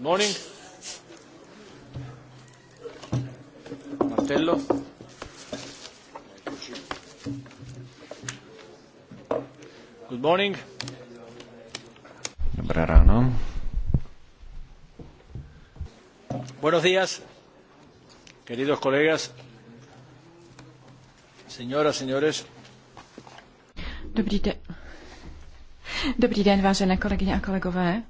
morning. Martello. Good morning. Dobré ráno. Buenos días, queridos colegas, señoras, señores. Dobrý den. Dobrý den, vážené kolegyně a kolegové.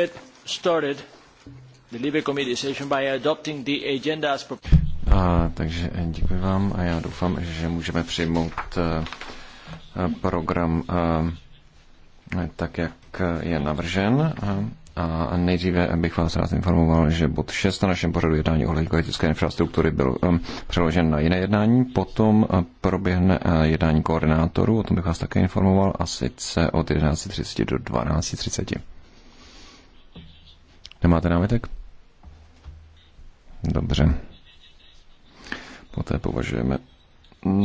get started the Committee session by adopting the agenda as a, takže eh, děkuji vám a já doufám, že můžeme přijmout eh, eh, program tak, jak je navržen. A nejdříve bych vás rád informoval, že bod 6 na našem pořadu jednání ohledně kritické infrastruktury byl um, přeložen na jiné jednání. Potom proběhne jednání koordinátorů, o tom bych vás také informoval, a sice od 11.30 do 12.30. Nemáte námitek? Dobře. Poté považujeme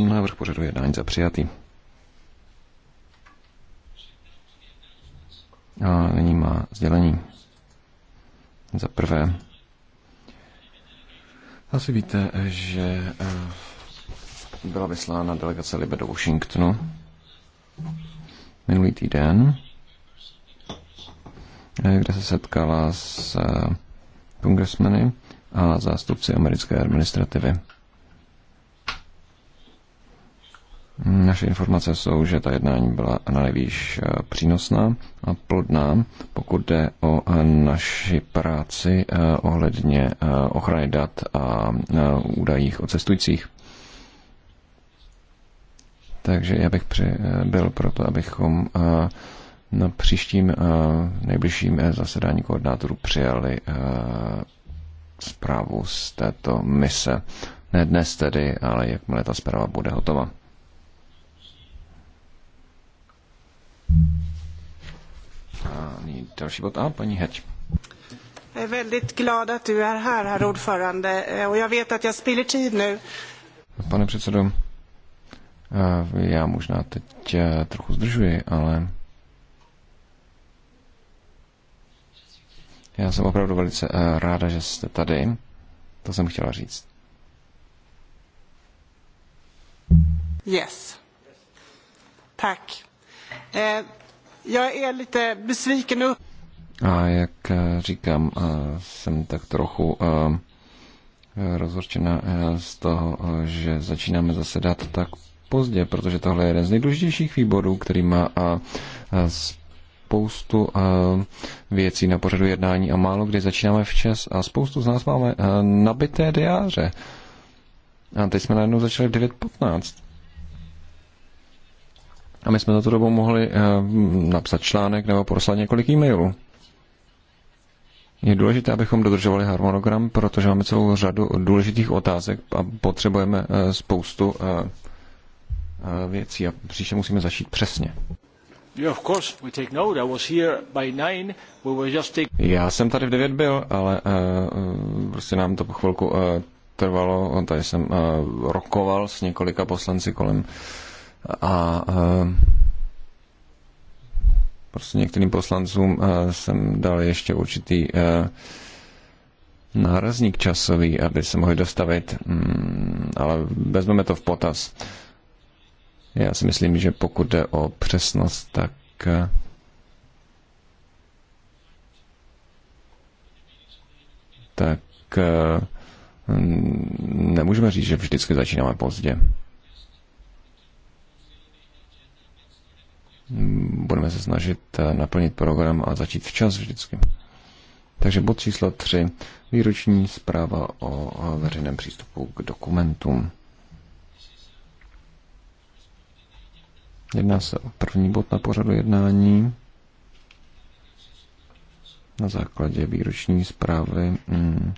návrh pořadu jednání za přijatý. A nyní má sdělení. Za prvé, asi víte, že eh, byla vyslána delegace Libe do Washingtonu minulý týden Eh, kde se setkala s eh, kongresmeny a zástupci americké administrativy. Naše informace jsou, že ta jednání byla nejvíc eh, přínosná a plodná, pokud jde o naši práci ohledně ochrany dat a údajích o cestujících. Takže já bych byl proto, abychom na příštím eh, nejbližším eh, zasedání koordinátorů přijali eh, zprávu z této mise. Ne dnes tedy, ale jakmile ta zpráva bude hotova. A další bod A, paní Heď. Jsem velmi väldigt glad att du är här, herr ordförande, och jag vet att jag spiller tid nu. Pane předsedo, já možná teď trochu zdržuji, ale Já jsem opravdu velice eh, ráda, že jste tady. To jsem chtěla říct. Yes. Tak. Já je lite besviken. A jak eh, říkám, eh, jsem tak trochu rozhorčena z toho, že začínáme zasedat tak pozdě, protože tohle je jeden z nejdůležitějších výborů, který má a, a spoustu eh, věcí na pořadu jednání a málo kdy začínáme včas a spoustu z nás máme eh, nabité diáře. A teď jsme najednou začali v 9.15. A my jsme za tu dobu mohli eh, napsat článek nebo poslat několik e-mailů. Je důležité, abychom dodržovali harmonogram, protože máme celou řadu důležitých otázek a potřebujeme spoustu věcí a příště musíme začít přesně. Já jsem tady v 9 byl, ale uh, prostě nám to po chvilku uh, trvalo. Tady jsem uh, rokoval s několika poslanci kolem a uh, prostě některým poslancům uh, jsem dal ještě určitý uh, nárazník časový, aby se mohli dostavit, mm, ale vezmeme to v potaz. Uh, já si myslím, že pokud jde o přesnost, tak tak mm, nemůžeme říct, že vždycky začínáme pozdě. Budeme se snažit eh, naplnit program a začít včas vždycky. Takže bod číslo 3. Výroční zpráva o eh, veřejném přístupu k dokumentům. Jedná se o první bod na pořadu jednání na základě výroční zprávy mm,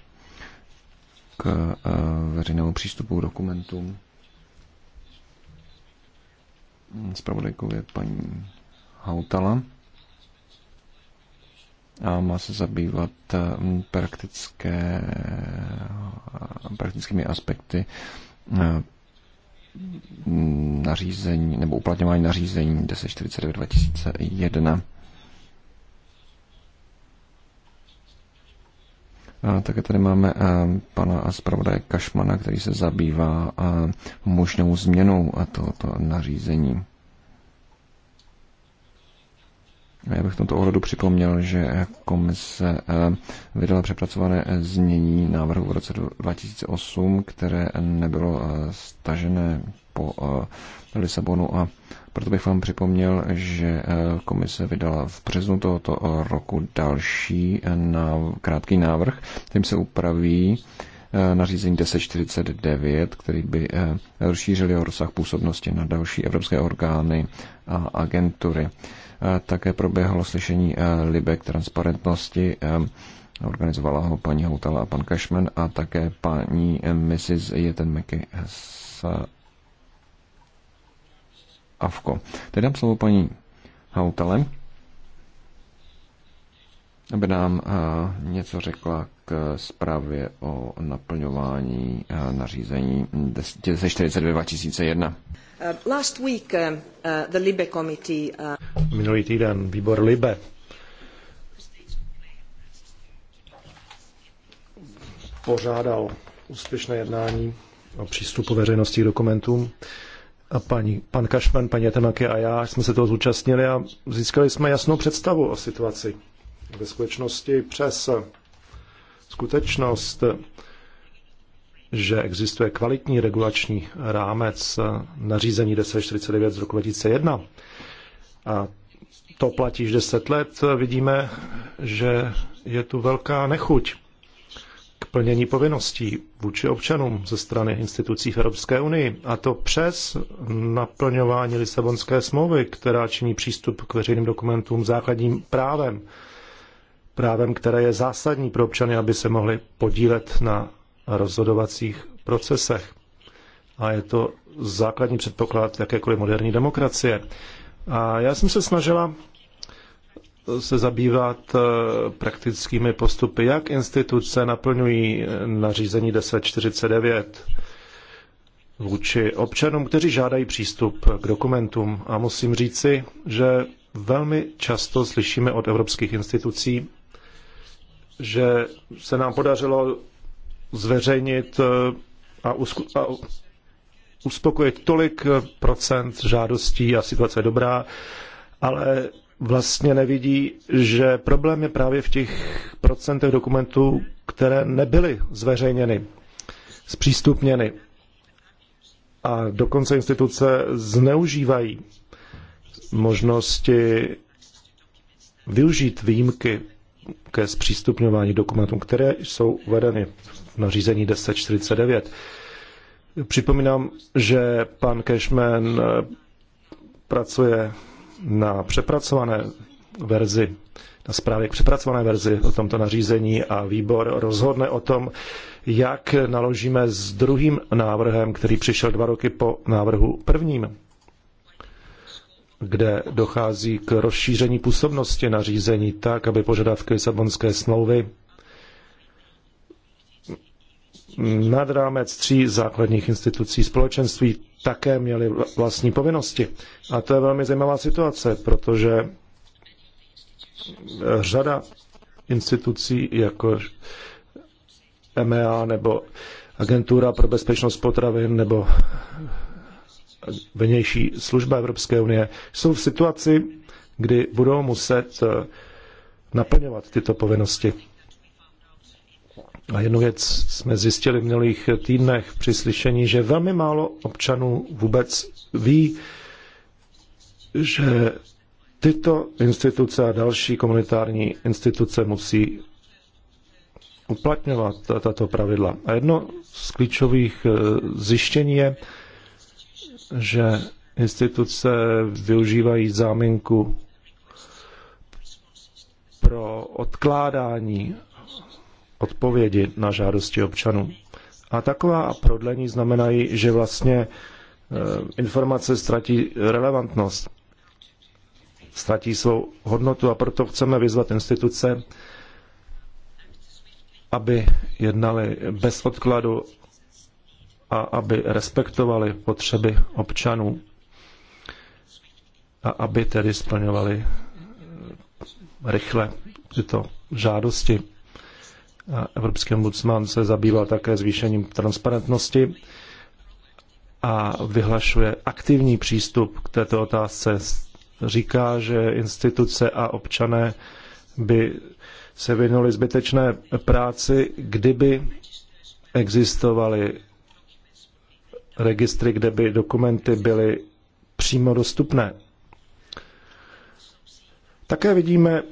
k e, veřejnému přístupu k dokumentům. Spravodajkou je paní Hautala a má se zabývat e, praktické, praktickými aspekty e, nařízení nebo uplatňování nařízení 1049 2001. A také tady máme a eh, pana zpravodaje Kašmana, který se zabývá eh, možnou změnou a tohoto nařízení. Já bych v tomto ohledu připomněl, že komise eh, vydala přepracované eh, znění návrhu v roce 2008, které nebylo eh, stažené po Lisabonu a proto bych vám připomněl, že komise vydala v březnu tohoto roku další krátký návrh, tím se upraví nařízení 1049, který by rozšířil jeho rozsah působnosti na další evropské orgány a agentury. Také proběhlo slyšení Libek transparentnosti. Organizovala ho paní Houtala a pan Cashman a také paní Mrs. Jeten Meky z AVKO. Teď dám slovo paní Houtale, aby nám něco řekla k zprávě o naplňování eh, nařízení 1042 uh, Last week, um, uh, the Libe committee, uh, Minulý týden výbor Libe pořádal úspěšné jednání o přístupu veřejnosti k dokumentům. A paní, pan Kašman, paní Atenaky a já jsme se toho zúčastnili a získali jsme jasnou představu o situaci ve skutečnosti přes skutečnost, že existuje kvalitní regulační rámec nařízení 1049 z roku 2001 a to platí již 10 let, vidíme, že je tu velká nechuť k plnění povinností vůči občanům ze strany institucí v Evropské unii. A to přes naplňování Lisabonské smlouvy, která činí přístup k veřejným dokumentům základním právem právem, které je zásadní pro občany, aby se mohli podílet na rozhodovacích procesech. A je to základní předpoklad jakékoliv moderní demokracie. A já jsem se snažila se zabývat eh, praktickými postupy, jak instituce naplňují eh, nařízení 1049 vůči občanům, kteří žádají přístup k dokumentům. A musím říci, že velmi často slyšíme od evropských institucí, že se nám podařilo zveřejnit eh, a, usku- a uspokojit tolik eh, procent žádostí a situace je dobrá, ale vlastně nevidí, že problém je právě v těch procentech dokumentů, které nebyly zveřejněny, zpřístupněny. A dokonce instituce zneužívají možnosti využít výjimky ke zpřístupňování dokumentů, které jsou uvedeny v nařízení 1049. Připomínám, že pan Cashman eh, pracuje na přepracované verzi, na zprávě k přepracované verzi o tomto nařízení a výbor rozhodne o tom, jak naložíme s druhým návrhem, který přišel dva roky po návrhu prvním kde dochází k rozšíření působnosti nařízení tak, aby požadavky Lisabonské smlouvy nad rámec tří základních institucí společenství také měly vlastní povinnosti. A to je velmi zajímavá situace, protože řada institucí jako MEA nebo Agentura pro bezpečnost potravin nebo vnější služba Evropské unie, jsou v situaci, kdy budou muset eh, naplňovat tyto povinnosti. A jednu věc jsme zjistili v minulých týdnech při slyšení, že velmi málo občanů vůbec ví, že tyto instituce a další komunitární instituce musí uplatňovat tato pravidla. A jedno z klíčových eh, zjištění je, že instituce využívají záminku pro odkládání odpovědi na žádosti občanů. A taková prodlení znamenají, že vlastně e, informace ztratí relevantnost, ztratí svou hodnotu a proto chceme vyzvat instituce, aby jednali bez odkladu a aby respektovali potřeby občanů a aby tedy splňovali eh, rychle tyto žádosti. A Evropský ombudsman se zabýval také zvýšením transparentnosti a vyhlašuje aktivní přístup k této otázce. Říká, že instituce a občané by se vyhnuli zbytečné práci, kdyby existovaly registry, kde by dokumenty byly přímo dostupné. Také vidíme,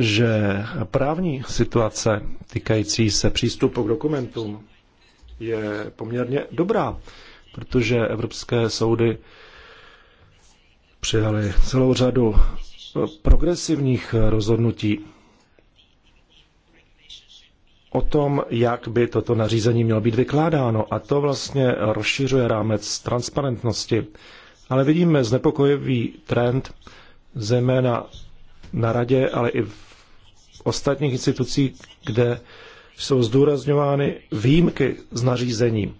že právní situace týkající se přístupu k dokumentům je poměrně dobrá, protože evropské soudy přijali celou řadu progresivních rozhodnutí o tom, jak by toto nařízení mělo být vykládáno. A to vlastně rozšiřuje rámec transparentnosti. Ale vidíme znepokojivý trend, zejména na radě, ale i v ostatních institucích, kde jsou zdůrazňovány výjimky z nařízení,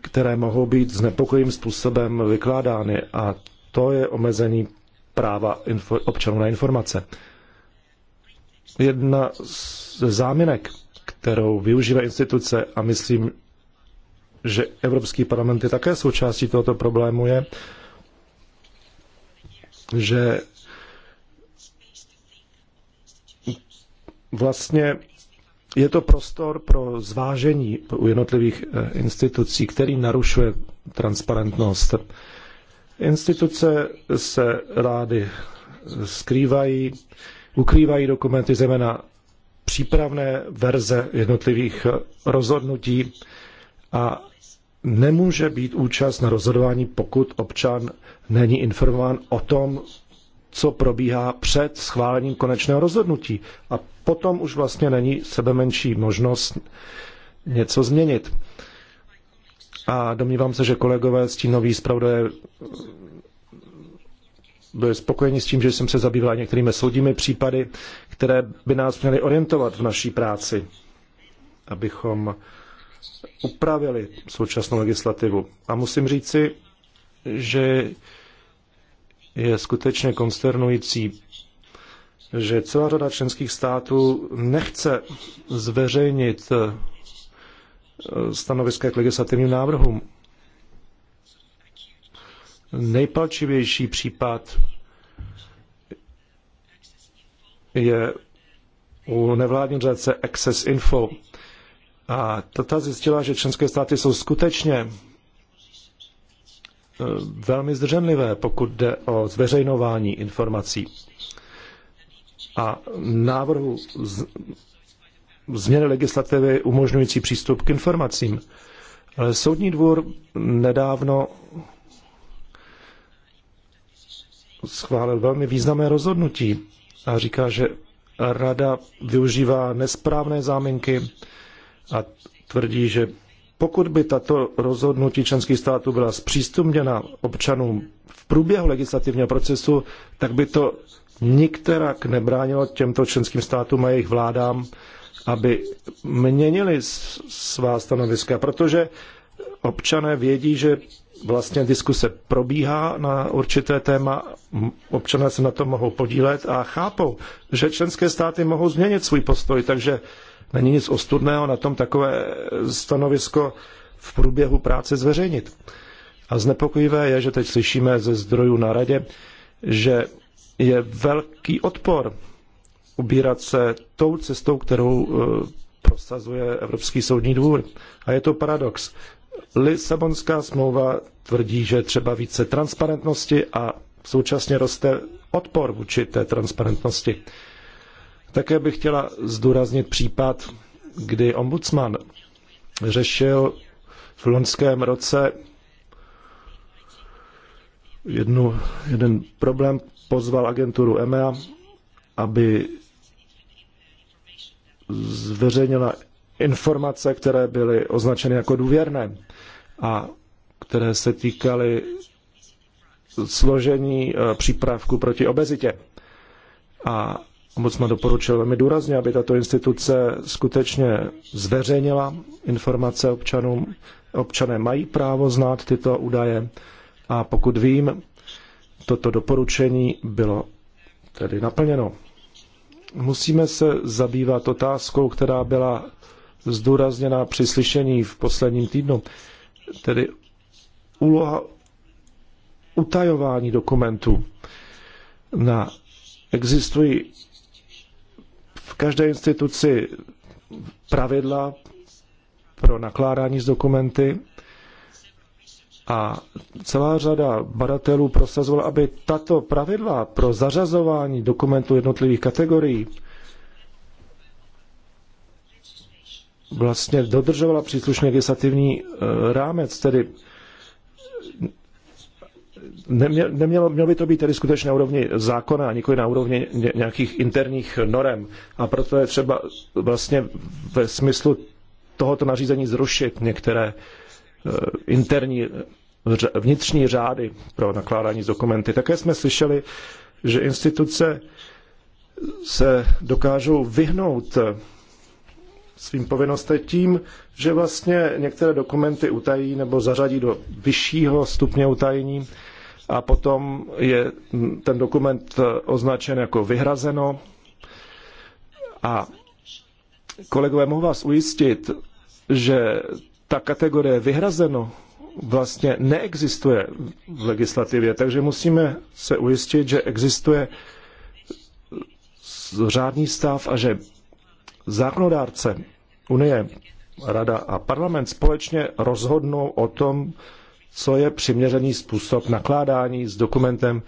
které mohou být znepokojivým způsobem vykládány. A to je omezení práva občanů na informace jedna z záminek, kterou využívá instituce a myslím, že Evropský parlament je také součástí tohoto problému, je, že vlastně je to prostor pro zvážení u jednotlivých eh, institucí, který narušuje transparentnost. Instituce se rády skrývají, ukrývají dokumenty, zejména přípravné verze jednotlivých rozhodnutí a nemůže být účast na rozhodování, pokud občan není informován o tom, co probíhá před schválením konečného rozhodnutí. A potom už vlastně není sebe menší možnost něco změnit. A domnívám se, že kolegové nový zpravodaje byli spokojeni s tím, že jsem se zabývala některými soudními případy, které by nás měly orientovat v naší práci, abychom upravili současnou legislativu. A musím říci, že je skutečně konsternující, že celá řada členských států nechce zveřejnit stanoviska k legislativním návrhům. Nejpalčivější případ je u nevládní řadce Access Info. A tata zjistila, že členské státy jsou skutečně eh, velmi zdrženlivé, pokud jde o zveřejňování informací a návrhu z, změny legislativy umožňující přístup k informacím. Soudní dvůr nedávno schválil velmi významné rozhodnutí a říká, že rada využívá nesprávné záminky a tvrdí, že pokud by tato rozhodnutí členských států byla zpřístupněna občanům v průběhu legislativního procesu, tak by to nikterak nebránilo těmto členským státům a jejich vládám, aby měnili svá stanoviska, protože občané vědí, že vlastně diskuse probíhá na určité téma, občané se na to mohou podílet a chápou, že členské státy mohou změnit svůj postoj, takže není nic ostudného na tom takové stanovisko v průběhu práce zveřejnit. A znepokojivé je, že teď slyšíme ze zdrojů na radě, že je velký odpor ubírat se tou cestou, kterou e, prosazuje Evropský soudní dvůr. A je to paradox. Lisabonská smlouva tvrdí, že třeba více transparentnosti a současně roste odpor vůči té transparentnosti. Také bych chtěla zdůraznit případ, kdy ombudsman řešil v loňském roce jednu, jeden problém, pozval agenturu EMEA, aby zveřejnila informace, které byly označeny jako důvěrné a které se týkaly složení eh, přípravku proti obezitě. A jsme doporučil velmi důrazně, aby tato instituce skutečně zveřejnila informace občanům. Občané mají právo znát tyto údaje a pokud vím, toto doporučení bylo tedy naplněno. Musíme se zabývat otázkou, která byla zdůrazněna při slyšení v posledním týdnu, tedy úloha utajování dokumentů. Na, existují v každé instituci pravidla pro nakládání s dokumenty a celá řada badatelů prosazovala, aby tato pravidla pro zařazování dokumentů jednotlivých kategorií vlastně dodržovala příslušný legislativní eh, rámec, tedy nemělo, nemělo, mělo by to být tedy skutečně na úrovni zákona a nikoli na úrovni nějakých interních norem. A proto je třeba vlastně ve smyslu tohoto nařízení zrušit některé eh, interní vnitřní řády pro nakládání s dokumenty. Také jsme slyšeli, že instituce se dokážou vyhnout svým povinnostem tím, že vlastně některé dokumenty utají nebo zařadí do vyššího stupně utajení a potom je ten dokument označen jako vyhrazeno. A kolegové, mohu vás ujistit, že ta kategorie vyhrazeno vlastně neexistuje v legislativě, takže musíme se ujistit, že existuje řádný stav a že zákonodárce Unie, Rada a parlament společně rozhodnou o tom, co je přiměřený způsob nakládání s dokumentem,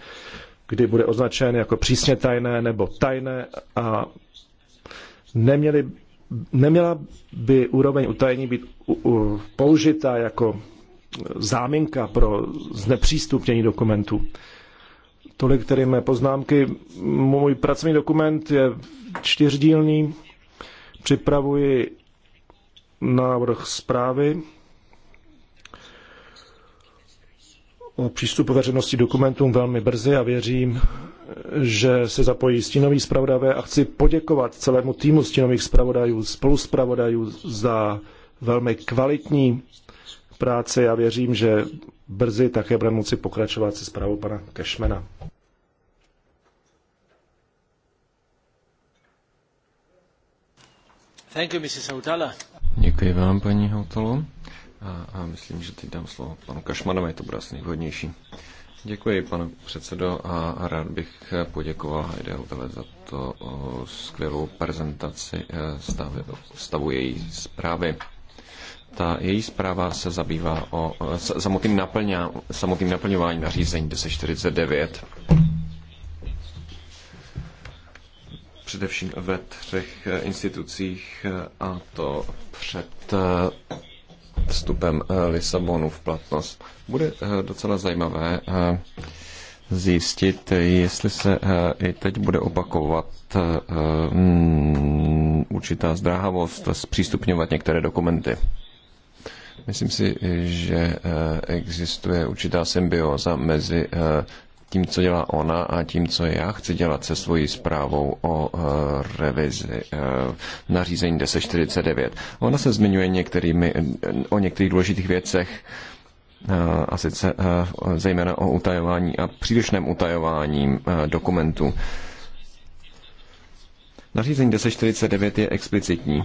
kdy bude označen jako přísně tajné nebo tajné a neměli, neměla by úroveň utajení být u, u, použita jako záminka pro znepřístupnění dokumentů. Tolik tedy mé poznámky. Můj pracovní dokument je čtyřdílný, Připravuji návrh zprávy o přístupu veřejnosti dokumentům velmi brzy a věřím, že se zapojí stínoví zpravodavé a chci poděkovat celému týmu stínových zpravodajů, spoluzpravodajů za velmi kvalitní práci a věřím, že brzy také budeme moci pokračovat se zprávou pana Kešmena. Děkuji vám, paní Hautalo. A, a myslím, že teď dám slovo panu Kašmanovi, to bude asi nejvhodnější. Děkuji, pane předsedo, a rád bych poděkoval Heide Hotele za to skvělou prezentaci e, stavu, stavu její zprávy. Ta její zpráva se zabývá o e, samotným, naplňa, samotným naplňování nařízení 1049 především ve třech eh, institucích, eh, a to před eh, vstupem Lisabonu v platnost. Bude docela zajímavé zjistit, jestli se i teď bude opakovat mm, určitá zdráhavost zpřístupňovat některé dokumenty. Myslím si, že existuje určitá symbioza mezi tím, co dělá ona a tím, co já chci dělat se svojí zprávou o eh, revizi eh, nařízení 1049. Ona se zmiňuje některými, eh, o některých důležitých věcech, a sice zejména o utajování a přílišném utajování dokumentů. Nařízení 1049 je explicitní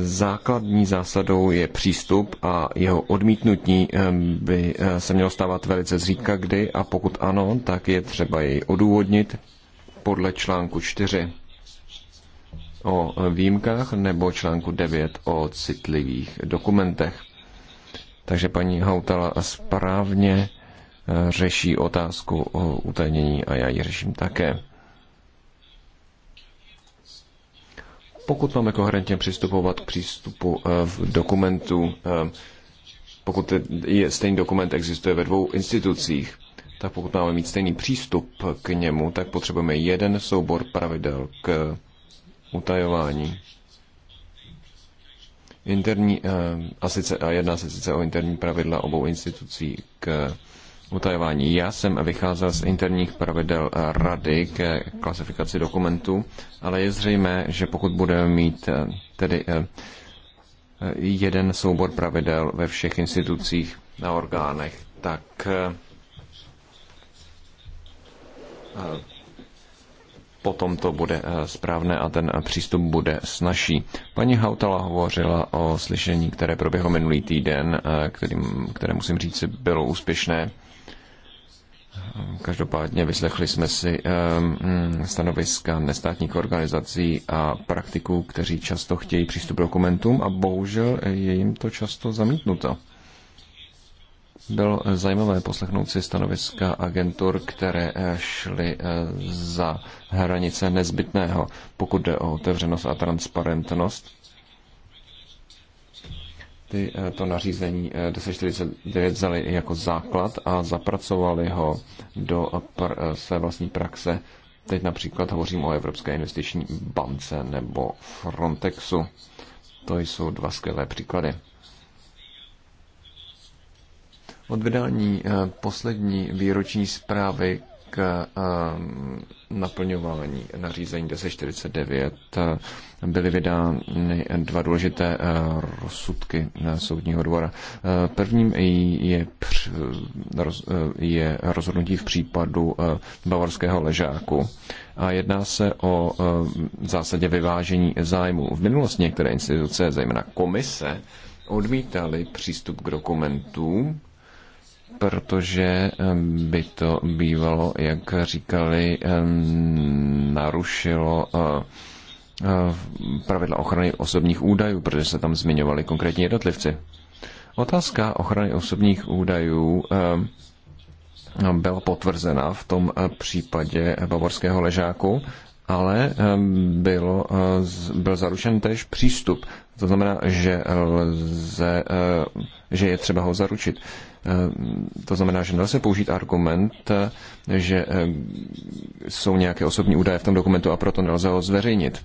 Základní zásadou je přístup a jeho odmítnutí eh, by eh, se mělo stávat velice zřídka kdy a pokud ano, tak je třeba jej odůvodnit podle článku 4 o výjimkách nebo článku 9 o citlivých dokumentech. Takže paní Hautala správně eh, řeší otázku o utajnění a já ji řeším také. pokud máme koherentně přistupovat k přístupu eh, v dokumentu, eh, pokud je stejný dokument existuje ve dvou institucích, tak pokud máme mít stejný přístup k němu, tak potřebujeme jeden soubor pravidel k utajování. Interní, eh, a, sice, a jedná se sice o interní pravidla obou institucí k utajování. Já jsem vycházel z interních pravidel rady ke klasifikaci dokumentů, ale je zřejmé, že pokud budeme mít eh, tedy eh, eh, jeden soubor pravidel ve všech institucích a orgánech, tak potom to bude správné a ten přístup bude snažší. Paní Hautala hovořila o slyšení, které proběhlo minulý týden, který, které musím říct bylo úspěšné. Každopádně vyslechli jsme si ehm, mm, stanoviska nestátních organizací a praktiků, kteří často chtějí přístup k dokumentům a bohužel je jim to často zamítnuto. Bylo zajímavé poslechnout si stanoviska agentur, které eh, šly eh, za hranice nezbytného, pokud jde o otevřenost a transparentnost ty, eh, to nařízení 1049 eh, vzali jako základ a zapracovali ho do eh, pr- své vlastní praxe. Teď například hovořím o Evropské investiční bance nebo Frontexu. To jsou dva skvělé příklady. Od vydání poslední výroční zprávy k eh, naplňování nařízení 1049 eh, byly vydány dva důležité eh, rozsudky soudního dvora. Prvním je, je rozhodnutí v případu bavorského ležáku a jedná se o zásadě vyvážení zájmu. V minulosti některé instituce, zejména komise, odmítali přístup k dokumentům, protože eh, by to bývalo, jak říkali, eh, narušilo eh, pravidla ochrany osobních údajů, protože se tam zmiňovali konkrétní jednotlivci. Otázka ochrany osobních údajů byla potvrzena v tom případě bavorského ležáku, ale bylo, byl zaručen též přístup. To znamená, že, lze, že je třeba ho zaručit. Eh, to znamená, že nelze použít argument, eh, že eh, jsou nějaké osobní údaje v tom dokumentu a proto nelze ho zveřejnit.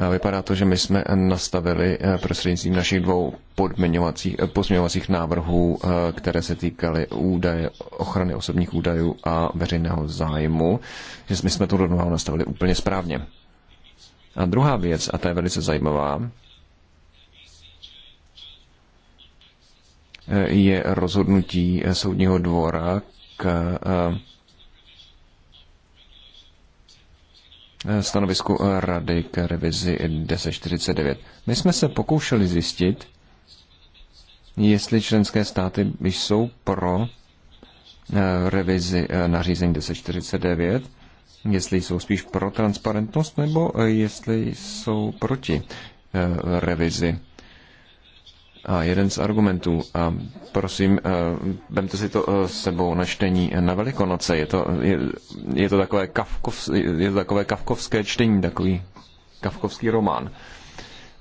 A vypadá to, že my jsme nastavili prostřednictvím našich dvou pozměňovacích návrhů, které se týkaly údaje, ochrany osobních údajů a veřejného zájmu, že my jsme tu rovnováhu nastavili úplně správně. A druhá věc, a ta je velice zajímavá, je rozhodnutí eh, soudního dvora k eh, eh, stanovisku rady k revizi 1049. My jsme se pokoušeli zjistit, jestli členské státy jsou pro revizi nařízení 1049, jestli jsou spíš pro transparentnost nebo jestli jsou proti revizi a jeden z argumentů, a prosím, vemte eh, si to s eh, sebou na čtení na Velikonoce, je to, je, je to, takové, kavkov, je to takové kavkovské čtení, takový kavkovský román.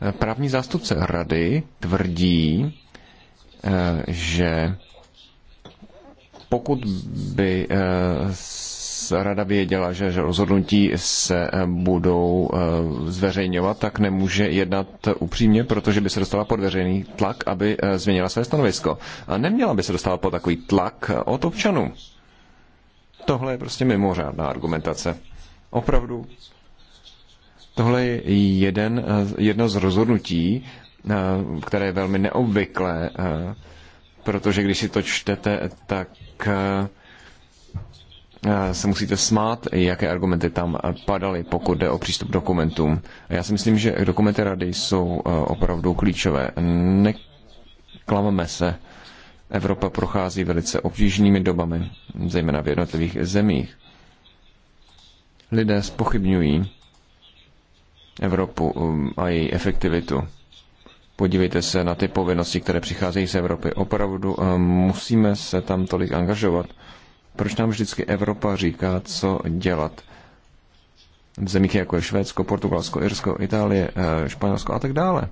Eh, právní zástupce rady tvrdí, že pokud by rada věděla, že rozhodnutí se eh, budou eh, zveřejňovat, tak nemůže jednat upřímně, protože by se dostala pod veřejný tlak, aby eh, změnila své stanovisko. A neměla by se dostala pod takový tlak od občanů. Tohle je prostě mimořádná argumentace. Opravdu. Tohle je jeden, jedno z rozhodnutí, které je velmi neobvyklé, protože když si to čtete, tak Eh, se musíte smát, jaké argumenty tam eh, padaly, pokud jde o přístup dokumentům. Já si myslím, že dokumenty rady jsou eh, opravdu klíčové. Neklameme se. Evropa prochází velice obtížnými dobami, zejména v jednotlivých zemích. Lidé spochybňují Evropu a její efektivitu. Podívejte se na ty povinnosti, které přicházejí z Evropy. Opravdu musíme se tam tolik angažovat. Proč nám vždycky Evropa říká, co dělat? V zemích jako je Švédsko, Portugalsko, Irsko, Itálie, eh, Španělsko a tak dále.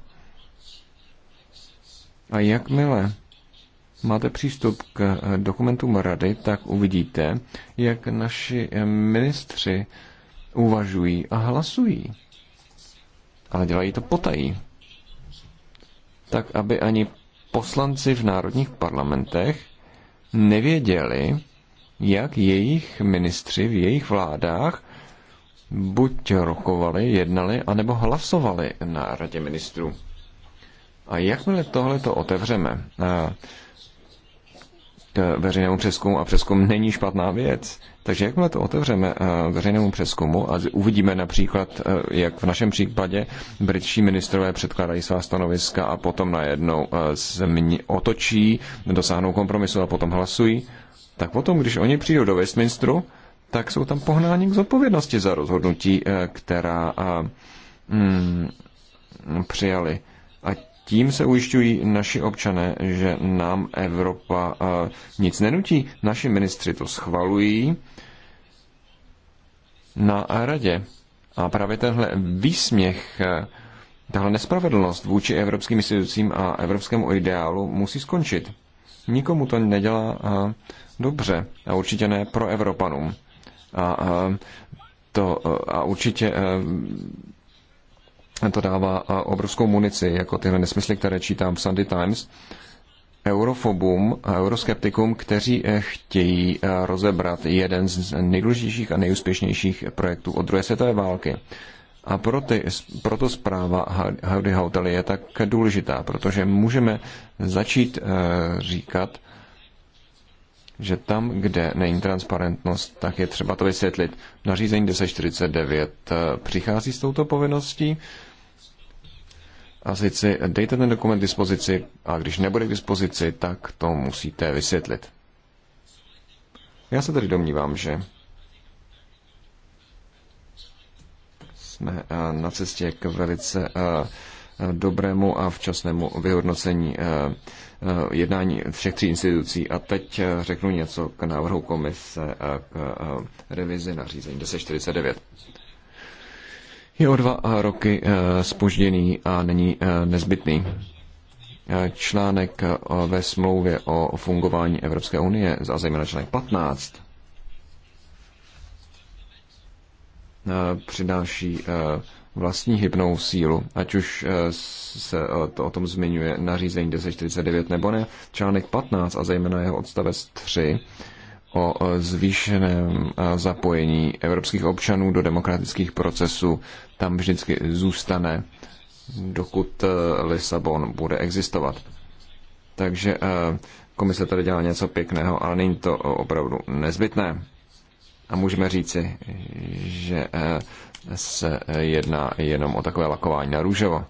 A jakmile máte přístup k eh, dokumentům rady, tak uvidíte, jak naši eh, ministři uvažují a hlasují. Ale dělají to potají. Tak, aby ani poslanci v národních parlamentech nevěděli, jak jejich ministři v jejich vládách buď rokovali, jednali, anebo hlasovali na radě ministrů. A jakmile tohle to otevřeme k veřejnému přeskumu, a přeskum není špatná věc, takže jakmile to otevřeme veřejnému přeskumu a uvidíme například, jak v našem případě britští ministrové předkládají svá stanoviska a potom najednou se otočí, dosáhnou kompromisu a potom hlasují, tak potom, když oni přijdou do Westminsteru, tak jsou tam pohnáni k zodpovědnosti za rozhodnutí, eh, která eh, mm, přijali. A tím se ujišťují naši občané, že nám Evropa eh, nic nenutí. Naši ministři to schvalují na radě. A právě tenhle výsměch, tahle nespravedlnost vůči evropským institucím a evropskému ideálu musí skončit. Nikomu to nedělá dobře a určitě ne pro Evropanům. A, a, to, a určitě a eh, to dává eh, obrovskou munici, jako tyhle nesmysly, které čítám v Sunday Times, eurofobům a euroskeptikům, kteří eh, chtějí rozebrat jeden z nejdůležitějších a nejúspěšnějších projektů od druhé světové války. A pro ty, proto zpráva Howdy Hotel je tak důležitá, protože můžeme začít říkat, že tam, kde není transparentnost, tak je třeba to vysvětlit. Nařízení 1049 eh, přichází s touto povinností. A sice dejte ten dokument k dispozici a když nebude k dispozici, tak to musíte vysvětlit. Já se tedy domnívám, že jsme eh, na cestě k velice eh, dobrému a včasnému vyhodnocení Eh, jednání všech tří institucí. A teď eh, řeknu něco k návrhu komise a k eh, revizi nařízení 1049. Je o dva roky spožděný a není nezbytný článek ve smlouvě o fungování Evropské unie, a zejména článek 15, přináší vlastní hybnou sílu, ať už eh, se eh, to o tom zmiňuje nařízení 1049 nebo ne, článek 15 a zejména jeho odstavec 3 o eh, zvýšeném zapojení evropských občanů do demokratických procesů tam vždycky zůstane, dokud Lisabon bude existovat. Takže komise tady dělá něco pěkného, ale není to opravdu nezbytné. A můžeme říci, že se jedná jenom o takové lakování na růžovo.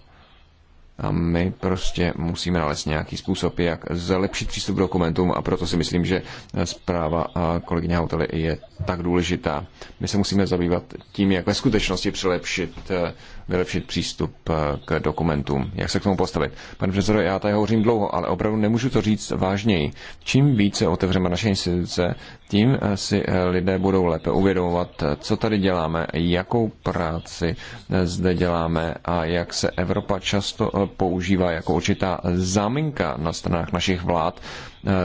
A my prostě musíme nalézt nějaký způsob, jak zlepšit přístup k dokumentům a proto si myslím, že zpráva kolegyně Hautely je tak důležitá. My se musíme zabývat tím, jak ve skutečnosti přilepšit eh, vylepšit přístup eh, k dokumentům. Jak se k tomu postavit? Pane předsedo, já tady hovořím dlouho, ale opravdu nemůžu to říct vážněji. Čím více otevřeme naše instituce, tím eh, si eh, lidé budou lépe uvědomovat, co tady děláme, jakou práci zde děláme a jak se Evropa často používá jako určitá záminka na stranách našich vlád,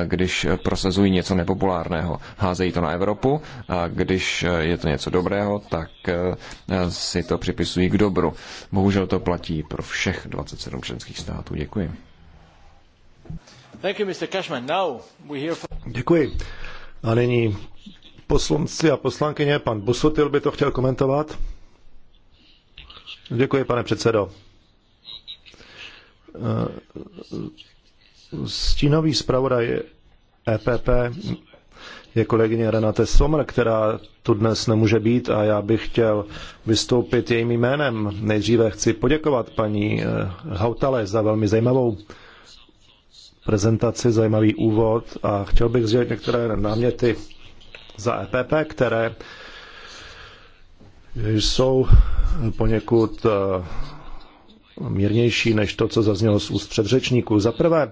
když prosazují něco nepopulárného. Házejí to na Evropu a když je to něco dobrého, tak si to připisují k dobru euro. Bohužel to platí pro všech 27 členských států. Děkuji. Thank you, Mr. Cashman. Now we hear from... Děkuji. A nyní poslanci a poslankyně, pan Busotil by to chtěl komentovat. Děkuji, pane předsedo. Eh, stínový zpravodaj EPP je kolegyně Renate Somr, která tu dnes nemůže být a já bych chtěl vystoupit jejím jménem. Nejdříve chci poděkovat paní eh, Hautale za velmi zajímavou prezentaci, zajímavý úvod a chtěl bych sdělit některé náměty za EPP, které jsou poněkud eh, mírnější než to, co zaznělo z úst předřečníků. Za prvé,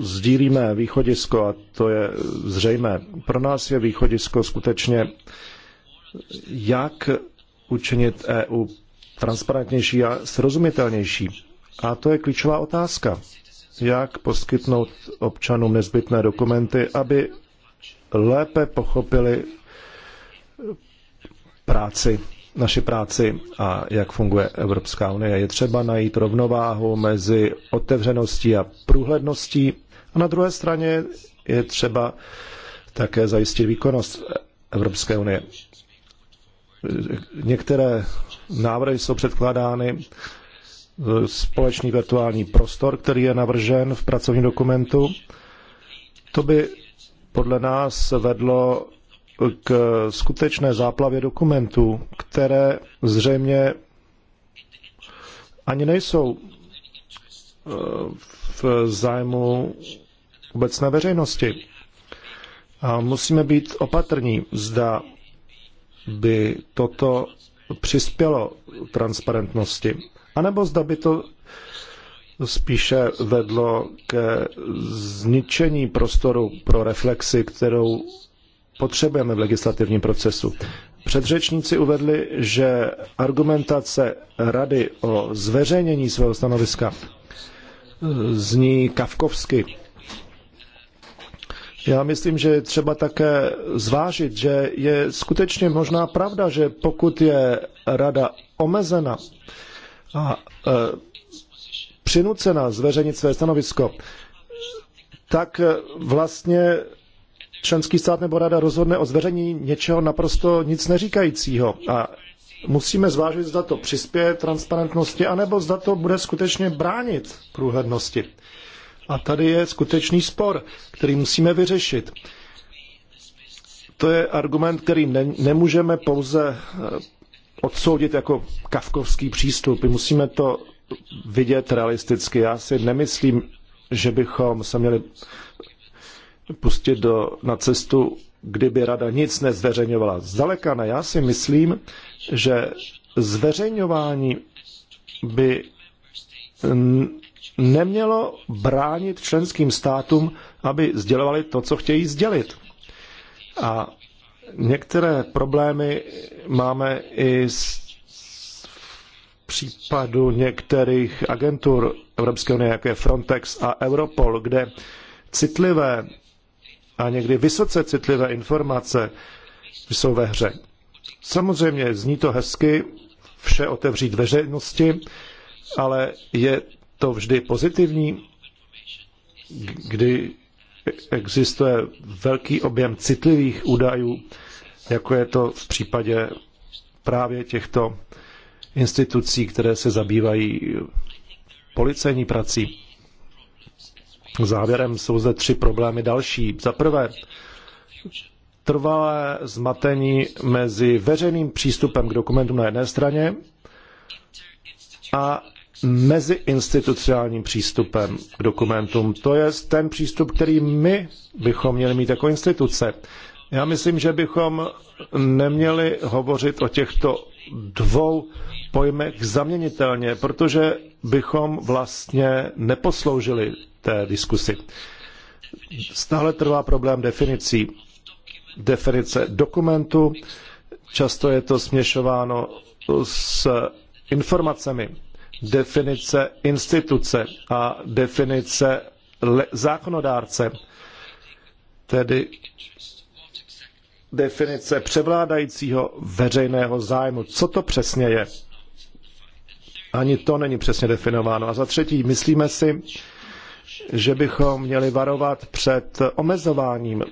sdílíme východisko a to je zřejmé. Pro nás je východisko skutečně, jak učinit EU transparentnější a srozumitelnější. A to je klíčová otázka. Jak poskytnout občanům nezbytné dokumenty, aby lépe pochopili práci naši práci a jak funguje Evropská unie. Je třeba najít rovnováhu mezi otevřeností a průhledností a na druhé straně je třeba také zajistit výkonnost Evropské unie. Některé návrhy jsou předkládány společný virtuální prostor, který je navržen v pracovním dokumentu. To by podle nás vedlo k skutečné záplavě dokumentů, které zřejmě ani nejsou eh, v zájmu obecné veřejnosti. A musíme být opatrní, zda by toto přispělo transparentnosti, anebo zda by to spíše vedlo ke zničení prostoru pro reflexy, kterou potřebujeme v legislativním procesu. Předřečníci uvedli, že argumentace rady o zveřejnění svého stanoviska zní kavkovsky. Já myslím, že je třeba také zvážit, že je skutečně možná pravda, že pokud je rada omezena a e, přinucena zveřejnit své stanovisko, tak vlastně členský stát nebo rada rozhodne o zveřejnění něčeho naprosto nic neříkajícího. A musíme zvážit, zda to přispěje transparentnosti, anebo zda to bude skutečně bránit průhlednosti. A tady je skutečný spor, který musíme vyřešit. To je argument, který ne, nemůžeme pouze eh, odsoudit jako kavkovský přístup. My musíme to vidět realisticky. Já si nemyslím, že bychom se měli pustit do, na cestu, kdyby rada nic nezveřejňovala. Zdaleka ne. Já si myslím, že zveřejňování by nemělo bránit členským státům, aby sdělovali to, co chtějí sdělit. A některé problémy máme i s případu některých agentur Evropské unie, jako je Frontex a Europol, kde citlivé a někdy vysoce citlivé informace jsou ve hře. Samozřejmě zní to hezky, vše otevřít veřejnosti, ale je to vždy pozitivní, kdy existuje velký objem citlivých údajů, jako je to v případě právě těchto institucí, které se zabývají policejní prací. Závěrem jsou zde tři problémy další. Za prvé, trvalé zmatení mezi veřejným přístupem k dokumentům na jedné straně a mezi institucionálním přístupem k dokumentům. To je ten přístup, který my bychom měli mít jako instituce. Já myslím, že bychom neměli hovořit o těchto dvou pojmech zaměnitelně, protože bychom vlastně neposloužili té diskusi. Stále trvá problém definicí. Definice dokumentu, často je to směšováno s informacemi. Definice instituce a definice zákonodárce, tedy definice převládajícího veřejného zájmu. Co to přesně je? Ani to není přesně definováno. A za třetí, myslíme si, že bychom měli varovat před omezováním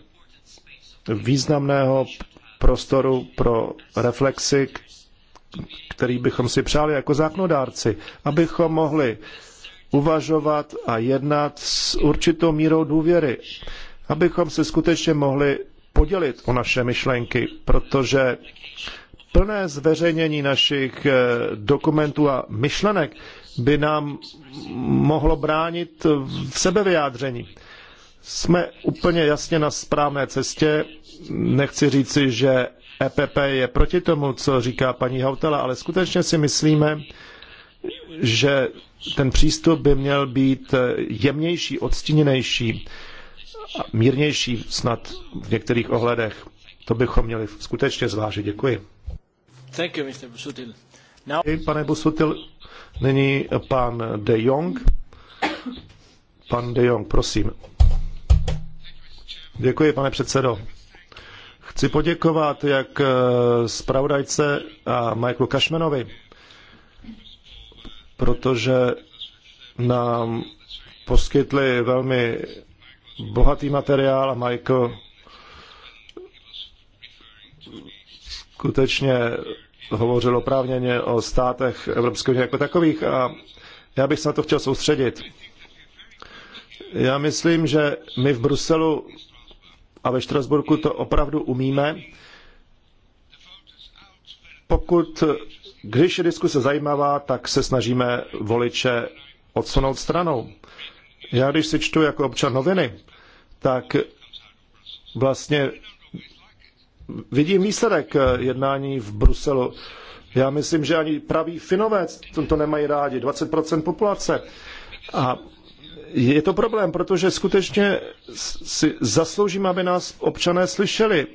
významného prostoru pro reflexy, který bychom si přáli jako zákonodárci, abychom mohli uvažovat a jednat s určitou mírou důvěry, abychom se skutečně mohli podělit o naše myšlenky, protože plné zveřejnění našich eh, dokumentů a myšlenek by nám mohlo bránit v sebevyjádření. Jsme úplně jasně na správné cestě. Nechci říci, že EPP je proti tomu, co říká paní Hautala, ale skutečně si myslíme, že ten přístup by měl být jemnější, odstíněnější, mírnější snad v některých ohledech. To bychom měli skutečně zvážit. Děkuji. Thank you, Mr. No. Pane Busutil, nyní pan De Jong. Pan De Jong, prosím. Děkuji, pane předsedo. Chci poděkovat jak eh, zpravodajce a Michaelu Kašmenovi, protože nám poskytli velmi bohatý materiál a Michael skutečně hovořil oprávněně o státech Evropské unie jako takových a já bych se na to chtěl soustředit. Já myslím, že my v Bruselu a ve Štrasburku to opravdu umíme. Pokud, když je diskuse zajímavá, tak se snažíme voliče odsunout stranou. Já když si čtu jako občan noviny, tak vlastně vidím výsledek eh, jednání v Bruselu. Já myslím, že ani pravý Finové to nemají rádi, 20% populace. A je to problém, protože skutečně si zasloužím, aby nás občané slyšeli.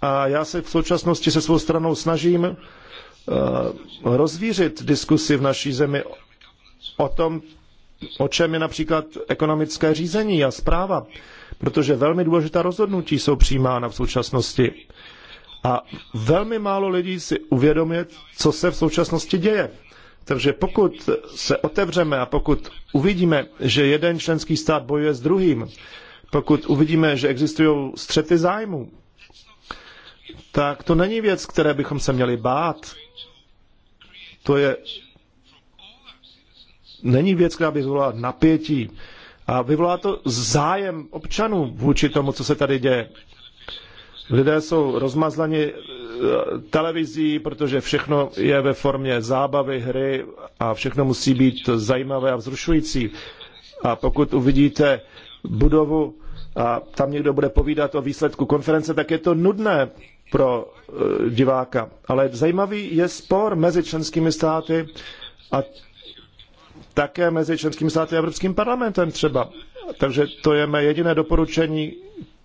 A já se v současnosti se svou stranou snažím eh, rozvířit diskusi v naší zemi o tom, o čem je například ekonomické řízení a zpráva protože velmi důležitá rozhodnutí jsou přijímána v současnosti. A velmi málo lidí si uvědomuje, co se v současnosti děje. Takže pokud se otevřeme a pokud uvidíme, že jeden členský stát bojuje s druhým, pokud uvidíme, že existují střety zájmů, tak to není věc, které bychom se měli bát. To je není věc, která by zvolala napětí a vyvolá to zájem občanů vůči tomu, co se tady děje. Lidé jsou rozmazlani eh, televizí, protože všechno je ve formě zábavy, hry a všechno musí být zajímavé a vzrušující. A pokud uvidíte budovu a tam někdo bude povídat o výsledku konference, tak je to nudné pro eh, diváka. Ale zajímavý je spor mezi členskými státy a také mezi členskými státy a Evropským parlamentem třeba. Takže to je mé jediné doporučení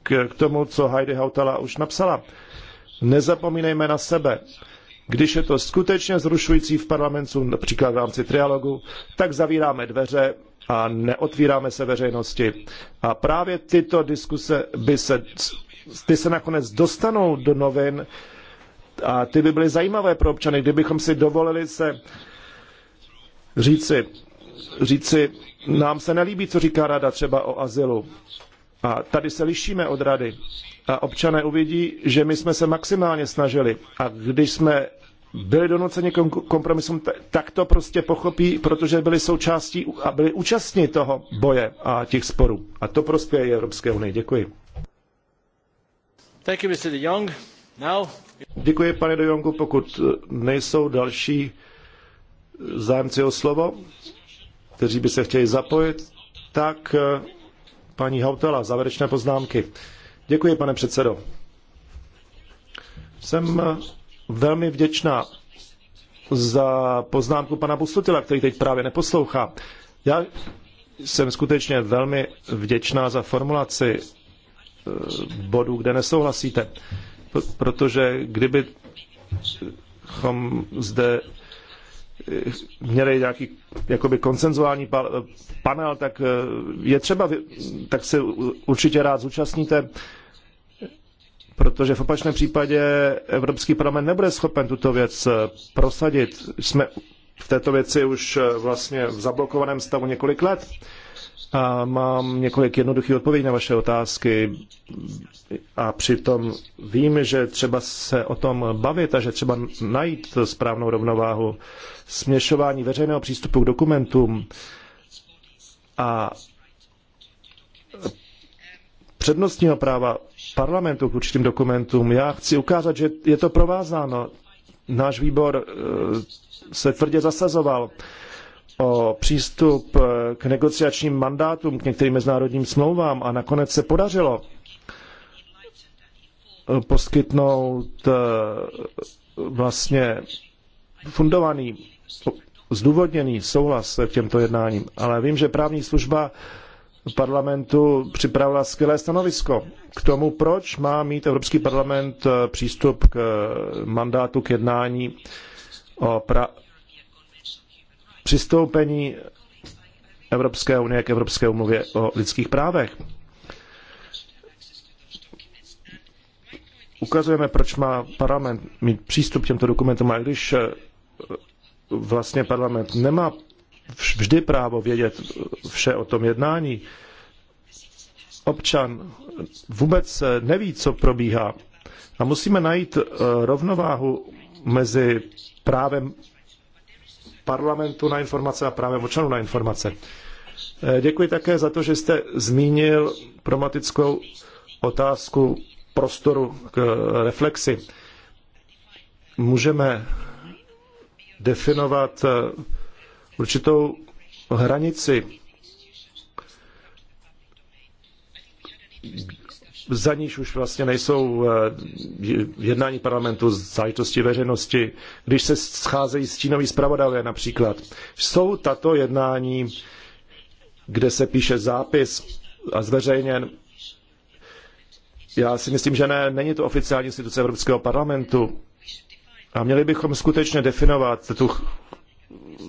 k, k tomu, co Heidi Hautala už napsala. Nezapomínejme na sebe. Když je to skutečně zrušující v parlamentu, například v rámci trialogu, tak zavíráme dveře a neotvíráme se veřejnosti. A právě tyto diskuse by se, ty se nakonec dostanou do novin a ty by byly zajímavé pro občany, kdybychom si dovolili se říci, říci, nám se nelíbí, co říká rada třeba o azylu. A tady se lišíme od rady. A občané uvidí, že my jsme se maximálně snažili. A když jsme byli donuceni kompromisům, tak to prostě pochopí, protože byli součástí a byli účastní toho boje a těch sporů. A to prospěje Evropské unii. Děkuji. Thank you, Mr. De Jong. Now... Děkuji, pane De Jongu, pokud nejsou další zájemci o slovo, kteří by se chtěli zapojit, tak eh, paní Hautela, závěrečné poznámky. Děkuji, pane předsedo. Jsem eh, velmi vděčná za poznámku pana Bustotila, který teď právě neposlouchá. Já jsem skutečně velmi vděčná za formulaci eh, bodů, kde nesouhlasíte, protože kdybychom zde Eh, měli nějaký jakoby konsenzuální panel, tak eh, je třeba, tak se určitě rád zúčastníte, protože v opačném případě Evropský parlament nebude schopen tuto věc eh, prosadit. Jsme v této věci už vlastně v zablokovaném stavu několik let. A mám několik jednoduchých odpovědí na vaše otázky a přitom vím, že třeba se o tom bavit a že třeba najít správnou rovnováhu směšování veřejného přístupu k dokumentům a přednostního práva parlamentu k určitým dokumentům. Já chci ukázat, že je to provázáno. Náš výbor eh, se tvrdě zasazoval o přístup k negociačním mandátům, k některým mezinárodním smlouvám a nakonec se podařilo poskytnout eh, vlastně fundovaný, zdůvodněný souhlas k těmto jednáním. Ale vím, že právní služba parlamentu připravila skvělé stanovisko k tomu, proč má mít Evropský parlament eh, přístup k eh, mandátu k jednání o pra- přistoupení Evropské unie k Evropské umluvě o lidských právech. Ukazujeme, proč má parlament mít přístup k těmto dokumentům, a když eh, vlastně parlament nemá vždy právo vědět vše o tom jednání, občan vůbec eh, neví, co probíhá. A musíme najít eh, rovnováhu mezi právem parlamentu na informace a právě občanů na informace. Eh, děkuji také za to, že jste zmínil problematickou otázku prostoru k reflexi. Můžeme definovat eh, určitou hranici, za níž už vlastně nejsou eh, jednání parlamentu z záležitosti veřejnosti, když se scházejí stínoví zpravodajové například. Jsou tato jednání, kde se píše zápis a zveřejněn. Já si myslím, že ne, není to oficiální instituce Evropského parlamentu. A měli bychom skutečně definovat tu,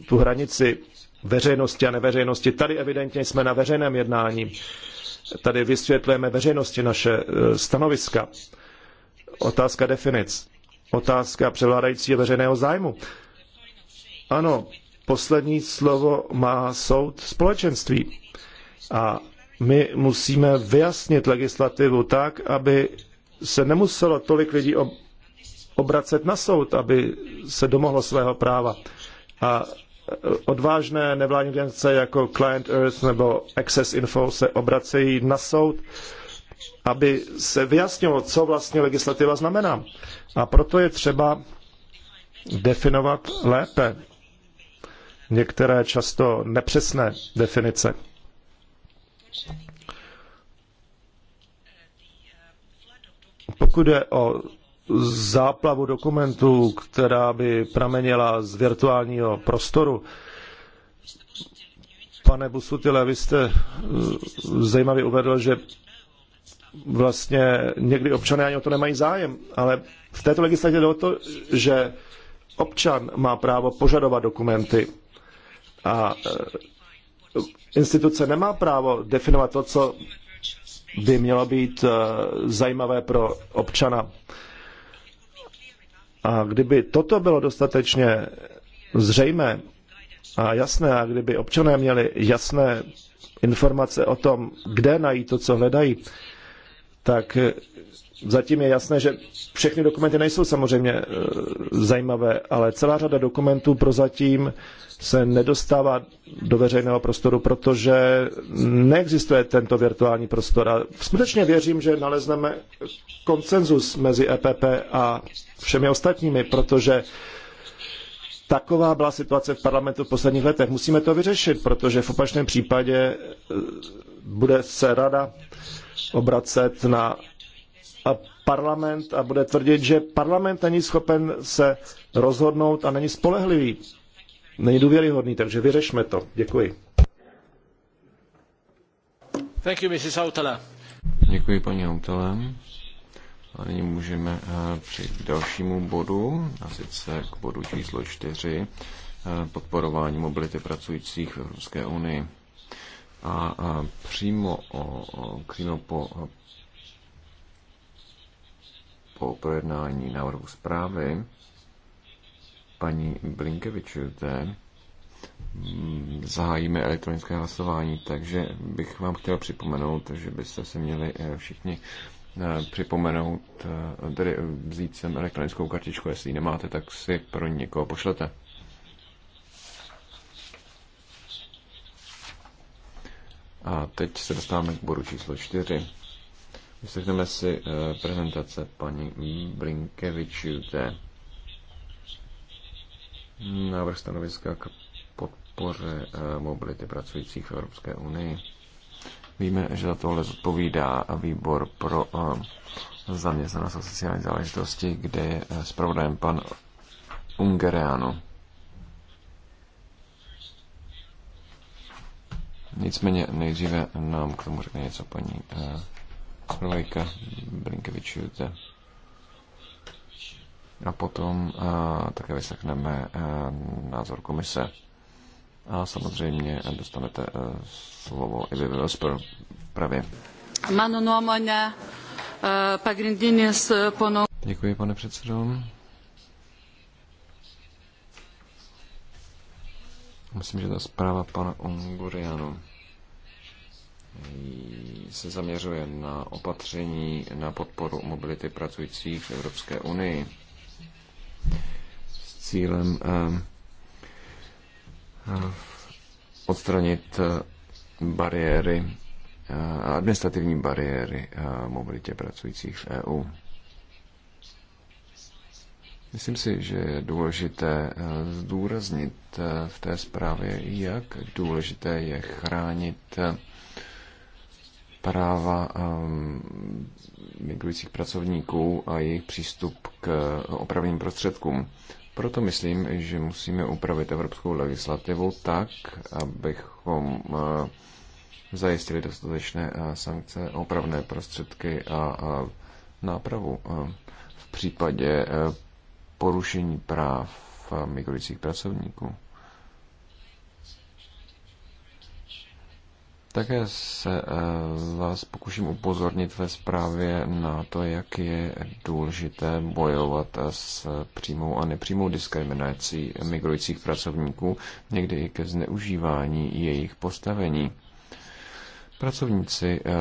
tu hranici veřejnosti a neveřejnosti. Tady evidentně jsme na veřejném jednání. Tady vysvětlujeme veřejnosti naše e, stanoviska. Otázka definic. Otázka převládající veřejného zájmu. Ano, poslední slovo má soud společenství. A my musíme vyjasnit legislativu tak, aby se nemuselo tolik lidí obracet na soud, aby se domohlo svého práva. A odvážné nevládní organizace jako Client Earth nebo Access Info se obracejí na soud, aby se vyjasnilo, co vlastně legislativa znamená. A proto je třeba definovat lépe některé často nepřesné definice. Pokud je o záplavu dokumentů, která by pramenila z virtuálního prostoru. Pane Busutile, vy jste eh, zajímavě uvedl, že vlastně někdy občané ani o to nemají zájem, ale v této legislativě jde o to, že občan má právo požadovat dokumenty a eh, instituce nemá právo definovat to, co by mělo být eh, zajímavé pro občana. A kdyby toto bylo dostatečně zřejmé a jasné, a kdyby občané měli jasné informace o tom, kde najít to, co hledají, tak zatím je jasné, že všechny dokumenty nejsou samozřejmě eh, zajímavé, ale celá řada dokumentů prozatím se nedostává do veřejného prostoru, protože neexistuje tento virtuální prostor. A skutečně věřím, že nalezneme konsenzus mezi EPP a všemi ostatními, protože taková byla situace v parlamentu v posledních letech. Musíme to vyřešit, protože v opačném případě eh, bude se rada obracet na parlament a bude tvrdit, že parlament není schopen se rozhodnout a není spolehlivý. Není důvěryhodný, takže vyřešme to. Děkuji. Thank you, Mrs. Děkuji, paní Hautala. A nyní můžeme eh, přijít k dalšímu bodu, a sice k bodu číslo čtyři, eh, podporování mobility pracujících v Evropské unii. A eh, přímo, o, přímo po po projednání návrhu zprávy paní Blinkevičute zahájíme elektronické hlasování, takže bych vám chtěl připomenout, že byste se měli eh, všichni eh, připomenout, eh, tedy vzít sem elektronickou kartičku, jestli ji nemáte, tak si pro někoho pošlete. A teď se dostáváme k bodu číslo 4. Vyslechneme si eh, prezentace paní Blinkevičůte. Návrh stanoviska k podpoře eh, mobility pracujících v Evropské unii. Víme, že za tohle zodpovídá výbor pro eh, zaměstnanost a sociální záležitosti, kde je zpravodajem pan Ungereanu. Nicméně nejdříve nám k tomu řekne něco paní zpravodajka Blinkevičiute. A potom a, eh, také vyslechneme eh, názor komise. A samozřejmě dostanete a, eh, slovo i vy pravě. Mano nuomonė, pagrindinis pono. Děkuji, pane předsedo. Myslím, že ta zpráva pana Ungurianu se zaměřuje na opatření na podporu mobility pracujících v Evropské unii s cílem eh, odstranit eh, bariéry, eh, administrativní bariéry mobilitě pracujících v EU. Myslím si, že je důležité zdůraznit v té zprávě, jak důležité je chránit práva ehm, migrujících pracovníků a jejich přístup k eh, opravným prostředkům. Proto myslím, že musíme upravit evropskou legislativu tak, abychom eh, zajistili dostatečné eh, sankce, opravné prostředky a nápravu v případě porušení práv migrujících pracovníků. Také se eh, vás pokuším upozornit ve zprávě na to, jak je důležité bojovat s přímou a nepřímou diskriminací migrujících pracovníků, někdy i ke zneužívání jejich postavení. Pracovníci eh,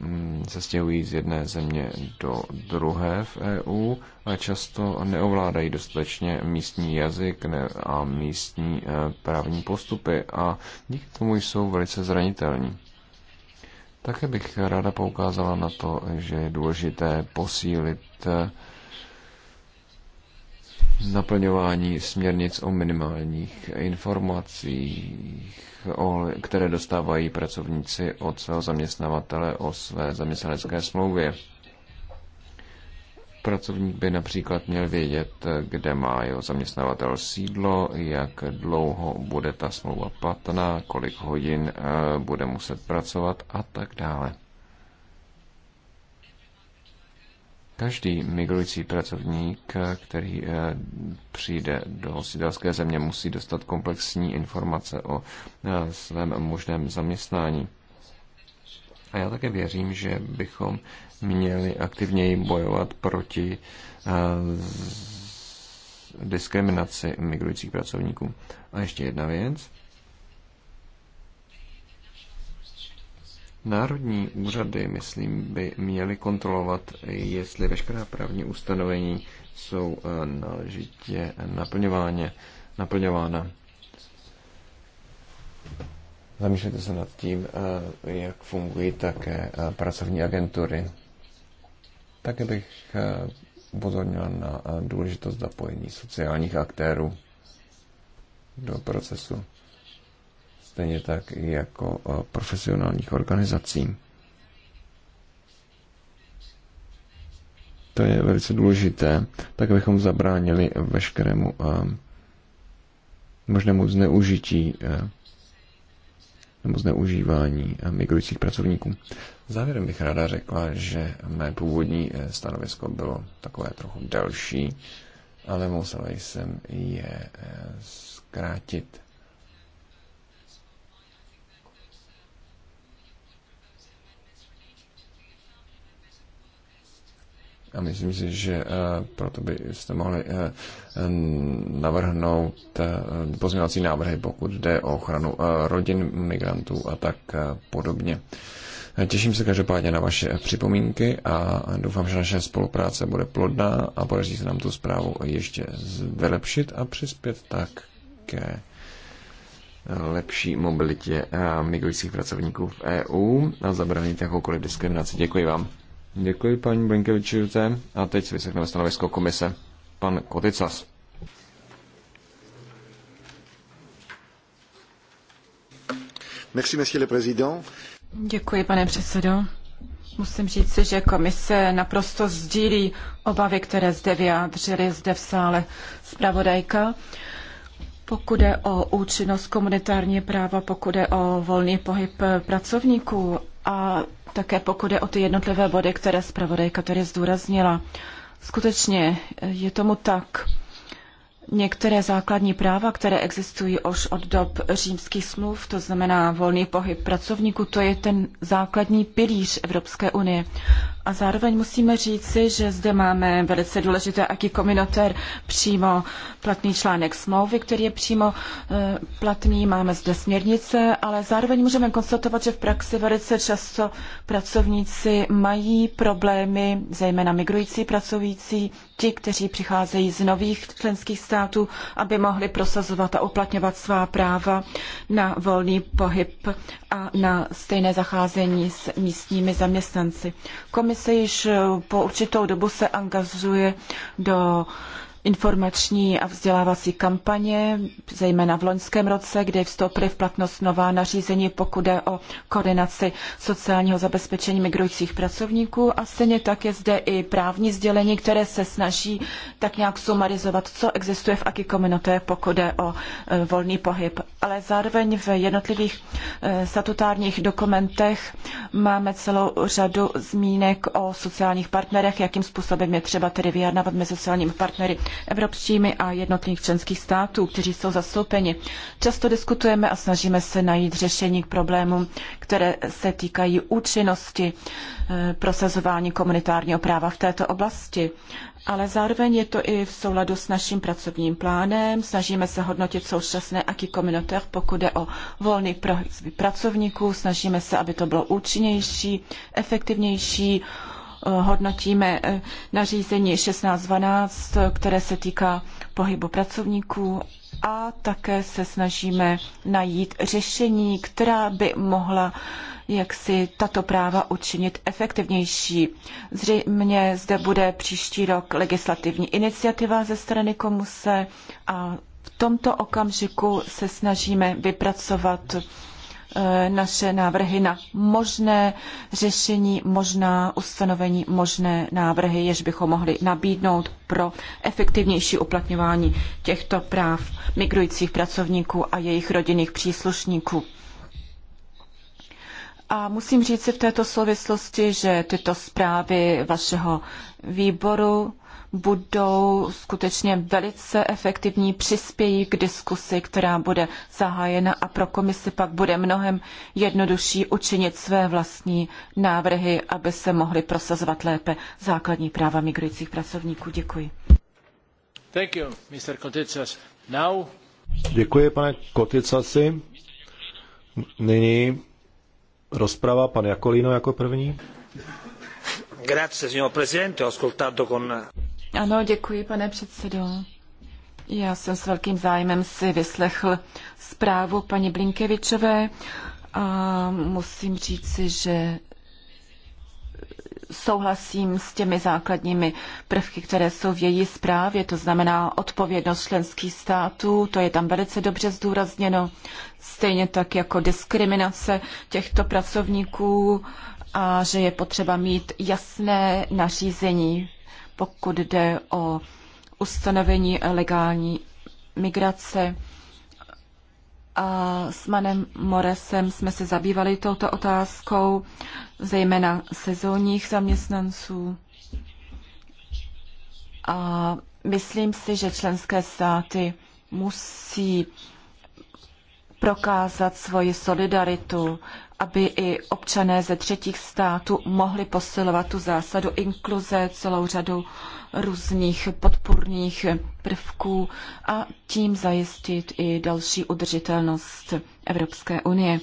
mm, se stěhují z jedné země do druhé v EU, a často neovládají dostatečně místní jazyk a místní eh, právní postupy a díky tomu jsou velice zranitelní. Také bych ráda poukázala na to, že je důležité posílit eh, naplňování směrnic o minimálních informacích které dostávají pracovníci od svého zaměstnavatele o své zaměstnanecké smlouvě. Pracovník by například měl vědět, kde má jeho zaměstnavatel sídlo, jak dlouho bude ta smlouva platná, kolik hodin eh, bude muset pracovat a tak dále. Každý migrující pracovník, eh, který eh, přijde do hostitelské země, musí dostat komplexní informace o eh, svém možném zaměstnání. A já také věřím, že bychom měli aktivněji bojovat proti diskriminaci migrujících pracovníků. A ještě jedna věc. Národní úřady, myslím, by měly kontrolovat, jestli veškerá právní ustanovení jsou eh, náležitě naplňována. Zamýšlejte se nad tím, eh, jak fungují také eh, pracovní agentury. Také bych upozornil na důležitost zapojení sociálních aktérů do procesu stejně tak jako eh, profesionálních organizací. To je velice důležité, tak abychom zabránili veškerému eh, možnému zneužití eh, nebo zneužívání migrujících pracovníků. Závěrem bych ráda řekla, že mé původní stanovisko bylo takové trochu delší, ale musela jsem je zkrátit. A myslím si, že eh, proto byste mohli eh, navrhnout eh, pozměňovací návrhy, pokud jde o ochranu rodin migrantů a tak podobně. Těším se každopádně na vaše připomínky a doufám, že naše spolupráce bude plodná a podaří se nám tu zprávu ještě vylepšit a přispět tak ke lepší mobilitě migrujících pracovníků v EU a zabránit jakoukoliv diskriminaci. Děkuji vám. Děkuji paní Blinkevičůte a teď si vysvětlíme stanovisko komise. Pan Koticas. Děkuji, pane předsedo. Musím říct, že komise naprosto sdílí obavy, které zde vyjádřili zde v sále zpravodajka. Pokud je o účinnost komunitární práva, pokud je o volný pohyb pracovníků a také pokud je o ty jednotlivé body, které zpravodajka tady zdůraznila. Skutečně je tomu tak. Některé základní práva, které existují už od dob římských smluv, to znamená volný pohyb pracovníků, to je ten základní pilíř Evropské unie. A zároveň musíme říci, že zde máme velice důležité aký kominoter přímo platný článek smlouvy, který je přímo eh, platný, máme zde směrnice, ale zároveň můžeme konstatovat, že v praxi velice často pracovníci mají problémy, zejména migrující pracovníci, ti, kteří přicházejí z nových členských států, aby mohli prosazovat a uplatňovat svá práva na volný pohyb a na stejné zacházení s místními zaměstnanci. Komise již po určitou dobu se angažuje do informační a vzdělávací kampaně, zejména v loňském roce, kde vstoupily v platnost nová nařízení, pokud jde o koordinaci sociálního zabezpečení migrujících pracovníků. A stejně tak je zde i právní sdělení, které se snaží tak nějak sumarizovat, co existuje v Aki Communautaire, pokud jde o e, volný pohyb. Ale zároveň v jednotlivých e, statutárních dokumentech máme celou řadu zmínek o sociálních partnerech, jakým způsobem je třeba tedy vyjednávat mezi sociálními partnery evropskými a jednotlivých členských států, kteří jsou zastoupeni. Často diskutujeme a snažíme se najít řešení k problémům, které se týkají účinnosti eh, prosazování komunitárního práva v této oblasti. Ale zároveň je to i v souladu s naším pracovním plánem. Snažíme se hodnotit současné aký komunitér, pokud je o volný prohyb pracovníků. Snažíme se, aby to bylo účinnější, efektivnější, hodnotíme eh, nařízení 1612, eh, které se týká pohybu pracovníků a také se snažíme najít řešení, která by mohla jak si tato práva učinit efektivnější. Zřejmě zde bude příští rok legislativní iniciativa ze strany komuse a v tomto okamžiku se snažíme vypracovat Eh, naše návrhy na možné řešení, možná ustanovení, možné návrhy, jež bychom mohli nabídnout pro efektivnější uplatňování těchto práv migrujících pracovníků a jejich rodinných příslušníků. A musím říci v této souvislosti, že tyto zprávy vašeho výboru budou skutečně velice efektivní, přispějí k diskusi, která bude zahájena a pro komisi pak bude mnohem jednodušší učinit své vlastní návrhy, aby se mohly prosazovat lépe základní práva migrujících pracovníků. Děkuji. Thank you, Mr. Now... Děkuji, pane Koticasi. Nyní rozprava, pan Jakolino jako první. Grazie, signor Presidente, ho ascoltato con... Ano, děkuji, pane předsedo. Já jsem s velkým zájmem si vyslechl zprávu paní Blinkevičové a musím říci, že souhlasím s těmi základními prvky, které jsou v její zprávě, to znamená odpovědnost členských států, to je tam velice dobře zdůrazněno, stejně tak jako diskriminace těchto pracovníků a že je potřeba mít jasné nařízení pokud jde o ustanovení legální migrace. A s Manem Moresem jsme se zabývali touto otázkou, zejména sezónních zaměstnanců. A myslím si, že členské státy musí prokázat svoji solidaritu, aby i občané ze třetích států mohli posilovat tu zásadu inkluze celou řadu různých podpůrných prvků a tím zajistit i další udržitelnost Evropské unie.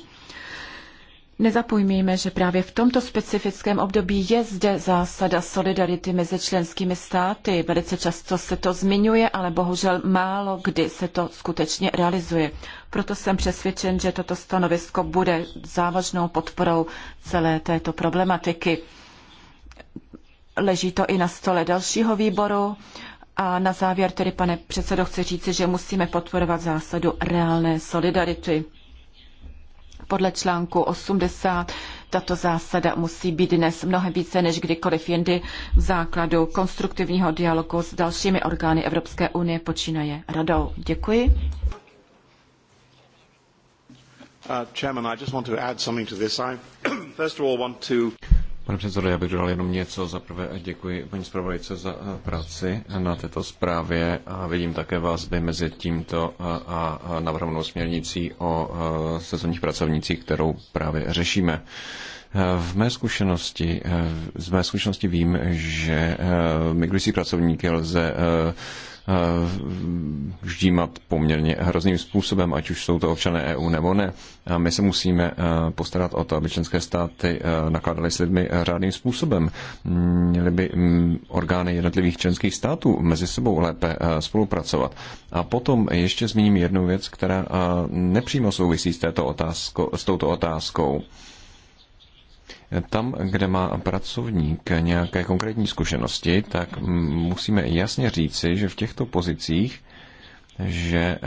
Nezapomínejme, že právě v tomto specifickém období je zde zásada solidarity mezi členskými státy. Velice často se to zmiňuje, ale bohužel málo kdy se to skutečně realizuje. Proto jsem přesvědčen, že toto stanovisko bude závažnou podporou celé této problematiky. Leží to i na stole dalšího výboru. A na závěr tedy, pane předsedo, chci říci, že musíme podporovat zásadu reálné solidarity. Podle článku 80 tato zásada musí být dnes mnohem více než kdykoliv jindy v základu konstruktivního dialogu s dalšími orgány Evropské unie počínaje radou. Děkuji. Uh, chairman, I just want to add something to this. I first of all want to Pane předsedo, já bych dodal jenom něco. Za prvé děkuji paní zpravodajce za eh, práci na této zprávě a vidím také vazby mezi tímto eh, a navrhovanou směrnicí o eh, sezónních pracovnících, kterou právě řešíme. V mé zkušenosti, z mé zkušenosti vím, že migrující pracovníky lze Eh, ždímat poměrně hrozným způsobem, ať už jsou to občané EU nebo ne. A my se musíme eh, postarat o to, aby členské státy eh, nakladaly s lidmi řádným způsobem. Měly by mm, orgány jednotlivých členských států mezi sebou lépe spolupracovat. A potom ještě zmíním jednu věc, která nepřímo souvisí s, této otázko, s touto otázkou tam, kde má pracovník nějaké konkrétní zkušenosti, tak musíme jasně říci, že v těchto pozicích že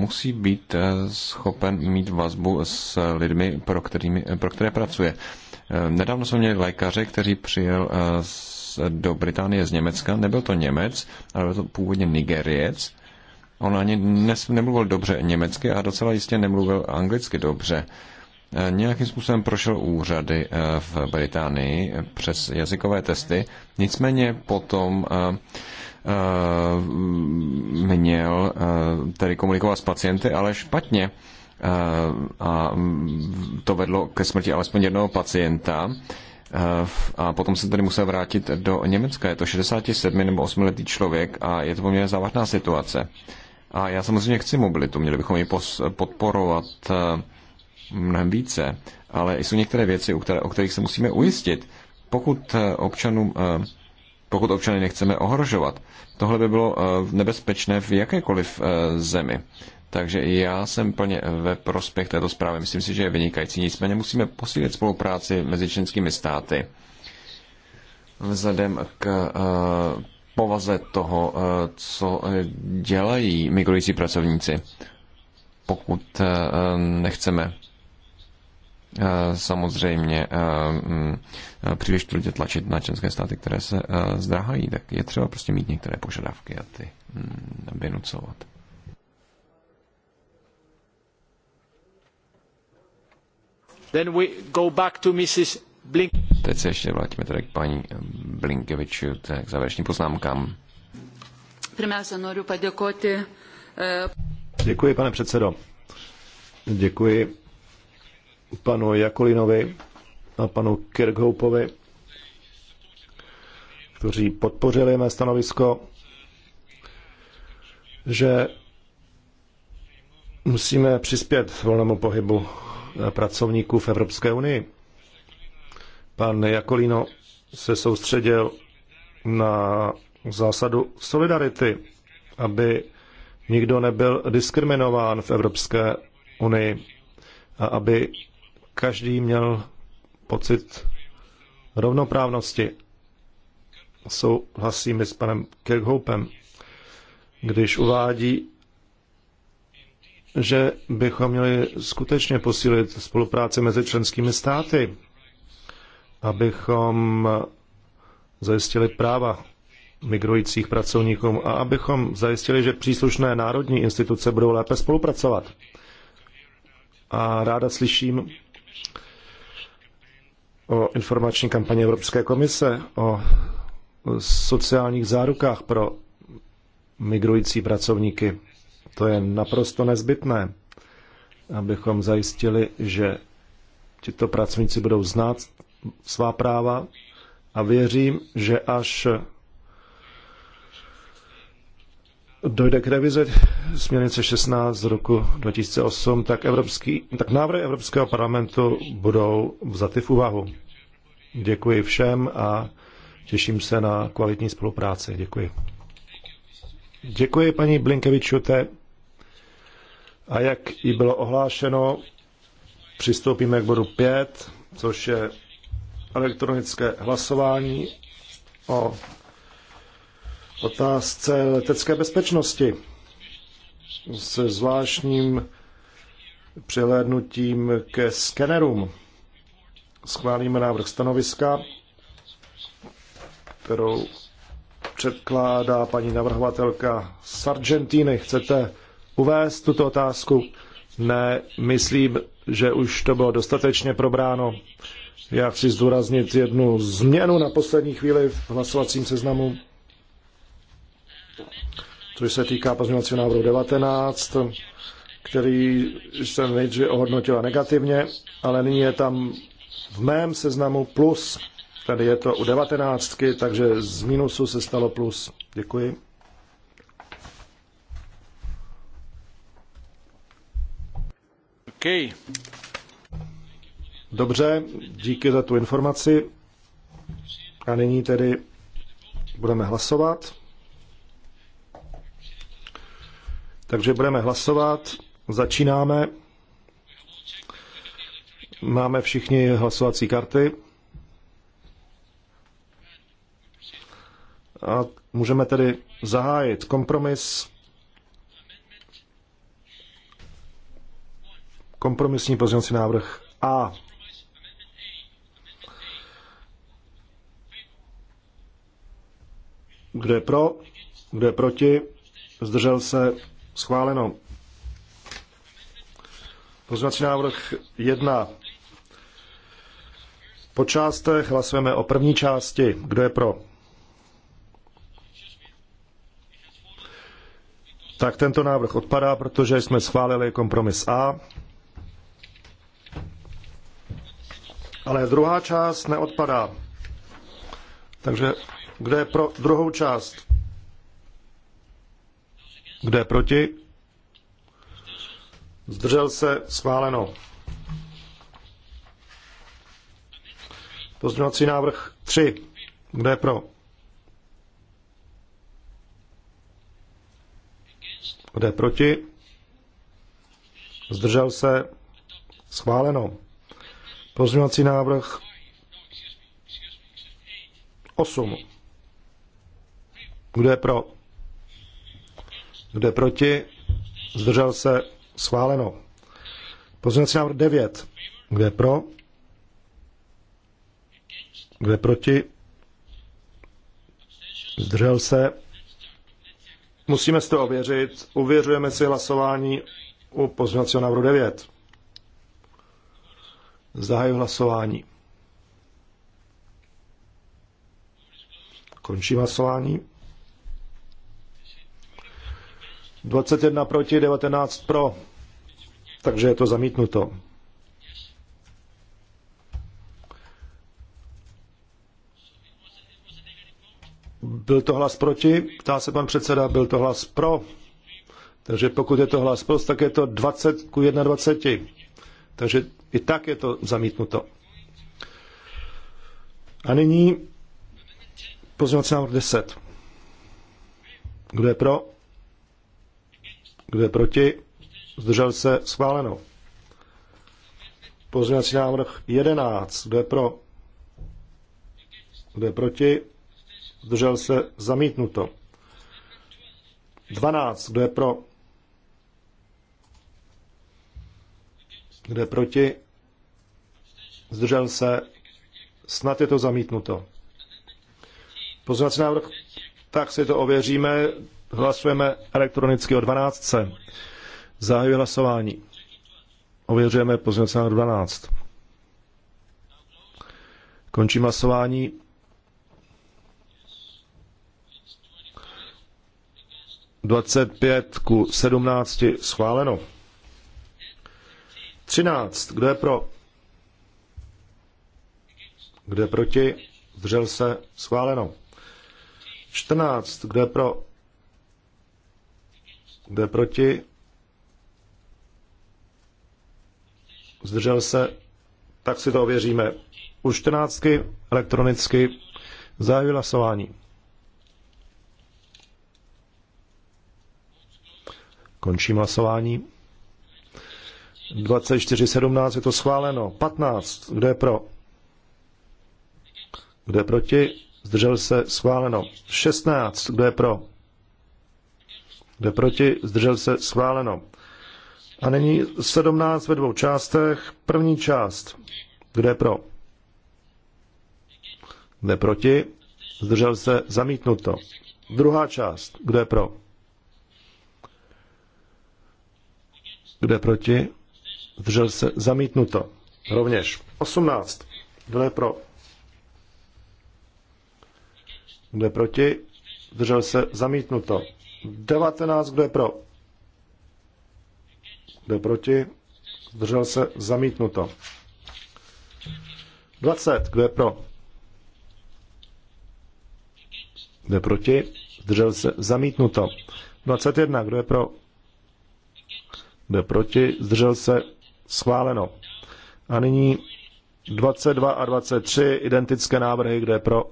musí být eh, schopen mít vazbu s lidmi, pro, kterými, eh, pro které pracuje. Eh, nedávno jsme měli lékaře, kteří přijel z, do Británie z Německa. Nebyl to Němec, ale byl to původně Nigeriec. On ani nes, nemluvil dobře německy a docela jistě nemluvil anglicky dobře nějakým způsobem prošel úřady eh, v Británii přes jazykové testy, nicméně potom eh, eh, měl tedy komunikovat s pacienty, ale špatně a to vedlo ke smrti alespoň jednoho pacienta a potom se tedy musel vrátit do Německa. Je to 67 nebo 8 letý člověk a je to poměrně závažná situace. A já samozřejmě chci mobilitu, měli bychom ji podporovat mnohem více, ale jsou některé věci, o kterých se musíme ujistit. Pokud eh, občanům eh, pokud občany nechceme ohrožovat. Tohle by bylo eh, nebezpečné v jakékoliv zemi. Takže já jsem plně ve prospěch této zprávy. Myslím si, že je vynikající. Nicméně musíme posílit spolupráci mezi členskými státy vzhledem k povaze toho, co dělají migrující pracovníci, pokud nechceme Eh, samozřejmě eh, mm, eh, příliš tvrdě tlačit na členské státy, které se zdráhají, tak je třeba prostě mít některé požadavky a ty vynucovat. Mm, Then we go back to Mrs. Blink. Teď se ještě vrátíme tady k paní Blinkeviču, k závěrečným poznámkám. Děkuji, pane předsedo. Děkuji panu Jakolinovi a panu Kirkhoupovi, kteří podpořili mé stanovisko, že musíme přispět volnému pohybu pracovníků v Evropské unii. Pan Jakolino se soustředil na zásadu solidarity, aby nikdo nebyl diskriminován v Evropské unii a aby každý měl pocit rovnoprávnosti. Souhlasíme s panem Kirkhopem, když uvádí, že bychom měli skutečně posílit spolupráci mezi členskými státy, abychom zajistili práva migrujících pracovníkům a abychom zajistili, že příslušné národní instituce budou lépe spolupracovat. A ráda slyším o informační kampani Evropské komise o sociálních zárukách pro migrující pracovníky. To je naprosto nezbytné, abychom zajistili, že tito pracovníci budou znát svá práva a věřím, že až dojde k revize směrnice 16 z roku 2008, tak, evropský, tak návrhy Evropského parlamentu budou vzaty v úvahu. Děkuji všem a těším se na kvalitní spolupráci. Děkuji. Děkuji paní Blinkevičute. A jak ji bylo ohlášeno, přistoupíme k bodu 5, což je elektronické hlasování o otázce letecké bezpečnosti se zvláštním přihlédnutím ke skenerům. Schválíme návrh stanoviska, kterou předkládá paní navrhovatelka z Chcete uvést tuto otázku? Ne, myslím, že už to bylo dostatečně probráno. Já chci zdůraznit jednu změnu na poslední chvíli v hlasovacím seznamu což se týká pozměňovacího návrhu 19, který jsem nejdříve ohodnotila negativně, ale nyní je tam v mém seznamu plus. Tady je to u 19, takže z minusu se stalo plus. Děkuji. OK. Dobře, díky za tu informaci. A nyní tedy budeme hlasovat. Takže budeme hlasovat. Začínáme. Máme všichni hlasovací karty. A můžeme tedy zahájit kompromis. Kompromisní pozměňovací návrh A. Kdo je pro? Kdo je proti? Zdržel se? Schváleno. Pozvací návrh 1. Po částech hlasujeme o první části. Kdo je pro? Tak tento návrh odpadá, protože jsme schválili kompromis A. Ale druhá část neodpadá. Takže kdo je pro druhou část? Kdo je proti? Zdržel se? Schváleno. Pozměňovací návrh 3. Kdo je pro? Kdo je proti? Zdržel se? Schváleno. Pozměňovací návrh 8. Kdo je pro? Kdo je proti? Zdržel se? Schváleno. Pozměňovací návrh 9. Kdo je pro? Kdo je proti? Zdržel se? Musíme si to ověřit. Uvěřujeme si hlasování u pozměňovacího návrhu 9. Zahajuji hlasování. Končím hlasování. 21 proti, 19 pro. Takže je to zamítnuto. Byl to hlas proti? Ptá se pan předseda, byl to hlas pro. Takže pokud je to hlas pro, tak je to 20 ku 21. Takže i tak je to zamítnuto. A nyní pozměňovací návrh 10. Kdo je pro? Kdo je proti? Zdržel se? Schváleno. Pozměňovací návrh 11. Kdo je pro? Kdo je proti? Zdržel se? Zamítnuto. 12. Kdo je pro? Kdo je proti? Zdržel se? Snad je to zamítnuto. Pozměňovací návrh, tak si to ověříme. Hlasujeme elektronicky o 12. Zahajuji hlasování. Ověřujeme pozměnce na 12. Končím hlasování. Dvacet pět ku sedmnácti schváleno. Třináct. Kdo je pro? Kdo je proti? Vřel se? Schváleno. 14. Kdo je pro? Kdo je proti? Zdržel se? Tak si to ověříme. U 14 elektronicky zahajuji hlasování. Končím hlasování. 24.17 je to schváleno. 15. Kdo je pro? Kdo je proti? Zdržel se schváleno. 16. Kdo je pro? Jde proti, zdržel se, schváleno. A nyní 17 ve dvou částech. První část, kde je pro? Kde proti? Zdržel se, zamítnuto. Druhá část, kde je pro? Kde je proti? Zdržel se, zamítnuto. Rovněž. 18. Kdo je pro? Kdo je proti? Zdržel se, zamítnuto. 19, kdo je pro? Kdo je proti? Zdržel se zamítnuto. 20, kdo je pro? Kdo je proti? Zdržel se zamítnuto. 21, kdo je pro? Kdo je proti? Zdržel se schváleno. A nyní 22 a 23 identické návrhy, kde pro,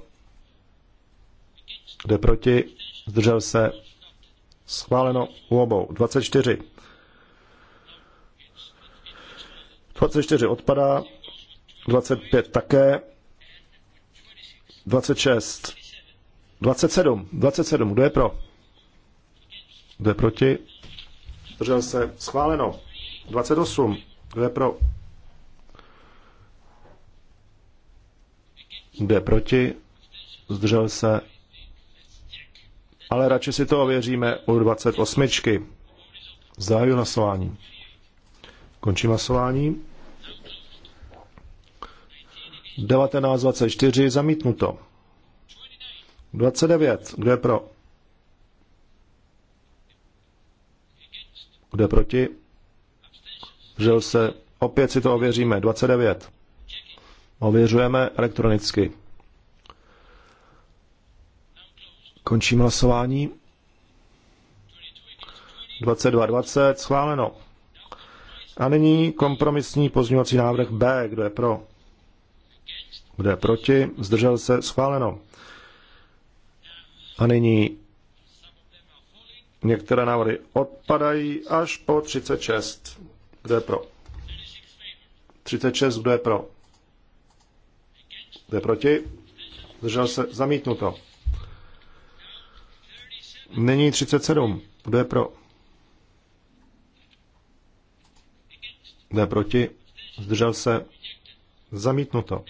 kde proti, zdržel se, Schváleno u obou. 24. 24 odpadá, 25 také, 26, 27, 27, kdo je pro? Kdo je proti? Držel se, schváleno. 28, kdo je pro? Kdo je proti? Zdržel se, ale radši si to ověříme u 28. Zdávím hlasování. Končím hlasování. 1924 zamítnuto. 29. Kdo je pro? Kdo je proti? Žil se. Opět si to ověříme. 29. Ověřujeme elektronicky. Končím hlasování. 22.20, schváleno. A nyní kompromisní pozměňovací návrh B. Kdo je pro? Kdo je proti? Zdržel se? Schváleno. A nyní některé návrhy odpadají až po 36. Kdo je pro? 36, kdo je pro? Kdo je proti? Zdržel se? Zamítnuto. Není 37. Kdo je pro? Kdo je proti? Zdržel se? Zamítnuto.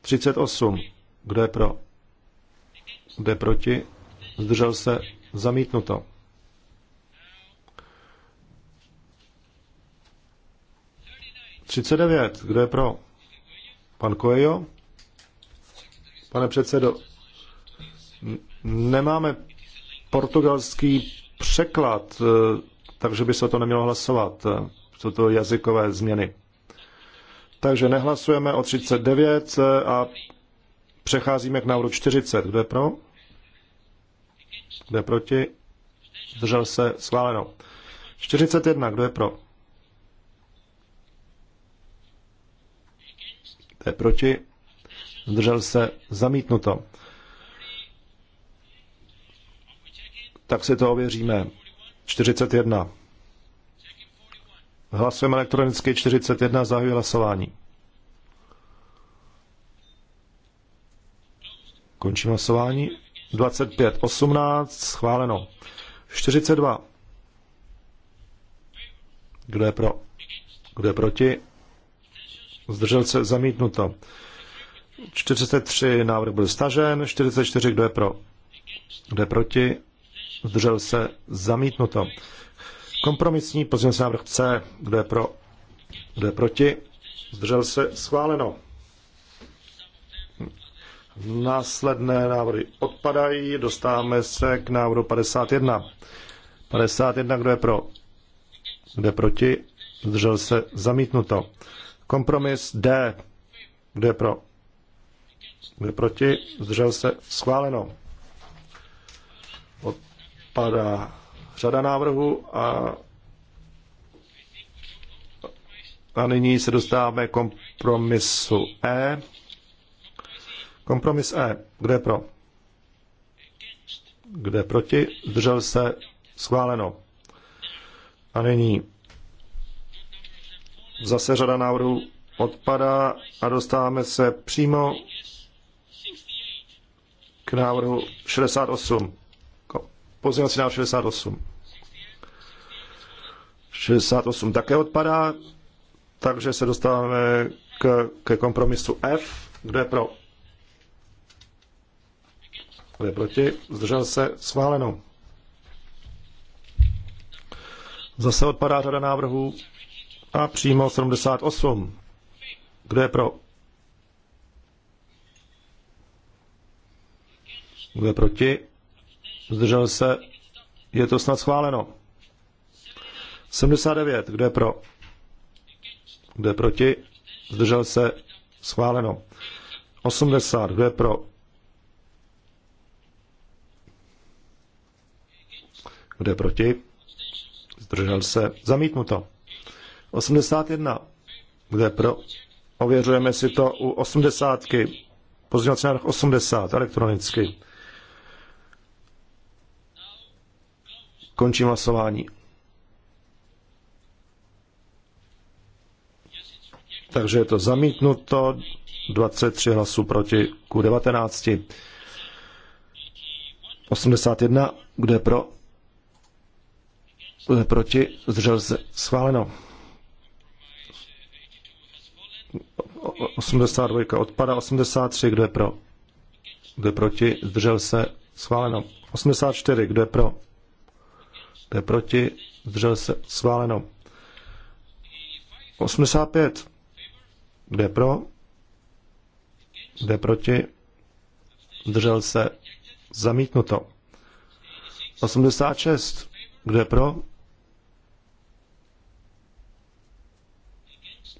38. Kdo je pro? Kdo je proti? Zdržel se? Zamítnuto. Třicet Kdo je pro? Pan Kojo? Pane předsedo, Nemáme portugalský překlad, e, takže by se to nemělo hlasovat. E, jsou to jazykové změny. Takže nehlasujeme o 39 e, a přecházíme k návodu 40. Kdo je pro? Kdo je proti? Zdržel se schváleno. 41. Kdo je pro? Kdo je proti? Zdržel se zamítnuto. tak si to ověříme. 41. Hlasujeme elektronicky 41, zahajuji hlasování. Končím hlasování. 25, 18, schváleno. 42. Kdo je pro? Kdo je proti? Zdržel se zamítnuto. 43 návrh byl stažen. 44, kdo je pro? Kdo je proti? zdržel se, zamítnuto. Kompromisní pozměňovací návrh C, kdo je pro, kdo je proti, zdržel se, schváleno. Následné návrhy odpadají, dostáváme se k návrhu 51. 51, kdo je pro, kdo je proti, zdržel se, zamítnuto. Kompromis D, kdo je pro, kdo je proti, zdržel se, schváleno padá řada návrhů a, a nyní se dostáváme kompromisu E. Kompromis E. Kde je pro? Kde je proti? Zdržel se? Schváleno. A nyní zase řada návrhů odpadá a dostáváme se přímo k návrhu 68. Pozměňovací návrh 68. 68 také odpadá, takže se dostáváme k, ke kompromisu F. Kdo je pro? Kdo je proti? Zdržel se schváleno. Zase odpadá řada návrhů a přímo 78. Kdo je pro? Kdo je proti? zdržel se, je to snad schváleno. 79, kdo je pro? Kdo je proti? Zdržel se, schváleno. 80, kdo je pro? Kdo je proti? Zdržel se, zamítnuto. 81, kdo je pro? Ověřujeme si to u 80. Pozměňovací návrh 80 elektronicky. Končím hlasování. Takže je to zamítnuto 23 hlasů proti q 19. 81, kde pro, kde proti, zdržel se, schváleno. 82 odpada, 83, kdo je pro? Kdo je proti? Zdržel se? Schváleno. 84, kdo je pro? Kdo je proti? Zdržel se? Schváleno. 85. Kdo je pro? Kdo je proti? Zdržel se? Zamítnuto. 86. Kdo je pro?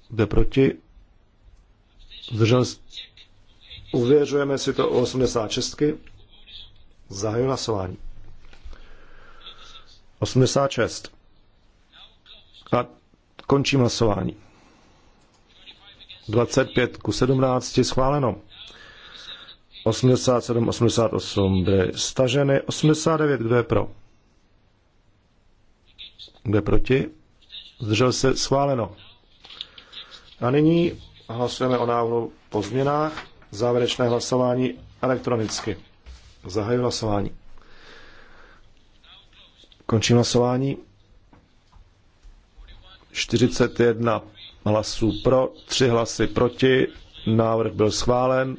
Kdo je proti? Zdržel se? Uvěřujeme si to u 86. Zahajuji hlasování. 86. A končím hlasování. 25 ku 17 schváleno. 87, 88 byly staženy. 89, kdo je pro? Kdo je proti? Zdržel se schváleno. A nyní hlasujeme o návrhu po změnách. Závěrečné hlasování elektronicky. Zahajuji hlasování. Končím hlasování. 41 hlasů pro, 3 hlasy proti. Návrh byl schválen.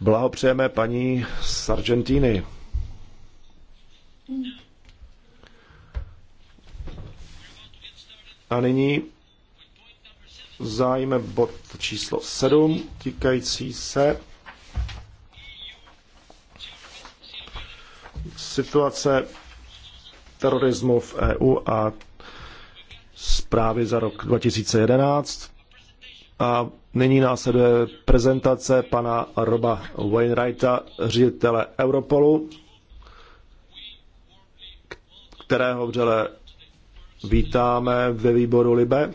Blahopřejeme paní z Argentíny. A nyní zájme bod číslo 7 týkající se situace terorismu v EU a zprávy za rok 2011. A nyní následuje prezentace pana Roba Wainwrighta, ředitele Europolu, kterého vřele vítáme ve výboru Libe.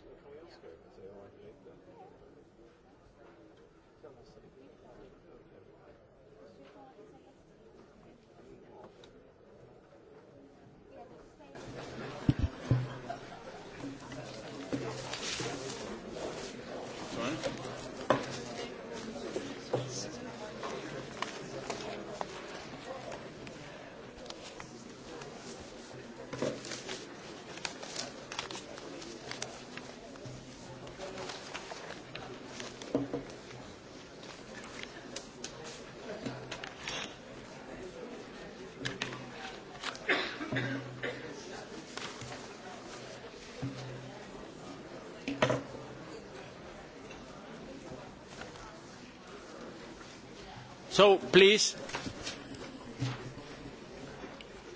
So, please,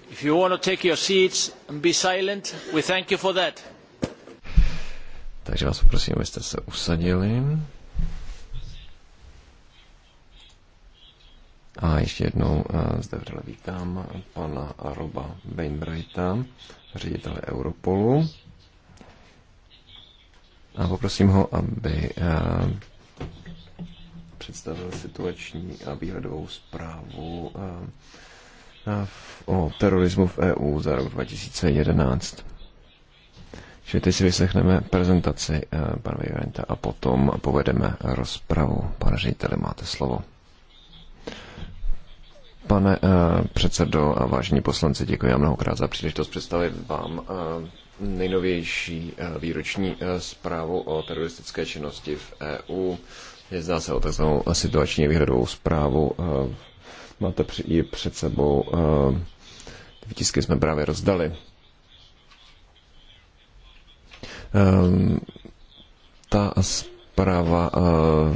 if you want to take your seats and be silent, we thank you for that. Takže vás poprosím, abyste se usadili. A ještě jednou eh, zde vřele vítám pana Roba Bainbrighta, ředitele Europolu. A poprosím ho, aby eh, představil situační a výhledovou zprávu eh, eh, o terorismu v EU za rok 2011. Čili teď si vyslechneme prezentaci eh, pana Viventa a potom povedeme rozpravu. Pane řediteli, máte slovo. Pane předsedo a vážení poslanci, děkuji vám mnohokrát za příležitost představit vám nejnovější výroční zprávu o teroristické činnosti v EU. Jedná se o takzvanou situační výhradovou zprávu. Eh, máte ji před sebou. Výtisky eh, jsme právě rozdali. Ehm, ta práva eh,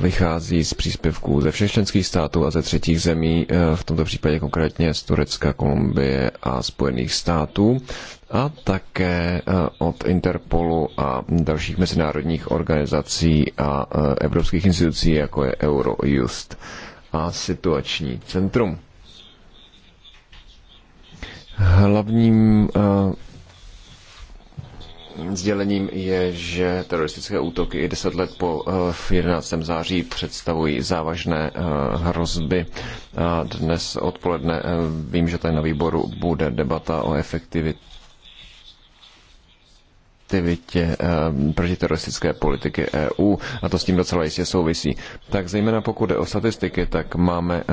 vychází z příspěvků ze všech členských států a ze třetích zemí, eh, v tomto případě konkrétně z Turecka, Kolumbie a Spojených států a také eh, od Interpolu a dalších mezinárodních organizací a evropských institucí, jako je Eurojust a situační centrum. Hlavním sdělením je, že teroristické útoky i deset let po 11. Eh, září představují závažné eh, hrozby. A dnes odpoledne eh, vím, že tady na výboru bude debata o efektivitě efektivitě eh, protiteroristické politiky EU a to s tím docela jistě souvisí. Tak zejména pokud jde o statistiky, tak máme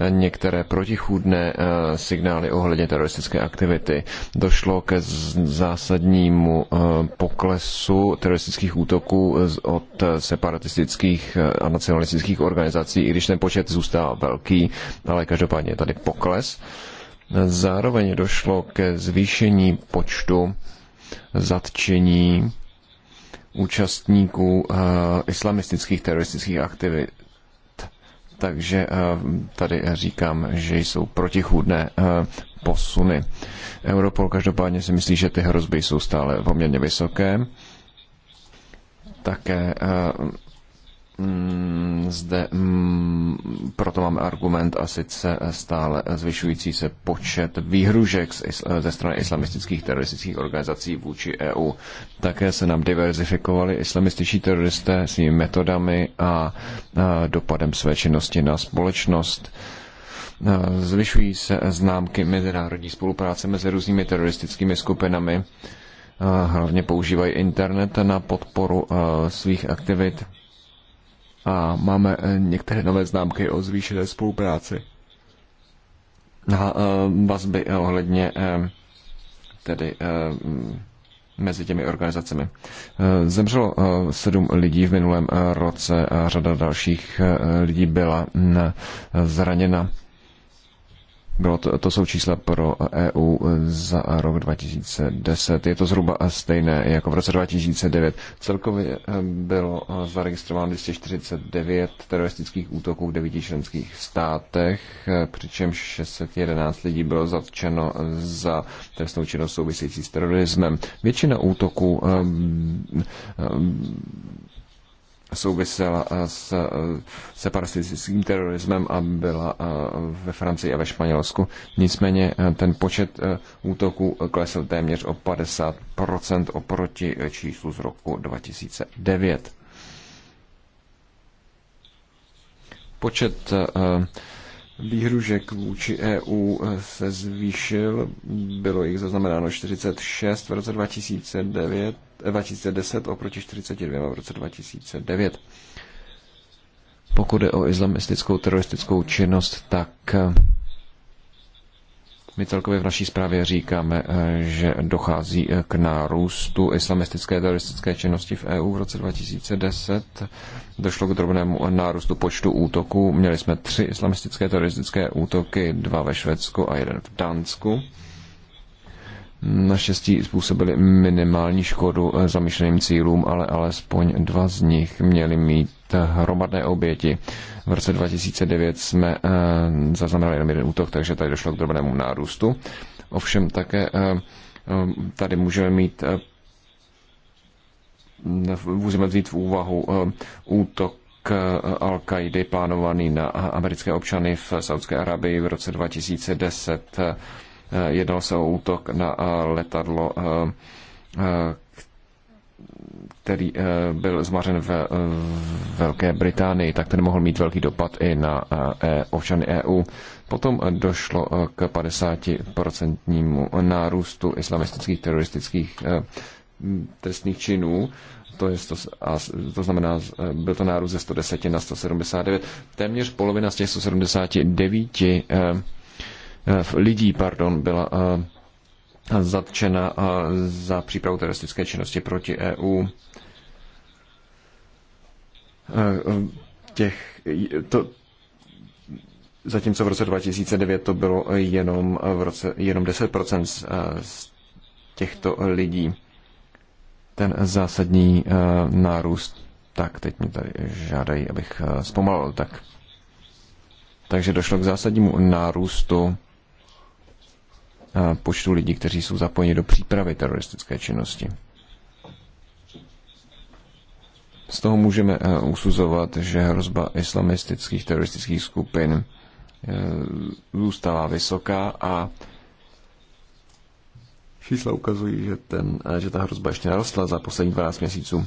eh, některé protichůdné eh, signály ohledně teroristické aktivity. Došlo ke zásadnímu poklesu teroristických útoků od separatistických a nacionalistických organizací, i když ten počet zůstává velký, ale každopádně je tady pokles. Zároveň došlo ke zvýšení počtu zatčení účastníků eh, islamistických teroristických aktivit. Takže eh, tady říkám, že jsou protichůdné eh, posuny. Europol každopádně si myslí, že ty hrozby jsou stále poměrně vysoké. Také Mm, zde mm, proto máme argument a sice stále zvyšující se počet výhružek ze strany islamistických teroristických organizací vůči EU. Také se nám diverzifikovali islamističní teroristé svými metodami a dopadem své činnosti na společnost. Zvyšují se známky mezinárodní spolupráce mezi různými teroristickými skupinami. Hlavně používají internet na podporu svých aktivit a máme eh, některé nové známky o zvýšené spolupráci na eh, vazby eh, ohledně tedy mezi těmi organizacemi. Zemřelo sedm lidí v minulém roce a řada dalších lidí byla mm, zraněna. Bylo to, to jsou čísla pro EU za rok 2010. Je to zhruba stejné jako v roce 2009. Celkově eh, bylo eh, zaregistrováno 249 teroristických útoků v devíti členských státech, eh, přičemž 611 lidí bylo zatčeno za trestnou činnost související s terorismem. Většina útoků souvisela eh, s eh, separatistickým terorismem a byla eh, ve Francii a ve Španělsku. Nicméně ten počet útoků klesl téměř o 50% oproti číslu z roku 2009. Počet výhružek vůči EU eh, se zvýšil, bylo jich zaznamenáno 46 v roce 2009, 2010 eh, oproti 42 v roce 2009. Pokud je o islamistickou teroristickou činnost, tak eh, my celkově v naší zprávě říkáme, eh, že dochází eh, k nárůstu islamistické teroristické činnosti v EU v roce 2010. Došlo k drobnému nárůstu počtu útoků. Měli jsme tři islamistické teroristické útoky, dva ve Švédsku a jeden v Dánsku. Naštěstí způsobili minimální škodu eh, zamýšleným cílům, ale alespoň dva z nich měly mít hromadné oběti. V roce 2009 jsme eh, zaznamenali jenom jeden útok, takže tady došlo k drobnému nárůstu. Ovšem také eh, eh, tady můžeme mít můžeme vzít v úvahu útok k al qaidi plánovaný na americké občany v Saudské Arabii v roce 2010. Jednalo se o útok na letadlo který eh, byl zmařen v eh, Velké Británii, tak ten mohl mít velký dopad i na eh, e, občany EU. Potom došlo k 50% nárůstu islamistických teroristických trestných činů. To, je 100, a to znamená, byl to nárůst ze 110 na 179. Téměř polovina z těch 179 lidí pardon, byla zatčena za přípravu teroristické činnosti proti EU. Um, těch, to, zatímco v roce 2009 to bylo jenom, v roce, jenom 10% z, těchto lidí. Ten zásadní nárůst. Tak, teď mi tady žádají, abych zpomalil. Tak. Takže došlo k zásadnímu nárůstu počtu lidí, kteří jsou zapojeni do přípravy teroristické činnosti. Z toho můžeme usuzovat, že hrozba islamistických teroristických skupin e, zůstává vysoká a čísla ukazují, že, ten, že ta hrozba ještě narostla za poslední 12 měsíců.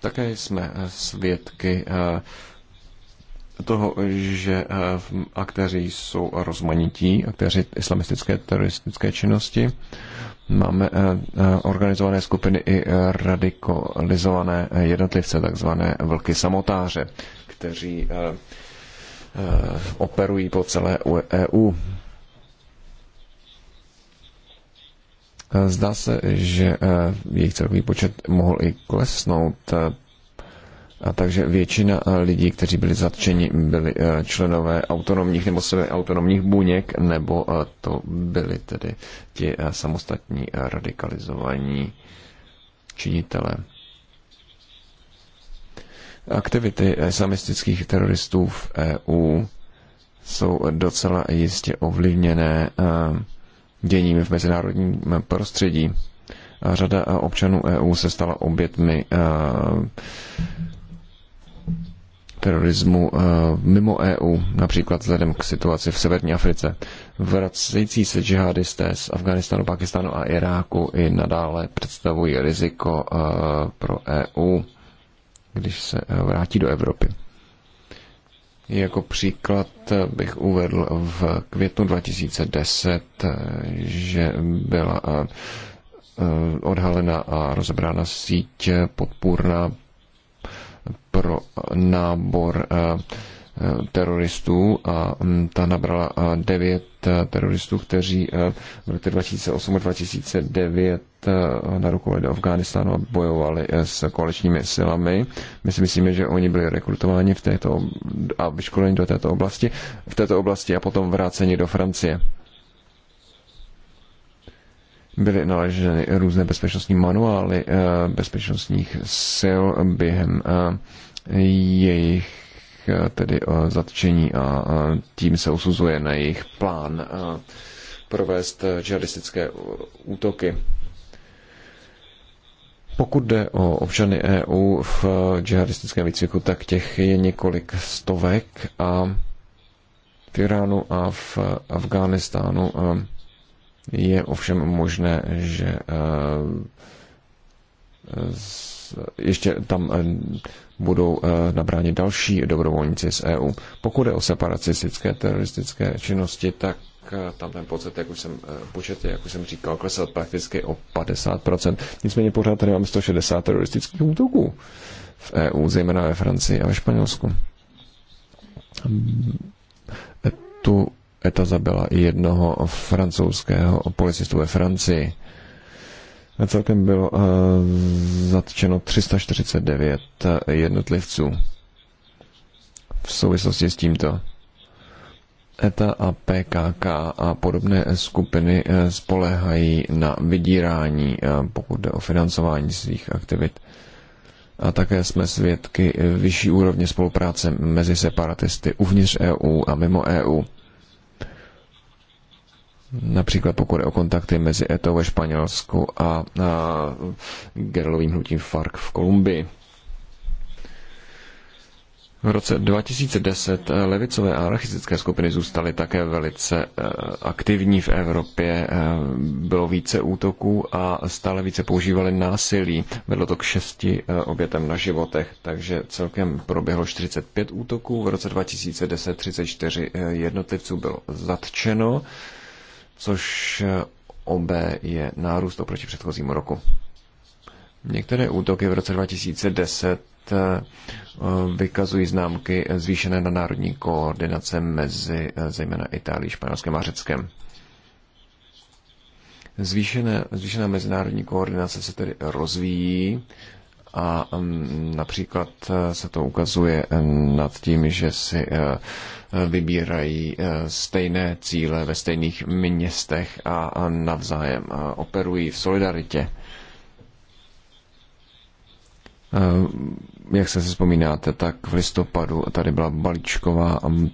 Také jsme svědky toho, že eh, aktéři jsou rozmanití, aktéři islamistické teroristické činnosti. Máme eh, eh, organizované skupiny i radikalizované jednotlivce, takzvané vlky samotáře, kteří operují po celé EU. E zdá se, že jejich celkový počet mohl i klesnout a takže většina eh, lidí, kteří byli zatčeni, byli eh, členové autonomních nebo autonomních buněk, nebo eh, to byli tedy ti samostatní radikalizovaní činitelé. Aktivity samistických teroristů v EU jsou docela jistě ovlivněné děním v mezinárodním prostředí. Řada občanů EU se stala obětmi terorismu eh, mimo EU, například vzhledem k situaci v Severní Africe. Vracející se džihadisté z Afganistánu, Pakistánu a Iráku i nadále představují riziko eh, pro EU, když se eh, vrátí do Evropy. Jako příklad bych uvedl v květnu 2010, že byla odhalena a rozebrána síť podpůrná pro nábor eh, eh, teroristů a mm, ta nabrala eh, devět teroristů, kteří v roce 2008 a 2009 narukovali do Afghánistánu a bojovali s kolečními silami. My si myslíme, že oni byli rekrutováni v této, a vyškoleni do této oblasti, v této oblasti a potom vráceni do Francie byly naleženy různé bezpečnostní manuály eh, bezpečnostních sil během eh, jejich eh, tedy zatčení a tím se usuzuje na jejich plán provést džihadistické útoky. Pokud jde o občany EU v džihadistickém výcviku, tak těch je několik stovek a v Iránu a v Afghánistánu je ovšem možné, že eh, ještě tam eh, budou eh, nabráni další dobrovolníci z EU. Pokud je o separacistické teroristické činnosti, tak tam ten pocit, jak už jsem, počet, jak už jsem říkal, klesl prakticky o 50%. Nicméně pořád tady máme 160 teroristických útoků v EU, zejména ve Francii a ve Španělsku. Tu ETA zabila i jednoho francouzského policistu ve Francii. A celkem bylo uh, zatčeno 349 eh, jednotlivců v souvislosti s tímto. ETA a PKK a podobné skupiny eh, spolehají na vydírání, pokud jde o financování svých aktivit. A také jsme svědky vyšší úrovně spolupráce mezi separatisty uvnitř EU a mimo EU. Například pokud je o kontakty mezi ETO ve Španělsku a, a gerilovým hnutím FARC v Kolumbii. V roce 2010 eh, levicové anarchistické skupiny zůstaly také velice eh, aktivní v Evropě. Eh, bylo více útoků a stále více používali násilí. Vedlo to k šesti obětem na životech, takže celkem proběhlo 45 útoků. V roce 2010 34 jednotlivců bylo zatčeno což eh, OB je nárůst oproti předchozímu roku. Některé útoky v roce 2010 eh, vykazují známky zvýšené na národní koordinace mezi eh, zejména Itálií, Španělskem a Řeckem. Zvýšené, zvýšená mezinárodní koordinace se tedy rozvíjí a mm, například se to ukazuje nad tím, že si vybírají eh, stejné cíle ve stejných městech a navzájem operují v solidaritě. Eh, jak se si vzpomínáte, tak v listopadu tady byla balíčková mm,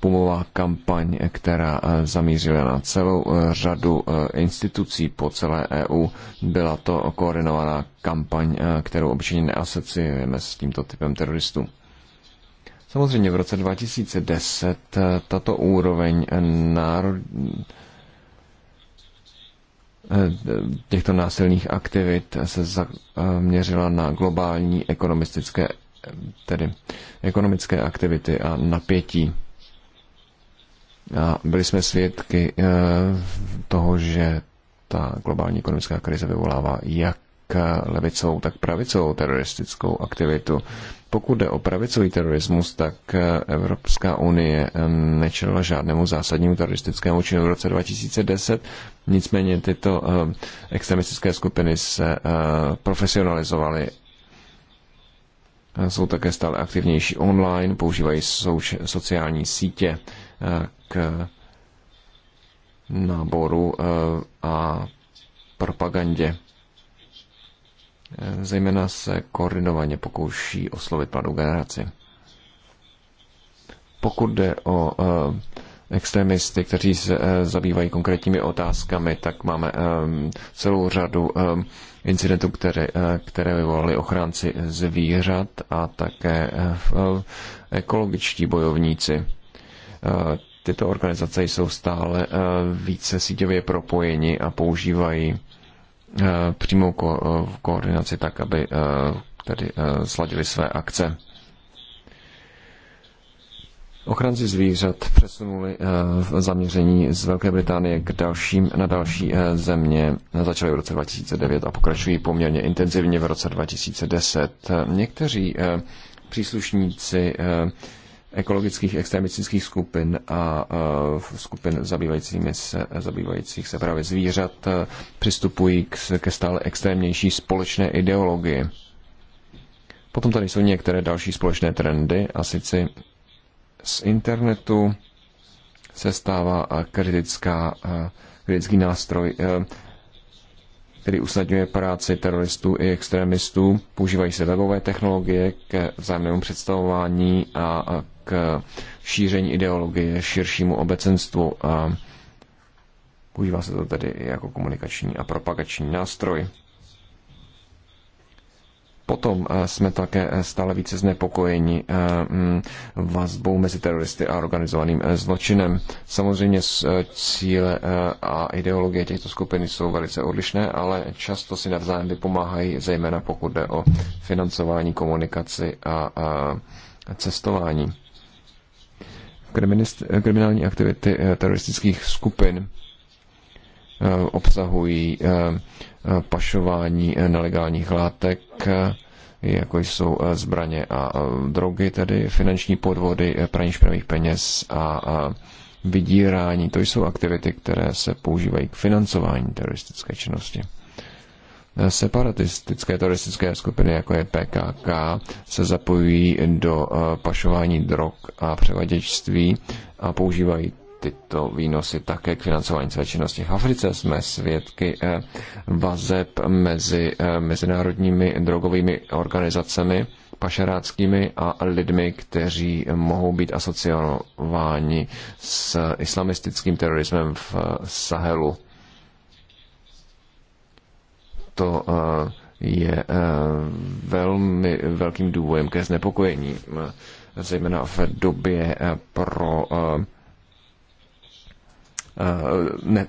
pumová kampaň, která eh, zamířila na celou řadu institucí po celé EU. Byla to koordinovaná kampaň, kterou obyčejně neasociujeme s tímto typem teroristů. Samozřejmě v roce 2010 eh, tato úroveň eh, národ... Eh, těchto násilných aktivit se zaměřila na globální ekonomistické, tedy ekonomické aktivity a napětí. A byli jsme svědky toho, že ta globální ekonomická krize vyvolává jak levicovou, tak pravicovou teroristickou aktivitu. Pokud jde o pravicový terorismus, tak Evropská unie nečelila žádnému zásadnímu teroristickému činu v roce 2010. Nicméně tyto eh, extremistické skupiny se eh, profesionalizovaly jsou také stále aktivnější online, používají souč- sociální sítě eh, k náboru a propagandě zejména se koordinovaně pokouší oslovit mladou generaci. Pokud jde o e, extremisty, kteří se e, zabývají konkrétními otázkami, tak máme e, celou řadu incidentů, které, které vyvolali ochránci zvířat a také ekologičtí bojovníci. Tyto organizace jsou stále více síťově propojeni a používají Eh, přímou ko- eh, koordinaci tak, aby eh, tedy sladili své akce. Ochranci zvířat přesunuli v zaměření z Velké Británie k dalším, na další země. Začali v roce 2009 a pokračují poměrně intenzivně v roce 2010. Někteří příslušníci ekologických extremistických skupin a skupin zabývajícími se, zabývajících se právě zvířat e, přistupují k, ke stále extrémnější společné ideologii. Potom tady jsou některé další společné trendy a sice z internetu se stává e, kritická, e, kritický nástroj, který usnadňuje práci teroristů i extremistů. Používají se webové technologie k vzájemnému představování a k šíření ideologie širšímu obecenstvu a používá se to tedy jako komunikační a propagační nástroj. Potom eh, jsme také eh, stále více znepokojeni eh, mm, vazbou mezi teroristy a organizovaným zločinem. Samozřejmě cíle a ideologie těchto skupin jsou velice odlišné, ale často si navzájem vypomáhají, zejména pokud jde o financování, komunikaci a cestování kriminální aktivity eh, teroristických skupin eh, obsahují eh, pašování nelegálních látek, jako jsou zbraně a drogy, tedy finanční podvody, praní špinavých peněz a vydírání. To jsou aktivity, které se používají k financování teroristické činnosti separatistické teroristické skupiny, jako je PKK, se zapojují do eh, pašování drog a převaděčství a používají tyto výnosy také k financování své činnosti. V Africe jsme svědky eh, vazeb mezi eh, mezinárodními drogovými organizacemi, pašeráckými a lidmi, kteří mohou být asociováni s islamistickým terorismem v Sahelu to eh, je eh, velmi velkým důvodem ke znepokojení, eh, zejména v době pro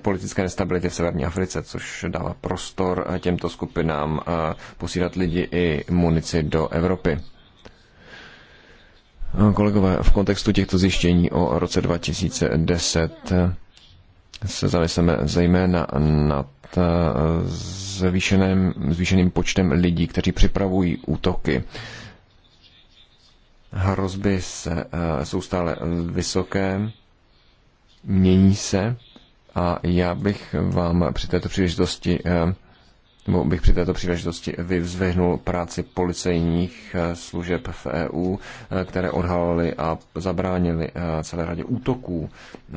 politické nestabilitě v severní Africe, což dává prostor těmto skupinám posílat lidi i munici do Evropy. Kolegové, v kontextu těchto zjištění o roce 2010 se zaviseme zejména nad eh, zvýšeným, zvýšeným počtem lidí, kteří připravují útoky. Hrozby se, eh, jsou stále vysoké, mění se a já bych vám při této příležitosti eh, nebo bych při této příležitosti vyvzvihnul práci policejních eh, služeb v EU, eh, které odhalily a zabránily eh, celé řadě útoků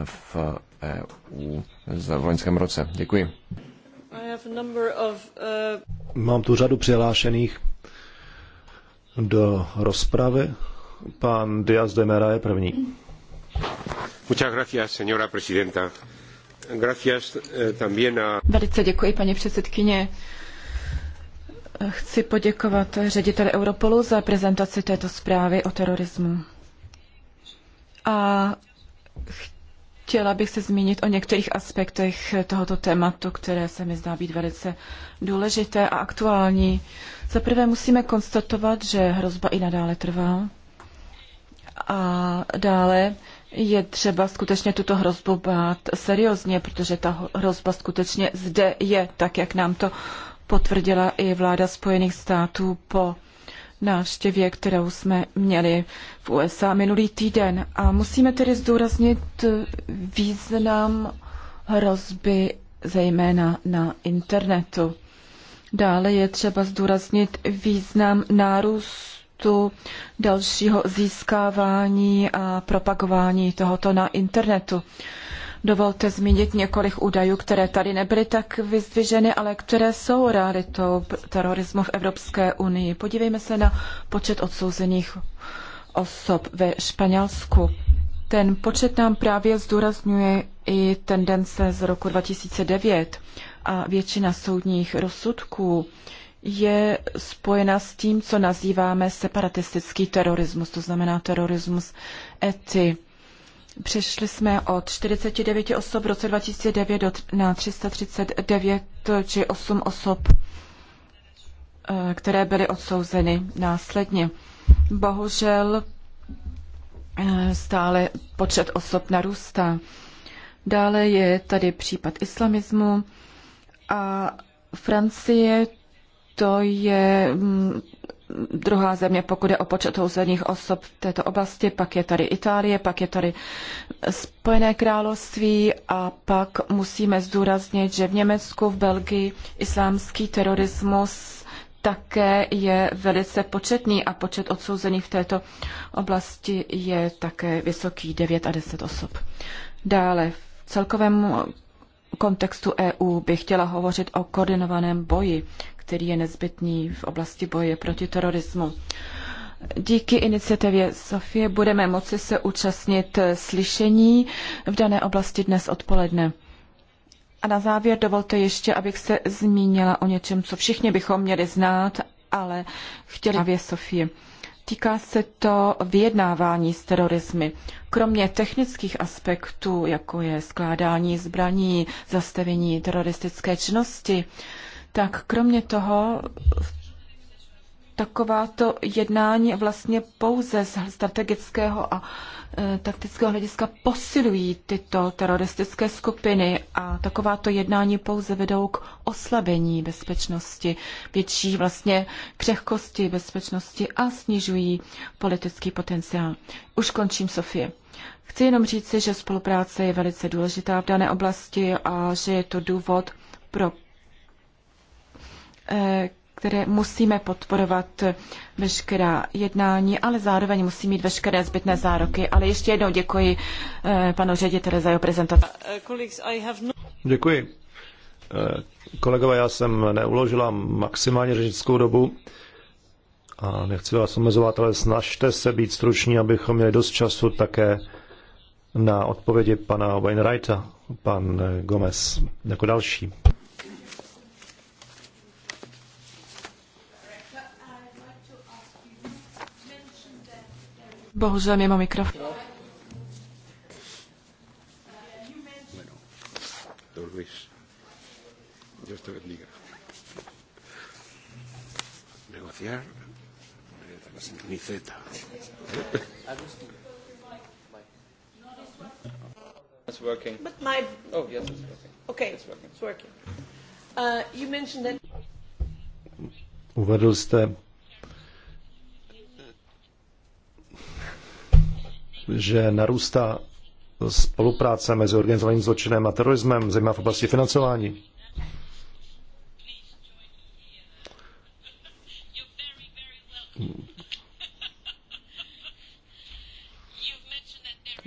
v EU v loňském roce. Děkuji. Of, uh... Mám tu řadu přihlášených do rozpravy. Pan Diaz de Mera je první. Muchas gracias, señora presidenta. Gracias también a... Velice děkuji, paní předsedkyně. Chci poděkovat řediteli Europolu za prezentaci této zprávy o terorismu. A chtěla bych se zmínit o některých aspektech tohoto tématu, které se mi zdá být velice důležité a aktuální. Za prvé musíme konstatovat, že hrozba i nadále trvá. A dále je třeba skutečně tuto hrozbu bát seriózně, protože ta hrozba skutečně zde je, tak jak nám to potvrdila i vláda Spojených států po návštěvě, kterou jsme měli v USA minulý týden. A musíme tedy zdůraznit význam hrozby zejména na internetu. Dále je třeba zdůraznit význam nárůstu dalšího získávání a propagování tohoto na internetu. Dovolte zmínit několik údajů, které tady nebyly tak vyzdviženy, ale které jsou realitou terorismu v Evropské unii. Podívejme se na počet odsouzených osob ve Španělsku. Ten počet nám právě zdůrazňuje i tendence z roku 2009 a většina soudních rozsudků je spojena s tím, co nazýváme separatistický terorismus, to znamená terorismus ety. Přešli jsme od 49 osob v roce 2009 na 339 či 8 osob, eh, které byly odsouzeny následně. Bohužel eh, stále počet osob narůstá. Dále je tady případ islamismu a Francie to je mm, druhá země, pokud je o počet houzených osob v této oblasti, pak je tady Itálie, pak je tady Spojené království a pak musíme zdůraznit, že v Německu, v Belgii islámský terorismus také je velice početný a počet odsouzených v této oblasti je také vysoký 9 a 10 osob. Dále v celkovém kontextu EU bych chtěla hovořit o koordinovaném boji, který je nezbytný v oblasti boje proti terorismu. Díky iniciativě Sofie budeme moci se účastnit slyšení v dané oblasti dnes odpoledne. A na závěr dovolte ještě, abych se zmínila o něčem, co všichni bychom měli znát, ale chtěli právě Sofie. Týká se to vyjednávání s terorismy. Kromě technických aspektů, jako je skládání zbraní, zastavení teroristické činnosti, tak kromě toho takováto jednání vlastně pouze z strategického a e, taktického hlediska posilují tyto teroristické skupiny a takováto jednání pouze vedou k oslabení bezpečnosti, větší vlastně křehkosti bezpečnosti a snižují politický potenciál. Už končím, Sofie. Chci jenom říci, že spolupráce je velice důležitá v dané oblasti a že je to důvod pro Eh, které musíme podporovat veškerá jednání, ale zároveň musí mít veškeré zbytné zároky. Ale ještě jednou děkuji eh, panu řediteli za jeho prezentaci. Děkuji. Eh, kolegové, já jsem neuložila maximálně řečnickou dobu a nechci vás omezovat, ale snažte se být struční, abychom měli dost času také na odpovědi pana Wainwrighta, pan Gomez jako další. Bohužel mimo mikrofon. Dios te bendiga. Negociar. Ni Z. It's working. But my. Oh, yes, it's working. Okay, it's working. It's working. Uh, you mentioned that. Uvedl jste že narůstá spolupráce mezi organizovaným zločinem a terorismem, zejména v oblasti financování.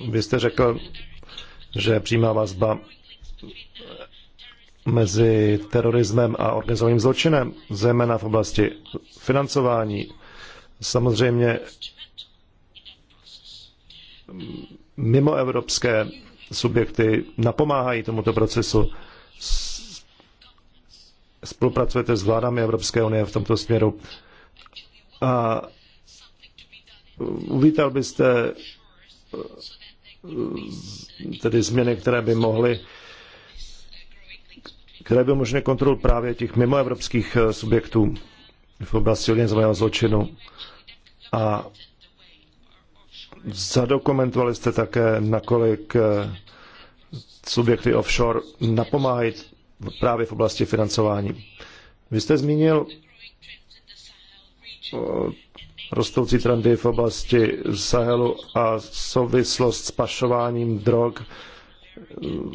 Vy jste řekl, že přímá vazba mezi terorismem a organizovaným zločinem, zejména v oblasti financování. Samozřejmě mimoevropské subjekty napomáhají tomuto procesu. Spolupracujete s vládami Evropské unie v tomto směru. A uvítal byste tedy změny, které by mohly které by možné kontrolu právě těch mimoevropských subjektů v oblasti organizovaného zločinu. A Zadokumentovali jste také, nakolik eh, subjekty offshore napomáhají právě v oblasti financování. Vy jste zmínil eh, rostoucí trendy v oblasti Sahelu a souvislost s pašováním drog eh,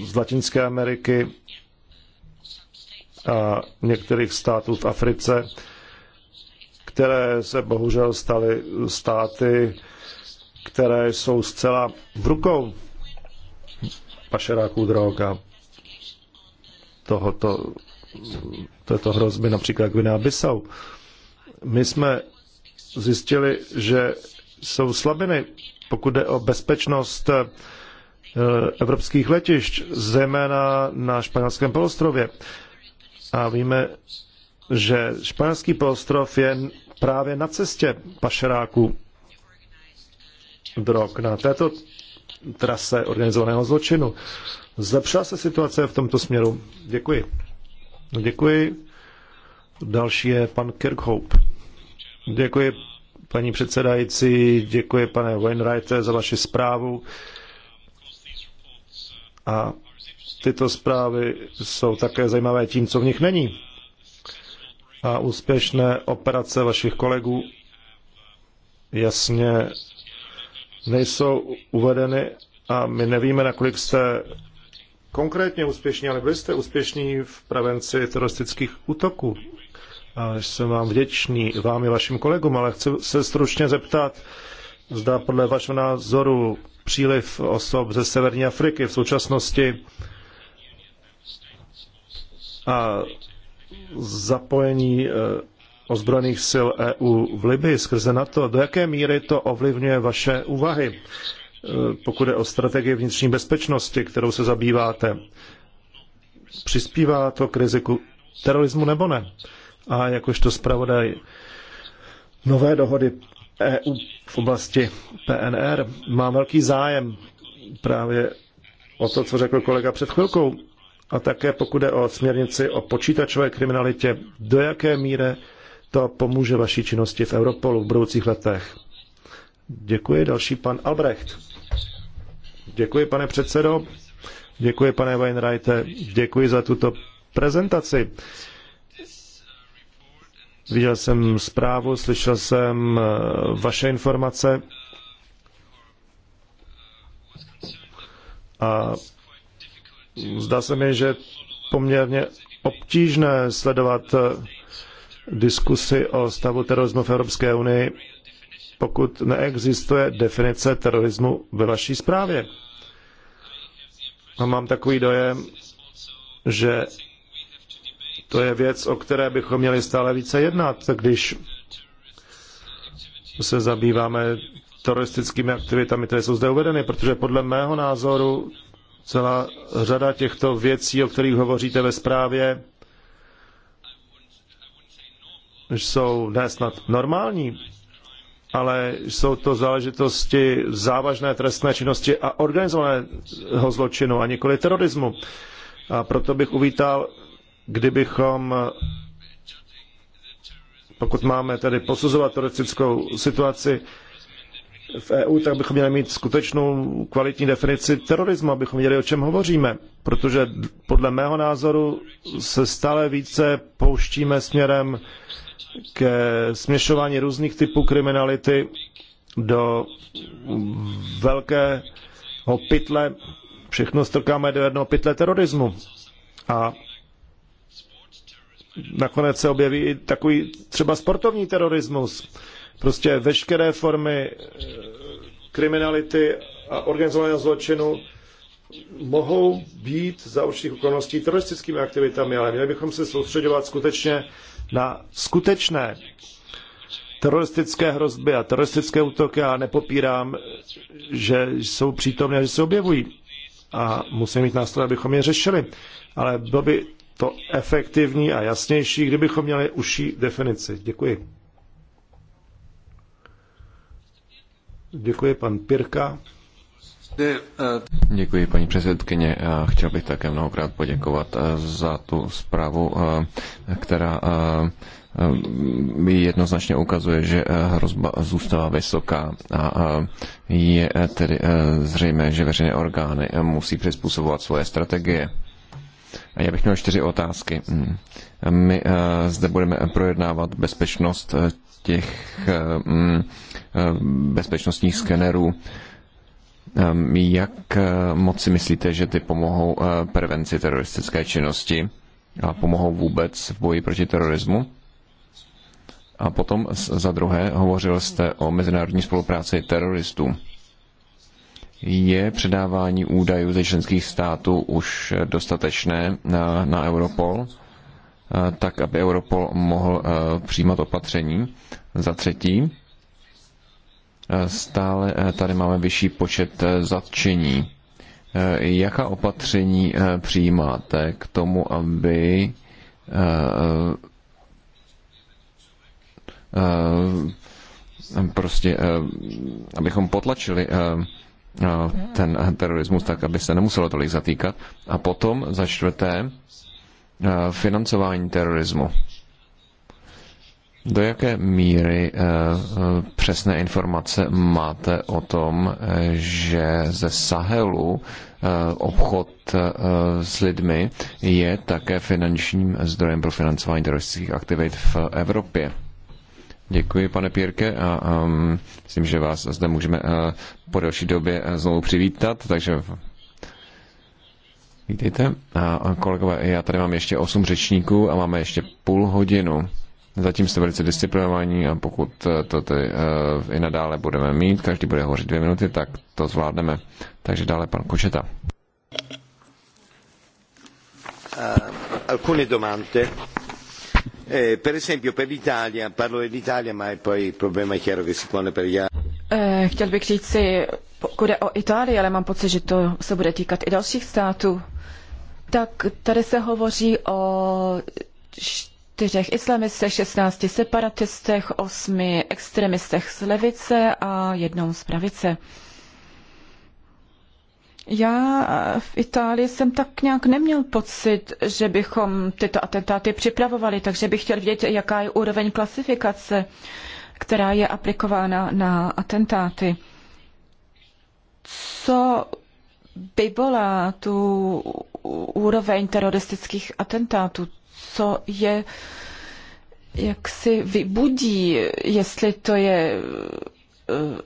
z Latinské Ameriky a některých států v Africe, které se bohužel staly státy které jsou zcela v rukou pašeráků drog a tohoto, této hrozby, například Gvinea Bissau. My jsme zjistili, že jsou slabiny, pokud jde o bezpečnost eh, evropských letišť, zejména na španělském polostrově. A víme, že španělský polostrov je právě na cestě pašeráků drog na této trase organizovaného zločinu. Zlepšila se situace v tomto směru? Děkuji. No, děkuji. Další je pan Kirkhope. Děkuji, paní předsedající, děkuji, pane Wainwrighte, za vaši zprávu. A tyto zprávy jsou také zajímavé tím, co v nich není. A úspěšné operace vašich kolegů jasně nejsou uvedeny a my nevíme, nakolik jste konkrétně úspěšní, ale byli jste úspěšní v prevenci teroristických útoků. A jsem vám vděčný, vám i vašim kolegům, ale chci se stručně zeptat, zda podle vašeho názoru příliv osob ze severní Afriky v současnosti a zapojení eh, ozbrojených sil EU v Libii skrze NATO. Do jaké míry to ovlivňuje vaše úvahy, e, pokud je o strategii vnitřní bezpečnosti, kterou se zabýváte? Přispívá to k riziku terorismu nebo ne? A jakožto zpravodaj nové dohody EU v oblasti PNR mám velký zájem právě o to, co řekl kolega před chvilkou, a také pokud je o směrnici o počítačové kriminalitě, do jaké míry to pomůže vaší činnosti v Europolu v budoucích letech. Děkuji, další pan Albrecht. Děkuji, pane předsedo. Děkuji, pane Weinreite. Děkuji za tuto prezentaci. Viděl jsem zprávu, slyšel jsem eh, vaše informace. A zdá se mi, že poměrně obtížné sledovat eh, diskusi o stavu terorismu v Evropské unii, pokud neexistuje definice terorismu ve vaší zprávě. A mám takový dojem, že to je věc, o které bychom měli stále více jednat, když se zabýváme teroristickými aktivitami, které jsou zde uvedeny, protože podle mého názoru celá řada těchto věcí, o kterých hovoříte ve zprávě, jsou snad normální, ale jsou to záležitosti závažné trestné činnosti a organizovaného zločinu a nikoli terorismu. A proto bych uvítal, kdybychom, pokud máme tedy posuzovat teroristickou situaci v EU, tak bychom měli mít skutečnou kvalitní definici terorismu, abychom věděli, o čem hovoříme. Protože podle mého názoru se stále více pouštíme směrem uh, ke směšování různých typů kriminality do velkého pytle, všechno strkáme do jednoho pytle terorismu. A nakonec se objeví i takový třeba sportovní terorismus. Prostě veškeré formy eh, kriminality a organizovaného zločinu mohou být za určitých okolností teroristickými aktivitami, ale měli bychom se soustředovat skutečně na skutečné teroristické hrozby a teroristické útoky. Já nepopírám, že jsou přítomné, že se objevují a musíme mít nástroje, abychom je řešili. Ale bylo by to efektivní a jasnější, kdybychom měli užší definici. Děkuji. Děkuji, pan Pirka. Děkuji, paní předsedkyně. Chtěl bych také mnohokrát poděkovat za tu zprávu, která jednoznačně ukazuje, že hrozba zůstává vysoká a je tedy zřejmé, že veřejné orgány musí přizpůsobovat svoje strategie. Já bych měl čtyři otázky. My zde budeme projednávat bezpečnost těch bezpečnostních skenerů. Ehm, jak eh, moc si myslíte, že ty pomohou eh, prevenci teroristické činnosti a pomohou vůbec v boji proti terorismu? A potom za druhé, hovořil jste o mezinárodní spolupráci teroristů. Je předávání údajů ze členských států už dostatečné na, eh, na Europol, tak aby Europol mohl přijímat opatření? Za třetí, Stále eh, tady máme vyšší počet eh, zatčení. Eh, jaká opatření přijímáte k tomu, aby prostě, abychom potlačili ten terorismus tak, aby se nemuselo tolik zatýkat. A potom za čtvrté, financování terorismu. Do jaké míry eh, eh, přesné informace máte o tom, eh, že ze Sahelu obchod s lidmi je také finančním zdrojem pro financování teroristických aktivit v Evropě? Děkuji, pane Pírke, a um, myslím, že vás zde můžeme uh, po delší době znovu přivítat, takže vítejte. A kolegové, já tady mám ještě osm řečníků a máme ještě půl hodinu. Zatím jste velice disciplinovaní a pokud eh, to uh, i nadále budeme mít, každý bude hovořit dvě minuty, tak to zvládneme. Takže dále pan Kočeta. Uh, alcune domande. Eh, per esempio per l'Italia, parlo dell'Italia ma poi il problema è chiaro che si pone per gli altri. Eh, chtěl bych říci, pokud je o Itálii, ale mám pocit, že to se bude týkat i dalších států, tak tady se hovoří o čtyřech islamistech, 16 separatistech, osmi extremistech z levice a jednou z pravice. Já v Itálii jsem tak nějak neměl pocit, že bychom tyto atentáty připravovali, takže bych chtěl vědět, jaká je úroveň klasifikace, která je aplikována na atentáty. Co by byla tu úroveň teroristických atentátů? co je jak si vybudí, jestli to je eh,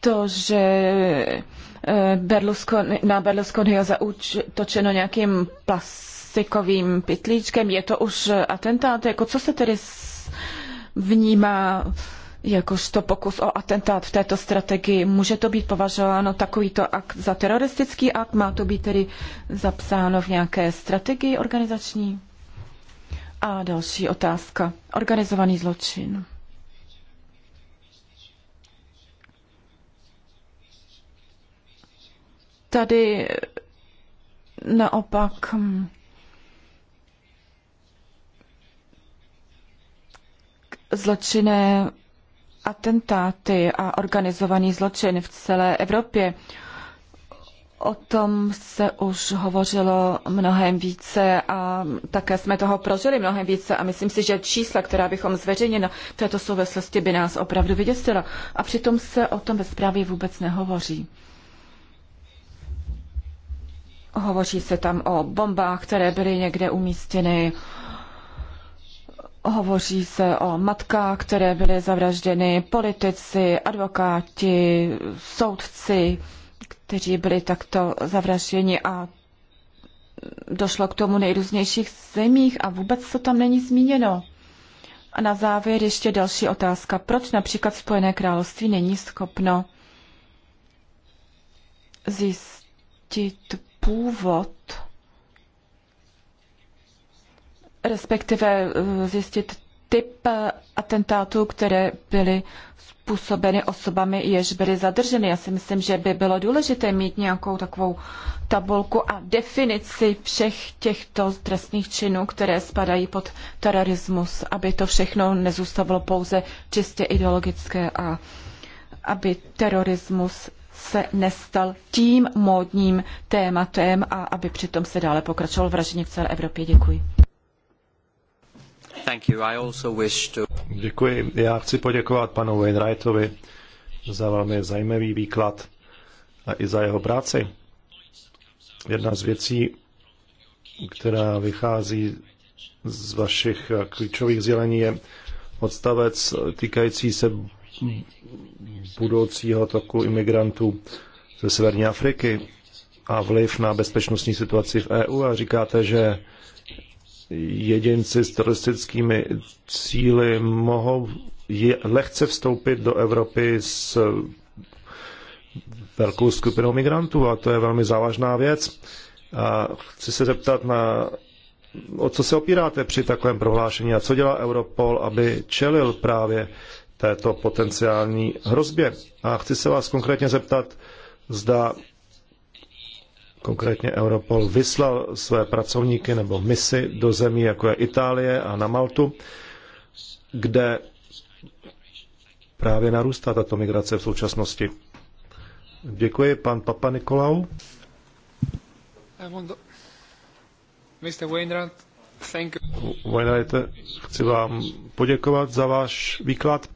to, že eh, Berlusconi, na Berlusconi je zautočeno nějakým plastikovým pytlíčkem, je to už atentát, jako co se tedy vnímá jakožto pokus o atentát v této strategii. Může to být považováno takovýto akt za teroristický akt? Má to být tedy zapsáno v nějaké strategii organizační? A další otázka. Organizovaný zločin. Tady naopak hm, zločinné atentáty a organizovaný zločin v celé Evropě. O tom se už hovořilo mnohem více a také jsme toho prožili mnohem více a myslím si, že čísla, která bychom zveřejnili v této souvislosti, by nás opravdu vyděsila. A přitom se o tom ve zprávě vůbec nehovoří. Hovoří se tam o bombách, které byly někde umístěny, Hovoří se o matkách, které byly zavražděny, politici, advokáti, soudci, kteří byli takto zavražděni a došlo k tomu nejrůznějších zemích a vůbec to tam není zmíněno. A na závěr ještě další otázka. Proč například Spojené království není schopno zjistit původ respektive eh, zjistit typ eh, atentátů, které byly způsobeny osobami, jež byly zadrženy. Já si myslím, že by bylo důležité mít nějakou takovou tabulku a definici všech těchto trestných činů, které spadají pod terorismus, aby to všechno nezůstalo pouze čistě ideologické a aby terorismus se nestal tím módním tématem a aby přitom se dále pokračoval vražení v celé Evropě. Děkuji. Děkuji. Já chci poděkovat panu Wainwrightovi za velmi zajímavý výklad a i za jeho práci. Jedna z věcí, která vychází z vašich klíčových sdělení, je odstavec týkající se budoucího toku imigrantů ze severní Afriky a vliv na bezpečnostní situaci v EU a říkáte, že jedinci s teroristickými cíly mohou je, lehce vstoupit do Evropy s velkou skupinou migrantů a to je velmi závažná věc. A chci se zeptat na o co se opíráte při takovém prohlášení a co dělá Europol, aby čelil právě této potenciální hrozbě. A chci se vás konkrétně zeptat, zda konkrétně Europol, vyslal své pracovníky nebo misi do zemí, jako je Itálie a na Maltu, kde právě narůstá tato migrace v současnosti. Děkuji, pan Papa Nikolau. Eh, Mr. Wainwright, thank you. chci vám poděkovat za váš výklad.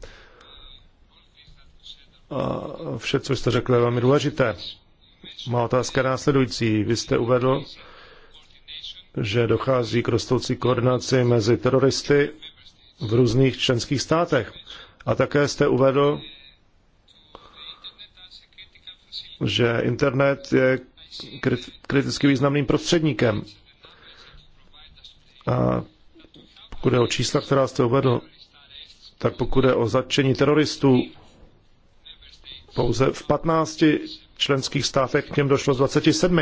A vše, co jste řekli, je velmi důležité. Má otázka následující. Vy jste uvedl, že dochází k rostoucí koordinaci mezi teroristy v různých členských státech. A také jste uvedl, že internet je kriticky významným prostředníkem. A pokud je o čísla, která jste uvedl, tak pokud je o zatčení teroristů, pouze v 15 členských státech k něm došlo z 27.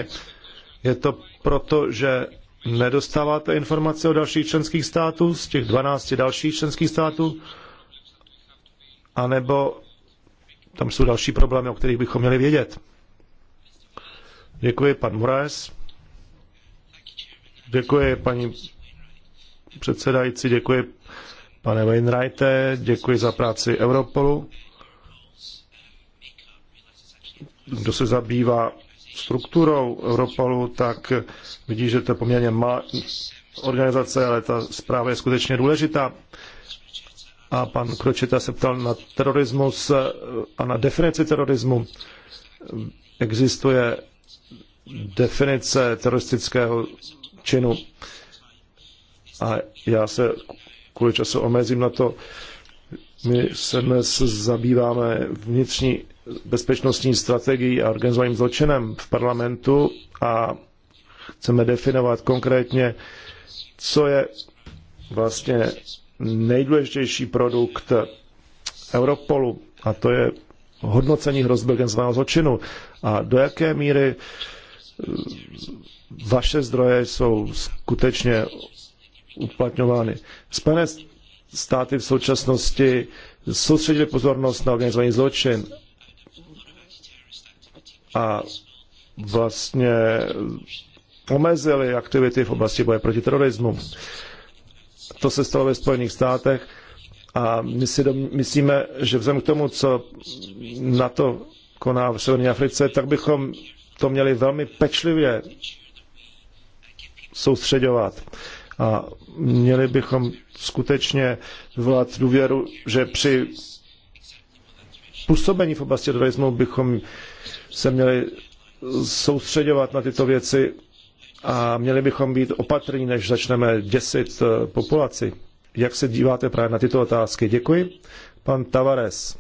Je to proto, že nedostáváte informace o dalších členských států, z těch 12 dalších členských států, anebo tam jsou další problémy, o kterých bychom měli vědět. Děkuji, pan Moraes. Děkuji, paní předsedající, děkuji, pane Weinreite, děkuji za práci Europolu kdo se zabývá strukturou Europolu, tak vidí, že to je poměrně malá organizace, ale ta zpráva je skutečně důležitá. A pan Kročeta se ptal na terorismus a na definici terorismu. Existuje definice teroristického činu. A já se kvůli času omezím na to, my se dnes zabýváme vnitřní bezpečnostní strategií a organizovaným zločinem v parlamentu a chceme definovat konkrétně, co je vlastně nejdůležitější produkt Europolu, a to je hodnocení hrozby organizovaného zločinu a do jaké míry eh, vaše zdroje jsou skutečně uplatňovány. Spojené státy v současnosti soustředili pozornost na organizovaný zločin a vlastně omezili aktivity v oblasti boje proti terorismu. To se stalo ve Spojených státech a my si dom, myslíme, že vzhledem k tomu, co na to koná v Severní Africe, tak bychom to měli velmi pečlivě soustředovat. A měli bychom skutečně vyvolat důvěru, že při působení v oblasti terorismu bychom se měli soustředovat na tyto věci a měli bychom být opatrní, než začneme děsit eh, populaci. Jak se díváte právě na tyto otázky? Děkuji. Pan Tavares.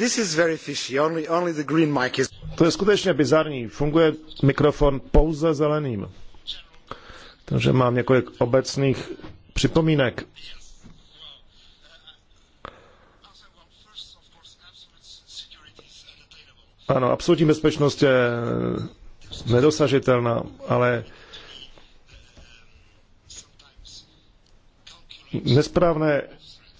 this is very fishy. Only, only the green mic is... To je skutečně bizarní. Funguje mikrofon pouze zeleným. Takže mám několik obecných připomínek. Ano, absolutní bezpečnost je nedosažitelná, ale nesprávné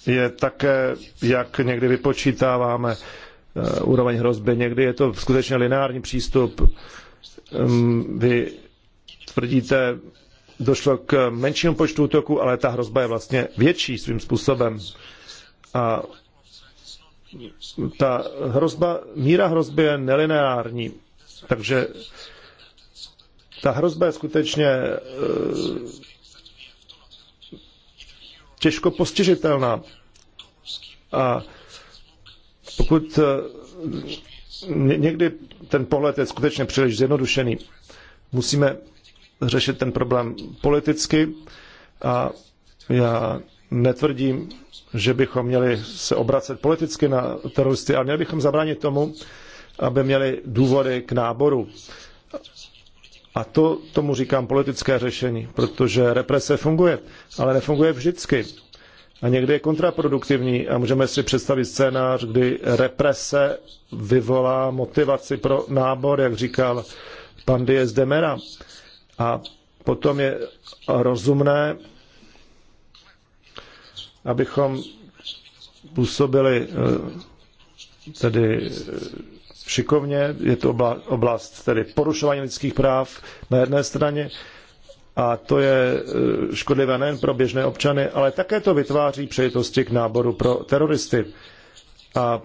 je také, jak někdy vypočítáváme eh, úroveň hrozby. Někdy je to skutečně lineární přístup. Ehm, vy tvrdíte, došlo k menšímu počtu útoků, ale ta hrozba je vlastně větší svým způsobem. A ta hrozba, míra hrozby je nelineární. Takže ta hrozba je skutečně eh, těžko postižitelná. A pokud eh, někdy ten pohled je skutečně příliš zjednodušený, musíme řešit ten problém politicky a já netvrdím, že bychom měli se obracet politicky na teroristy, ale měli bychom zabránit tomu, aby měli důvody k náboru a to tomu říkám politické řešení, protože represe funguje, ale nefunguje vždycky. A někdy je kontraproduktivní a můžeme si představit scénář, kdy represe vyvolá motivaci pro nábor, jak říkal pan Diez Demera. A potom je rozumné, abychom působili eh, tedy eh, šikovně. Je to oblast tedy porušování lidských práv na jedné straně a to je eh, škodlivé nejen pro běžné občany, ale také to vytváří přejitosti k náboru pro teroristy. A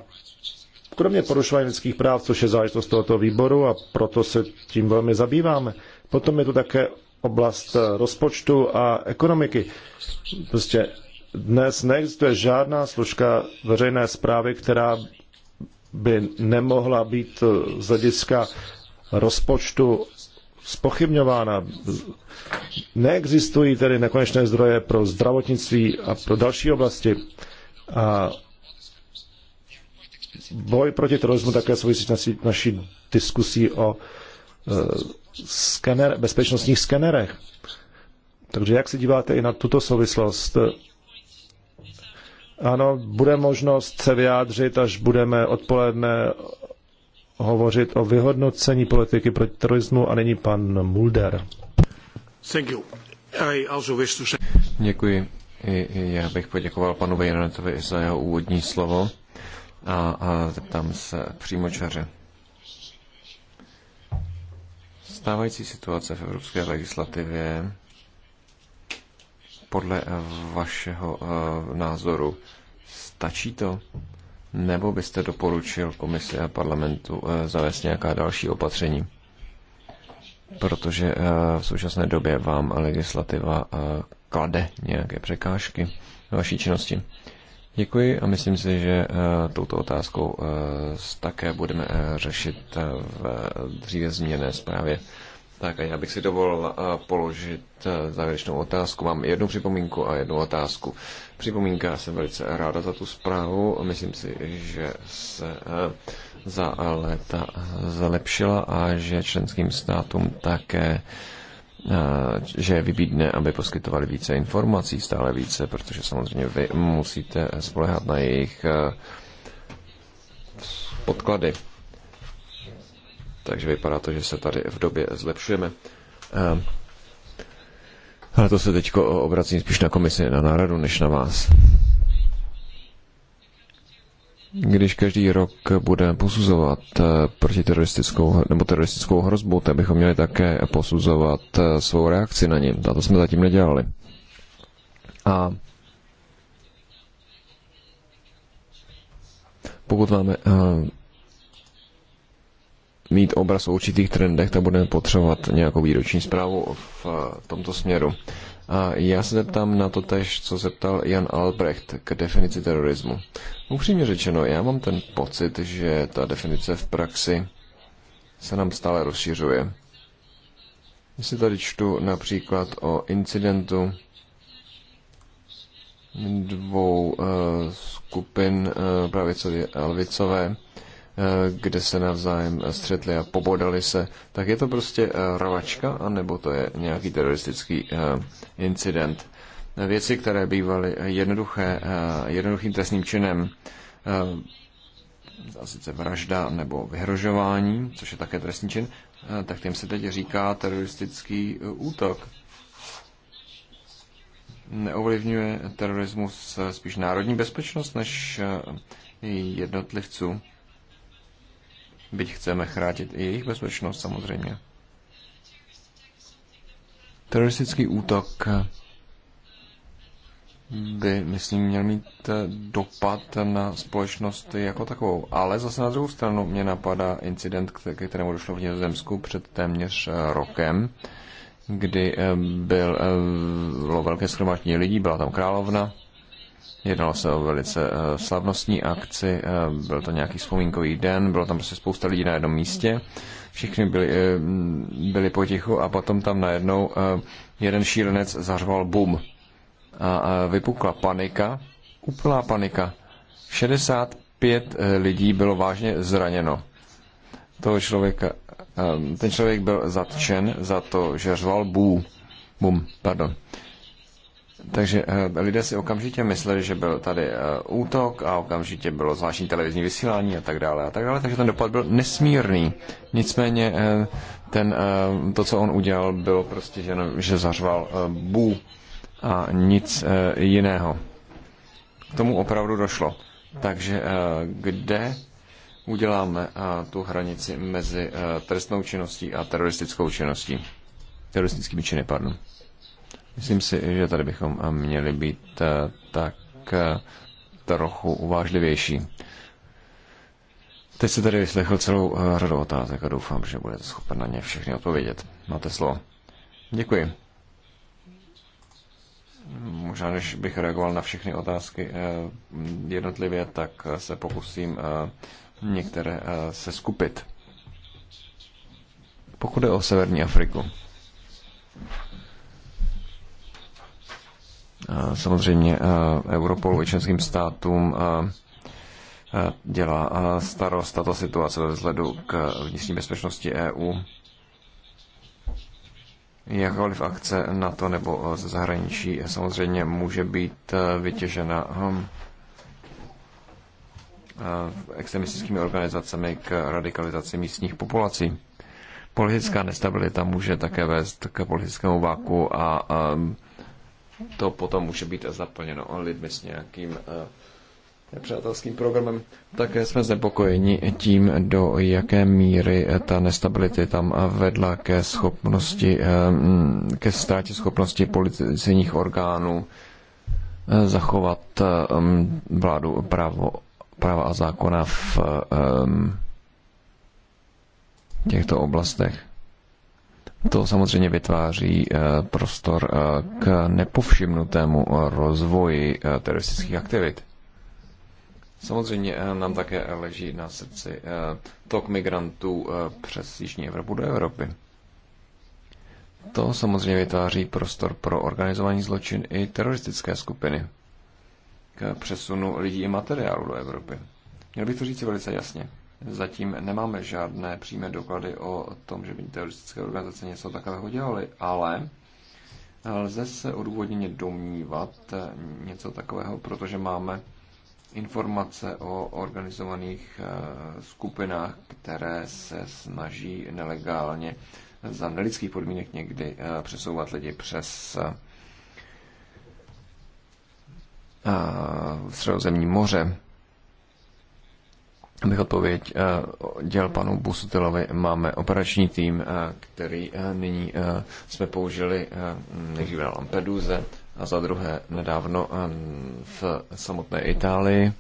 kromě porušování lidských práv, což je záležitost tohoto výboru a proto se tím velmi zabýváme, potom je to také oblast eh, rozpočtu a ekonomiky. Prostě dnes neexistuje žádná služka veřejné zprávy, která by nemohla být eh, z hlediska rozpočtu spochybňována. Neexistují tedy nekonečné zdroje pro zdravotnictví a pro další oblasti. A boj proti terorismu také souvisí s naší, naší diskusí o e, skener, bezpečnostních skenerech. Takže jak se díváte i na tuto souvislost? Ano, bude možnost se vyjádřit, až budeme odpoledne hovořit o vyhodnocení politiky proti terorismu a není pan Mulder. Thank you. I also wish to say... Děkuji. I, i já bych poděkoval panu Vejranetovi za jeho úvodní slovo a, a zeptám se čaře. Stávající situace v evropské legislativě podle eh, vašeho eh, názoru stačí to? Nebo byste doporučil komisi a parlamentu eh, zavést nějaká další opatření? Protože v současné době vám legislativa klade nějaké překážky vaší činnosti. Děkuji a myslím si, že touto otázkou také budeme řešit v dříve změněné zprávě. Tak a já bych si dovolil eh, položit eh, závěrečnou otázku. Mám jednu připomínku a jednu otázku. Připomínka, já jsem velice ráda za tu zprávu. Myslím si, že se eh, za léta zlepšila a že členským státům také že je vybídne, aby poskytovali více informací, stále více, protože samozřejmě vy musíte spolehat na jejich podklady. Takže vypadá to, že se tady v době zlepšujeme. Eh, ale to se teď obracím spíš na komisi, na náradu, než na vás. Když každý rok budeme posuzovat eh, protiteroristickou nebo teroristickou hrozbu, tak bychom měli také posuzovat eh, svou reakci na ně. A to jsme zatím nedělali. A pokud máme mít obraz o určitých trendech, tak budeme potřebovat nějakou výroční zprávu v eh, tomto směru. A já se zeptám na to tež, co se ptal Jan Albrecht k definici terorismu. Upřímně řečeno, já mám ten pocit, že ta definice v praxi se nám stále rozšiřuje. Jestli tady čtu například o incidentu dvou uh, skupin uh, eh, pravicově a levicové, Eh, kde se navzájem střetli a pobodali se, tak je to prostě eh, rovačka, anebo to je nějaký teroristický eh, incident. Věci, které bývaly jednoduché, jednoduchým trestným činem, a sice vražda nebo vyhrožování, což je také trestný čin, tak těm se teď říká teroristický útok. Neovlivňuje terorismus spíš národní bezpečnost než jednotlivců byť chceme chránit i jejich bezpečnost samozřejmě. Teroristický útok by, myslím, měl mít eh, dopad na společnost jako takovou. Ale zase na druhou stranu mě napadá incident, který kterému došlo v Nizozemsku před téměř eh, rokem, kdy eh, byl, bylo velké schromáždění lidí, byla tam královna, Jednalo se o velice eh, slavnostní akci, eh, byl to nějaký vzpomínkový den, bylo tam prostě spousta lidí na jednom místě, všichni byli, eh, byli potichu a potom tam najednou jeden šílenec zařval bum. A vypukla panika, úplná panika. 65 lidí bylo vážně zraněno. Toho člověka, ten člověk byl zatčen za to, že řval bum, Bum, pardon. Takže eh, lidé si okamžitě mysleli, že byl tady eh, útok a okamžitě bylo zvláštní televizní vysílání a tak dále a tak dále, takže ten dopad byl nesmírný. Nicméně eh, ten, to, co on udělal, bylo prostě, že, že zařval bů a nic jiného. K tomu opravdu došlo. Takže kde uděláme tu hranici mezi trestnou činností a teroristickou činností? Teroristickými činy, pardon. Myslím si, že tady bychom měli být eh, tak eh, trochu uvážlivější. Teď se tady vyslechl celou eh, řadu otázek a doufám, že budete schopen na ně všechny odpovědět. Máte slovo. Děkuji. Možná, než bych reagoval na všechny otázky jednotlivě, tak se pokusím některé se skupit. Pokud je o Severní Afriku samozřejmě Europolu i členským státům dělá starost tato situace ve vzhledu k vnitřní bezpečnosti EU. Jakákoliv akce na to nebo ze zahraničí samozřejmě může být vytěžena extremistickými organizacemi k radikalizaci místních populací. Politická nestabilita může také vést k politickému váku a um, to potom může být zaplněno lidmi s nějakým eh, nepřátelským programem. Také jsme znepokojeni tím, do jaké míry eh, ta nestability tam eh, vedla ke schopnosti, mm, ke ztrátě schopnosti policejních orgánů zachovat mm, vládu právo, práva a zákona v mm, těchto oblastech to samozřejmě vytváří eh, prostor eh, k nepovšimnutému eh, rozvoji teroristických aktivit. Samozřejmě nám také leží na srdci tok migrantů přes Jižní Evropu do Evropy. To samozřejmě vytváří prostor pro organizovaný zločin i teroristické skupiny k přesunu lidí i materiálu do Evropy. Měl bych to říct velice jasně. Zatím nemáme žádné přímé doklady o tom, že by teroristické organizace něco takového dělali, ale lze se odůvodněně domnívat něco takového, protože máme informace o organizovaných eh, skupinách, které se snaží nelegálně za nelidských podmínek někdy eh, přesouvat lidi přes eh, středozemní moře. Abych odpověď eh, dělal panu Busutilovi, máme operační tým, eh, který eh, nyní jsme použili nejdříve na Lampeduze a za druhé nedávno v samotné Itálii.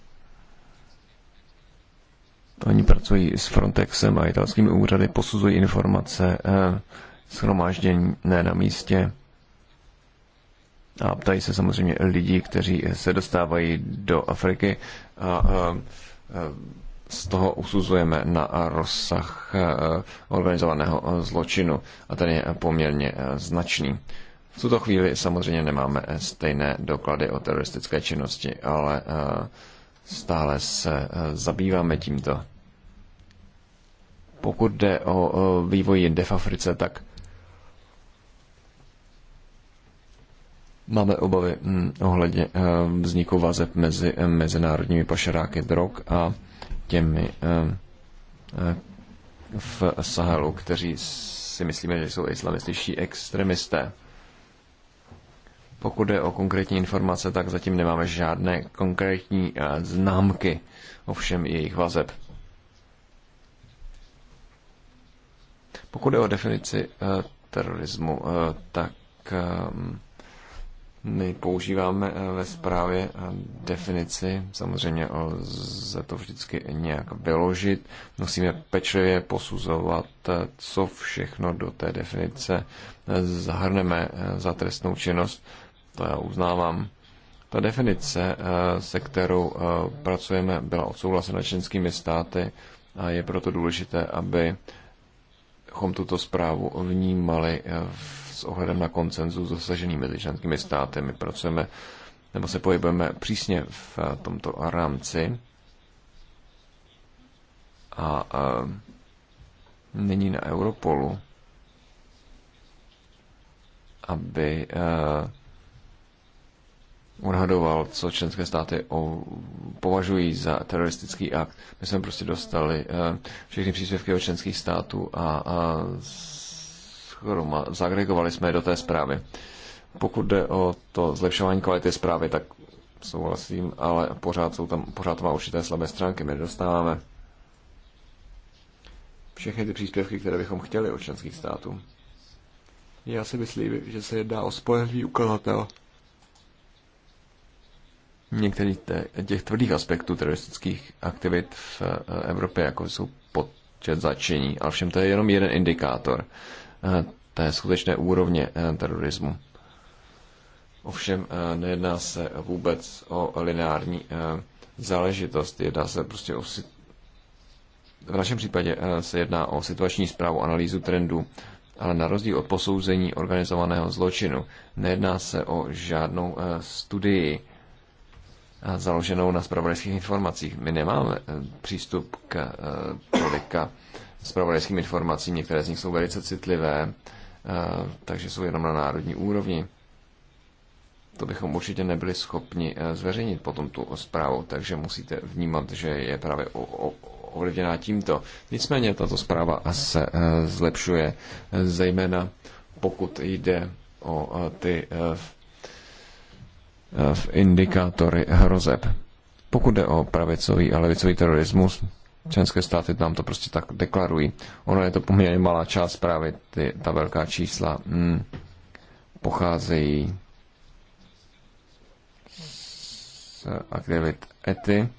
Oni pracují s Frontexem a italskými úřady, posuzují informace, schromáždění ne na místě a ptají se samozřejmě lidí, kteří se dostávají do Afriky a, a, a z toho usuzujeme na rozsah eh, organizovaného eh, zločinu a ten je poměrně eh, značný. V tuto chvíli samozřejmě nemáme stejné doklady o teroristické činnosti, ale stále se zabýváme tímto. Pokud jde o vývoj jinde v Africe, tak Máme obavy hm, ohledně vzniku vazeb mezi mezinárodními pašeráky drog a těmi ehm, eh, v Sahelu, kteří si myslíme, že jsou islamističtí extremisté. Pokud je o konkrétní informace, tak zatím nemáme žádné konkrétní eh, známky, ovšem jejich vazeb. Pokud je o definici eh, terorismu, tak ehm, my používáme eh, ve zprávě eh, definici, samozřejmě lze to vždycky nějak vyložit. Musíme pečlivě posuzovat, eh, co všechno do té definice zahrneme za trestnou činnost. To já uznávám. Ta definice, se kterou pracujeme, byla odsouhlasena členskými státy a je proto důležité, abychom tuto zprávu vnímali v s ohledem na koncenzu s dosaženými členskými státy. My pracujeme nebo se pohybujeme přísně v eh, tomto rámci a, a eh, není na Europolu, aby a, eh, odhadoval, co členské státy o, považují za teroristický akt. My jsme prostě dostali a, všechny příspěvky od členských států a, a Zagregovali jsme je do té zprávy. Pokud jde o to zlepšování kvality zprávy, tak souhlasím, ale pořád, jsou tam, pořád má určité slabé stránky. My dostáváme všechny ty příspěvky, které bychom chtěli od členských států. Já si myslím, že se jedná o spolehlivý ukazatel některých těch tvrdých aspektů teroristických aktivit v eh, Evropě, jako jsou počet začení, ale všem to je jenom jeden indikátor. Eh, té skutečné úrovně eh, terorismu. Ovšem eh, nejedná se vůbec o lineární záležitost, jedná se prostě o v našem případě se jedná o situační zprávu, analýzu trendu, ale na rozdíl od posouzení organizovaného zločinu nejedná se o žádnou studii založenou na spravodajských informacích. My nemáme přístup k tolika zpravodajským informacím. Některé z nich jsou velice citlivé, eh, takže jsou jenom na národní úrovni. To bychom určitě nebyli schopni eh, zveřejnit potom tu zprávu, takže musíte vnímat, že je právě ovlivněná tímto. Nicméně tato zpráva se eh, zlepšuje, zejména pokud jde o ty indikátory hrozeb. Pokud jde o pravicový a levicový terorismus, Členské státy nám to prostě tak deklarují. Ono je to poměrně malá část, právě ty, ta velká čísla hmm, pocházejí z aktivit ety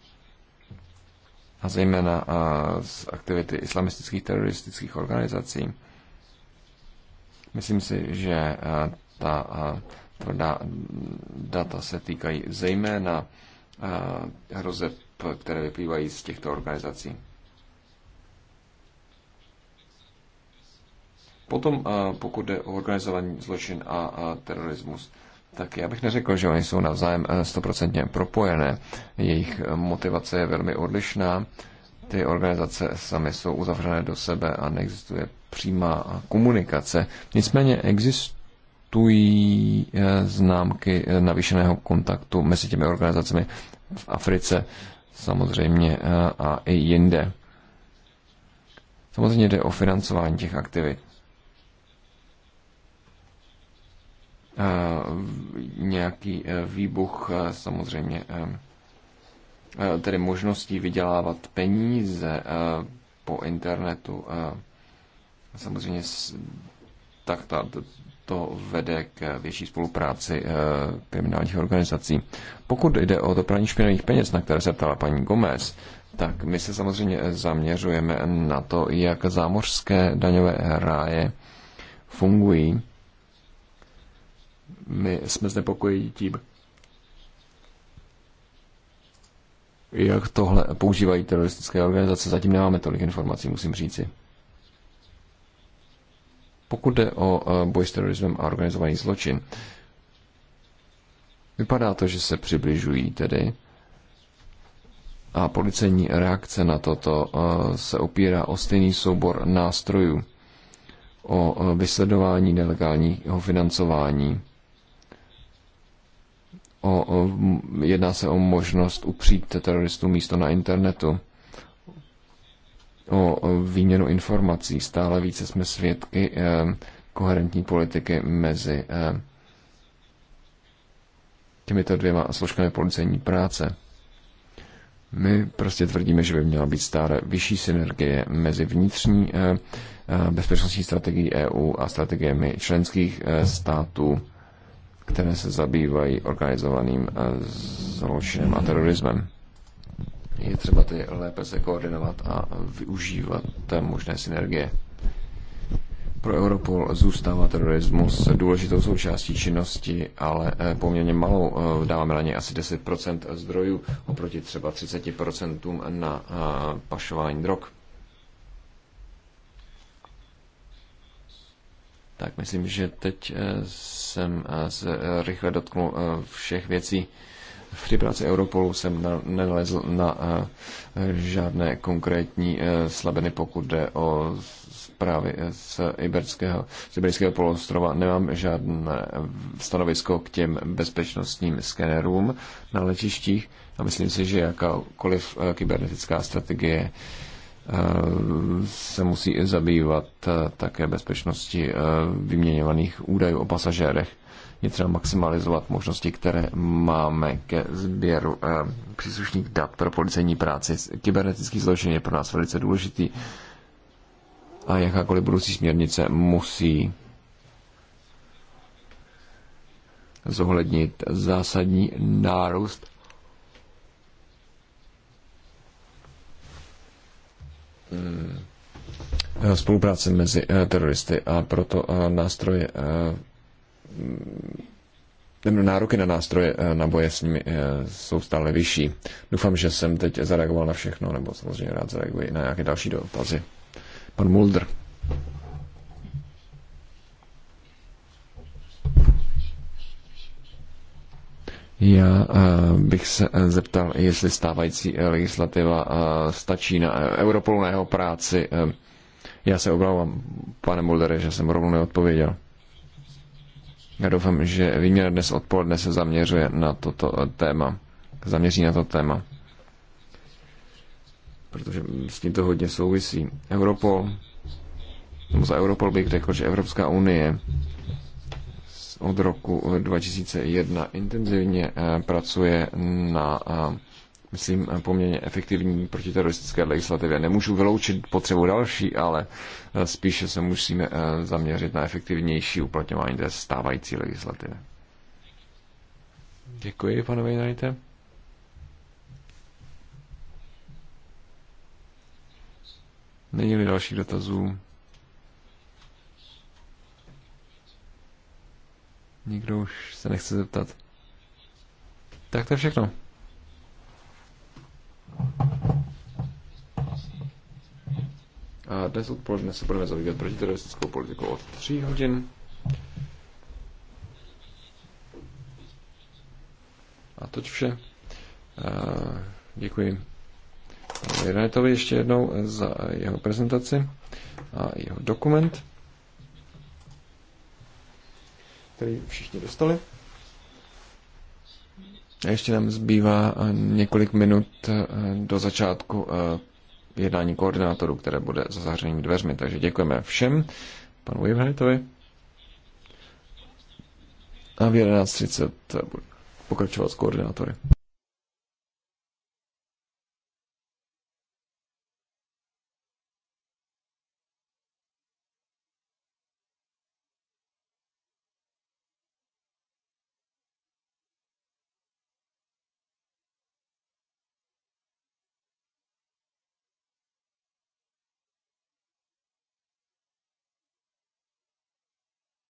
a zejména z aktivity islamistických teroristických organizací. Myslím si, že ta tvrdá data se týkají zejména hrozeb které vyplývají z těchto organizací. Potom, pokud jde o organizovaný zločin a terorismus, tak já bych neřekl, že oni jsou navzájem eh, stoprocentně propojené. Jejich motivace je velmi odlišná. Ty organizace samy jsou uzavřené do sebe a neexistuje přímá komunikace. Nicméně existují eh, známky eh, navýšeného kontaktu mezi těmi organizacemi v Africe samozřejmě eh, a i jinde. Samozřejmě jde o financování těch aktivit. Eh, nějaký eh, výbuch samozřejmě tedy možností vydělávat peníze po internetu samozřejmě tak ta, to vede k větší spolupráci eh, kriminálních organizací. Pokud jde o to praní špinavých peněz, na které se ptala paní Gomez, tak my se samozřejmě zaměřujeme na to, jak zámořské daňové ráje fungují. My jsme znepokojeni tím, jak tohle používají teroristické organizace. Zatím nemáme tolik informací, musím říci. Pokud jde o eh, boj s terorismem a organizovaný zločin, vypadá to, že se přibližují tedy a policejní reakce na toto eh, se opírá o stejný soubor nástrojů o eh, vysledování nelegálního financování. O, o, jedná se o možnost upřít teroristům místo na internetu o výměnu informací. Stále více jsme svědky eh, koherentní politiky mezi eh, těmito dvěma složkami policejní práce. My prostě tvrdíme, že by měla být stále vyšší synergie mezi vnitřní eh, bezpečnostní strategií EU a strategiemi členských států, které se zabývají organizovaným zločinem a terorismem je třeba ty lépe se koordinovat a využívat možné synergie. Pro Europol zůstává terorismus důležitou součástí činnosti, ale eh, poměrně malou. Eh, dáváme na něj asi 10% zdrojů oproti třeba 30% na eh, pašování drog. Tak myslím, že teď jsem se rychle dotknul všech věcí. V práci Europolu jsem nenalezl na eh, žádné konkrétní eh, slabiny, pokud jde o zprávy z Iberského, z Iberského poloostrova. Nemám žádné stanovisko k těm bezpečnostním skenerům na letištích a myslím si, že jakákoliv eh, kybernetická strategie se musí zabývat také bezpečnosti vyměňovaných údajů o pasažérech je třeba maximalizovat možnosti, které máme ke sběru eh, příslušných dat pro policejní práci. Kybernetický zločin je pro nás velice důležitý a jakákoliv budoucí směrnice musí zohlednit zásadní nárůst eh, spolupráce mezi eh, teroristy a proto eh, nástroje nároky na nástroje eh, na boje s nimi eh, jsou stále vyšší. Doufám, že jsem teď zareagoval na všechno, nebo samozřejmě rád zareaguji na nějaké další dotazy. Pan Mulder. Já eh, bych se zeptal, jestli stávající legislativa stačí na Europolu na jeho práci. Já se obávám, pane Muldere, že jsem rovnou neodpověděl. Já doufám, že výměna dnes odpoledne se zaměřuje na toto eh, téma. Zaměří na to téma. Protože s tím to hodně souvisí. Europol, nebo za Europol bych řekl, že Evropská unie od roku 2001 intenzivně eh, pracuje na eh, myslím, poměrně efektivní protiteroristické legislativě. Nemůžu vyloučit potřebu další, ale eh, spíše se musíme eh, zaměřit na efektivnější uplatňování té stávající legislativy. Děkuji, pane Vejnajte. Není-li dalších dotazů? Nikdo už se nechce zeptat. Tak to je všechno. A dnes odpoledne se budeme zabývat protiteroristickou politikou od 3 hodin. A toť vše. Děkuji Renetovi ještě jednou za jeho prezentaci a jeho dokument, který všichni dostali. Ještě nám zbývá eh, několik minut eh, do začátku eh, jednání koordinátorů, které bude za zahřením dveřmi. Takže děkujeme všem, panu Waveheadovi. A v 11.30 pokračovat s koordinátory.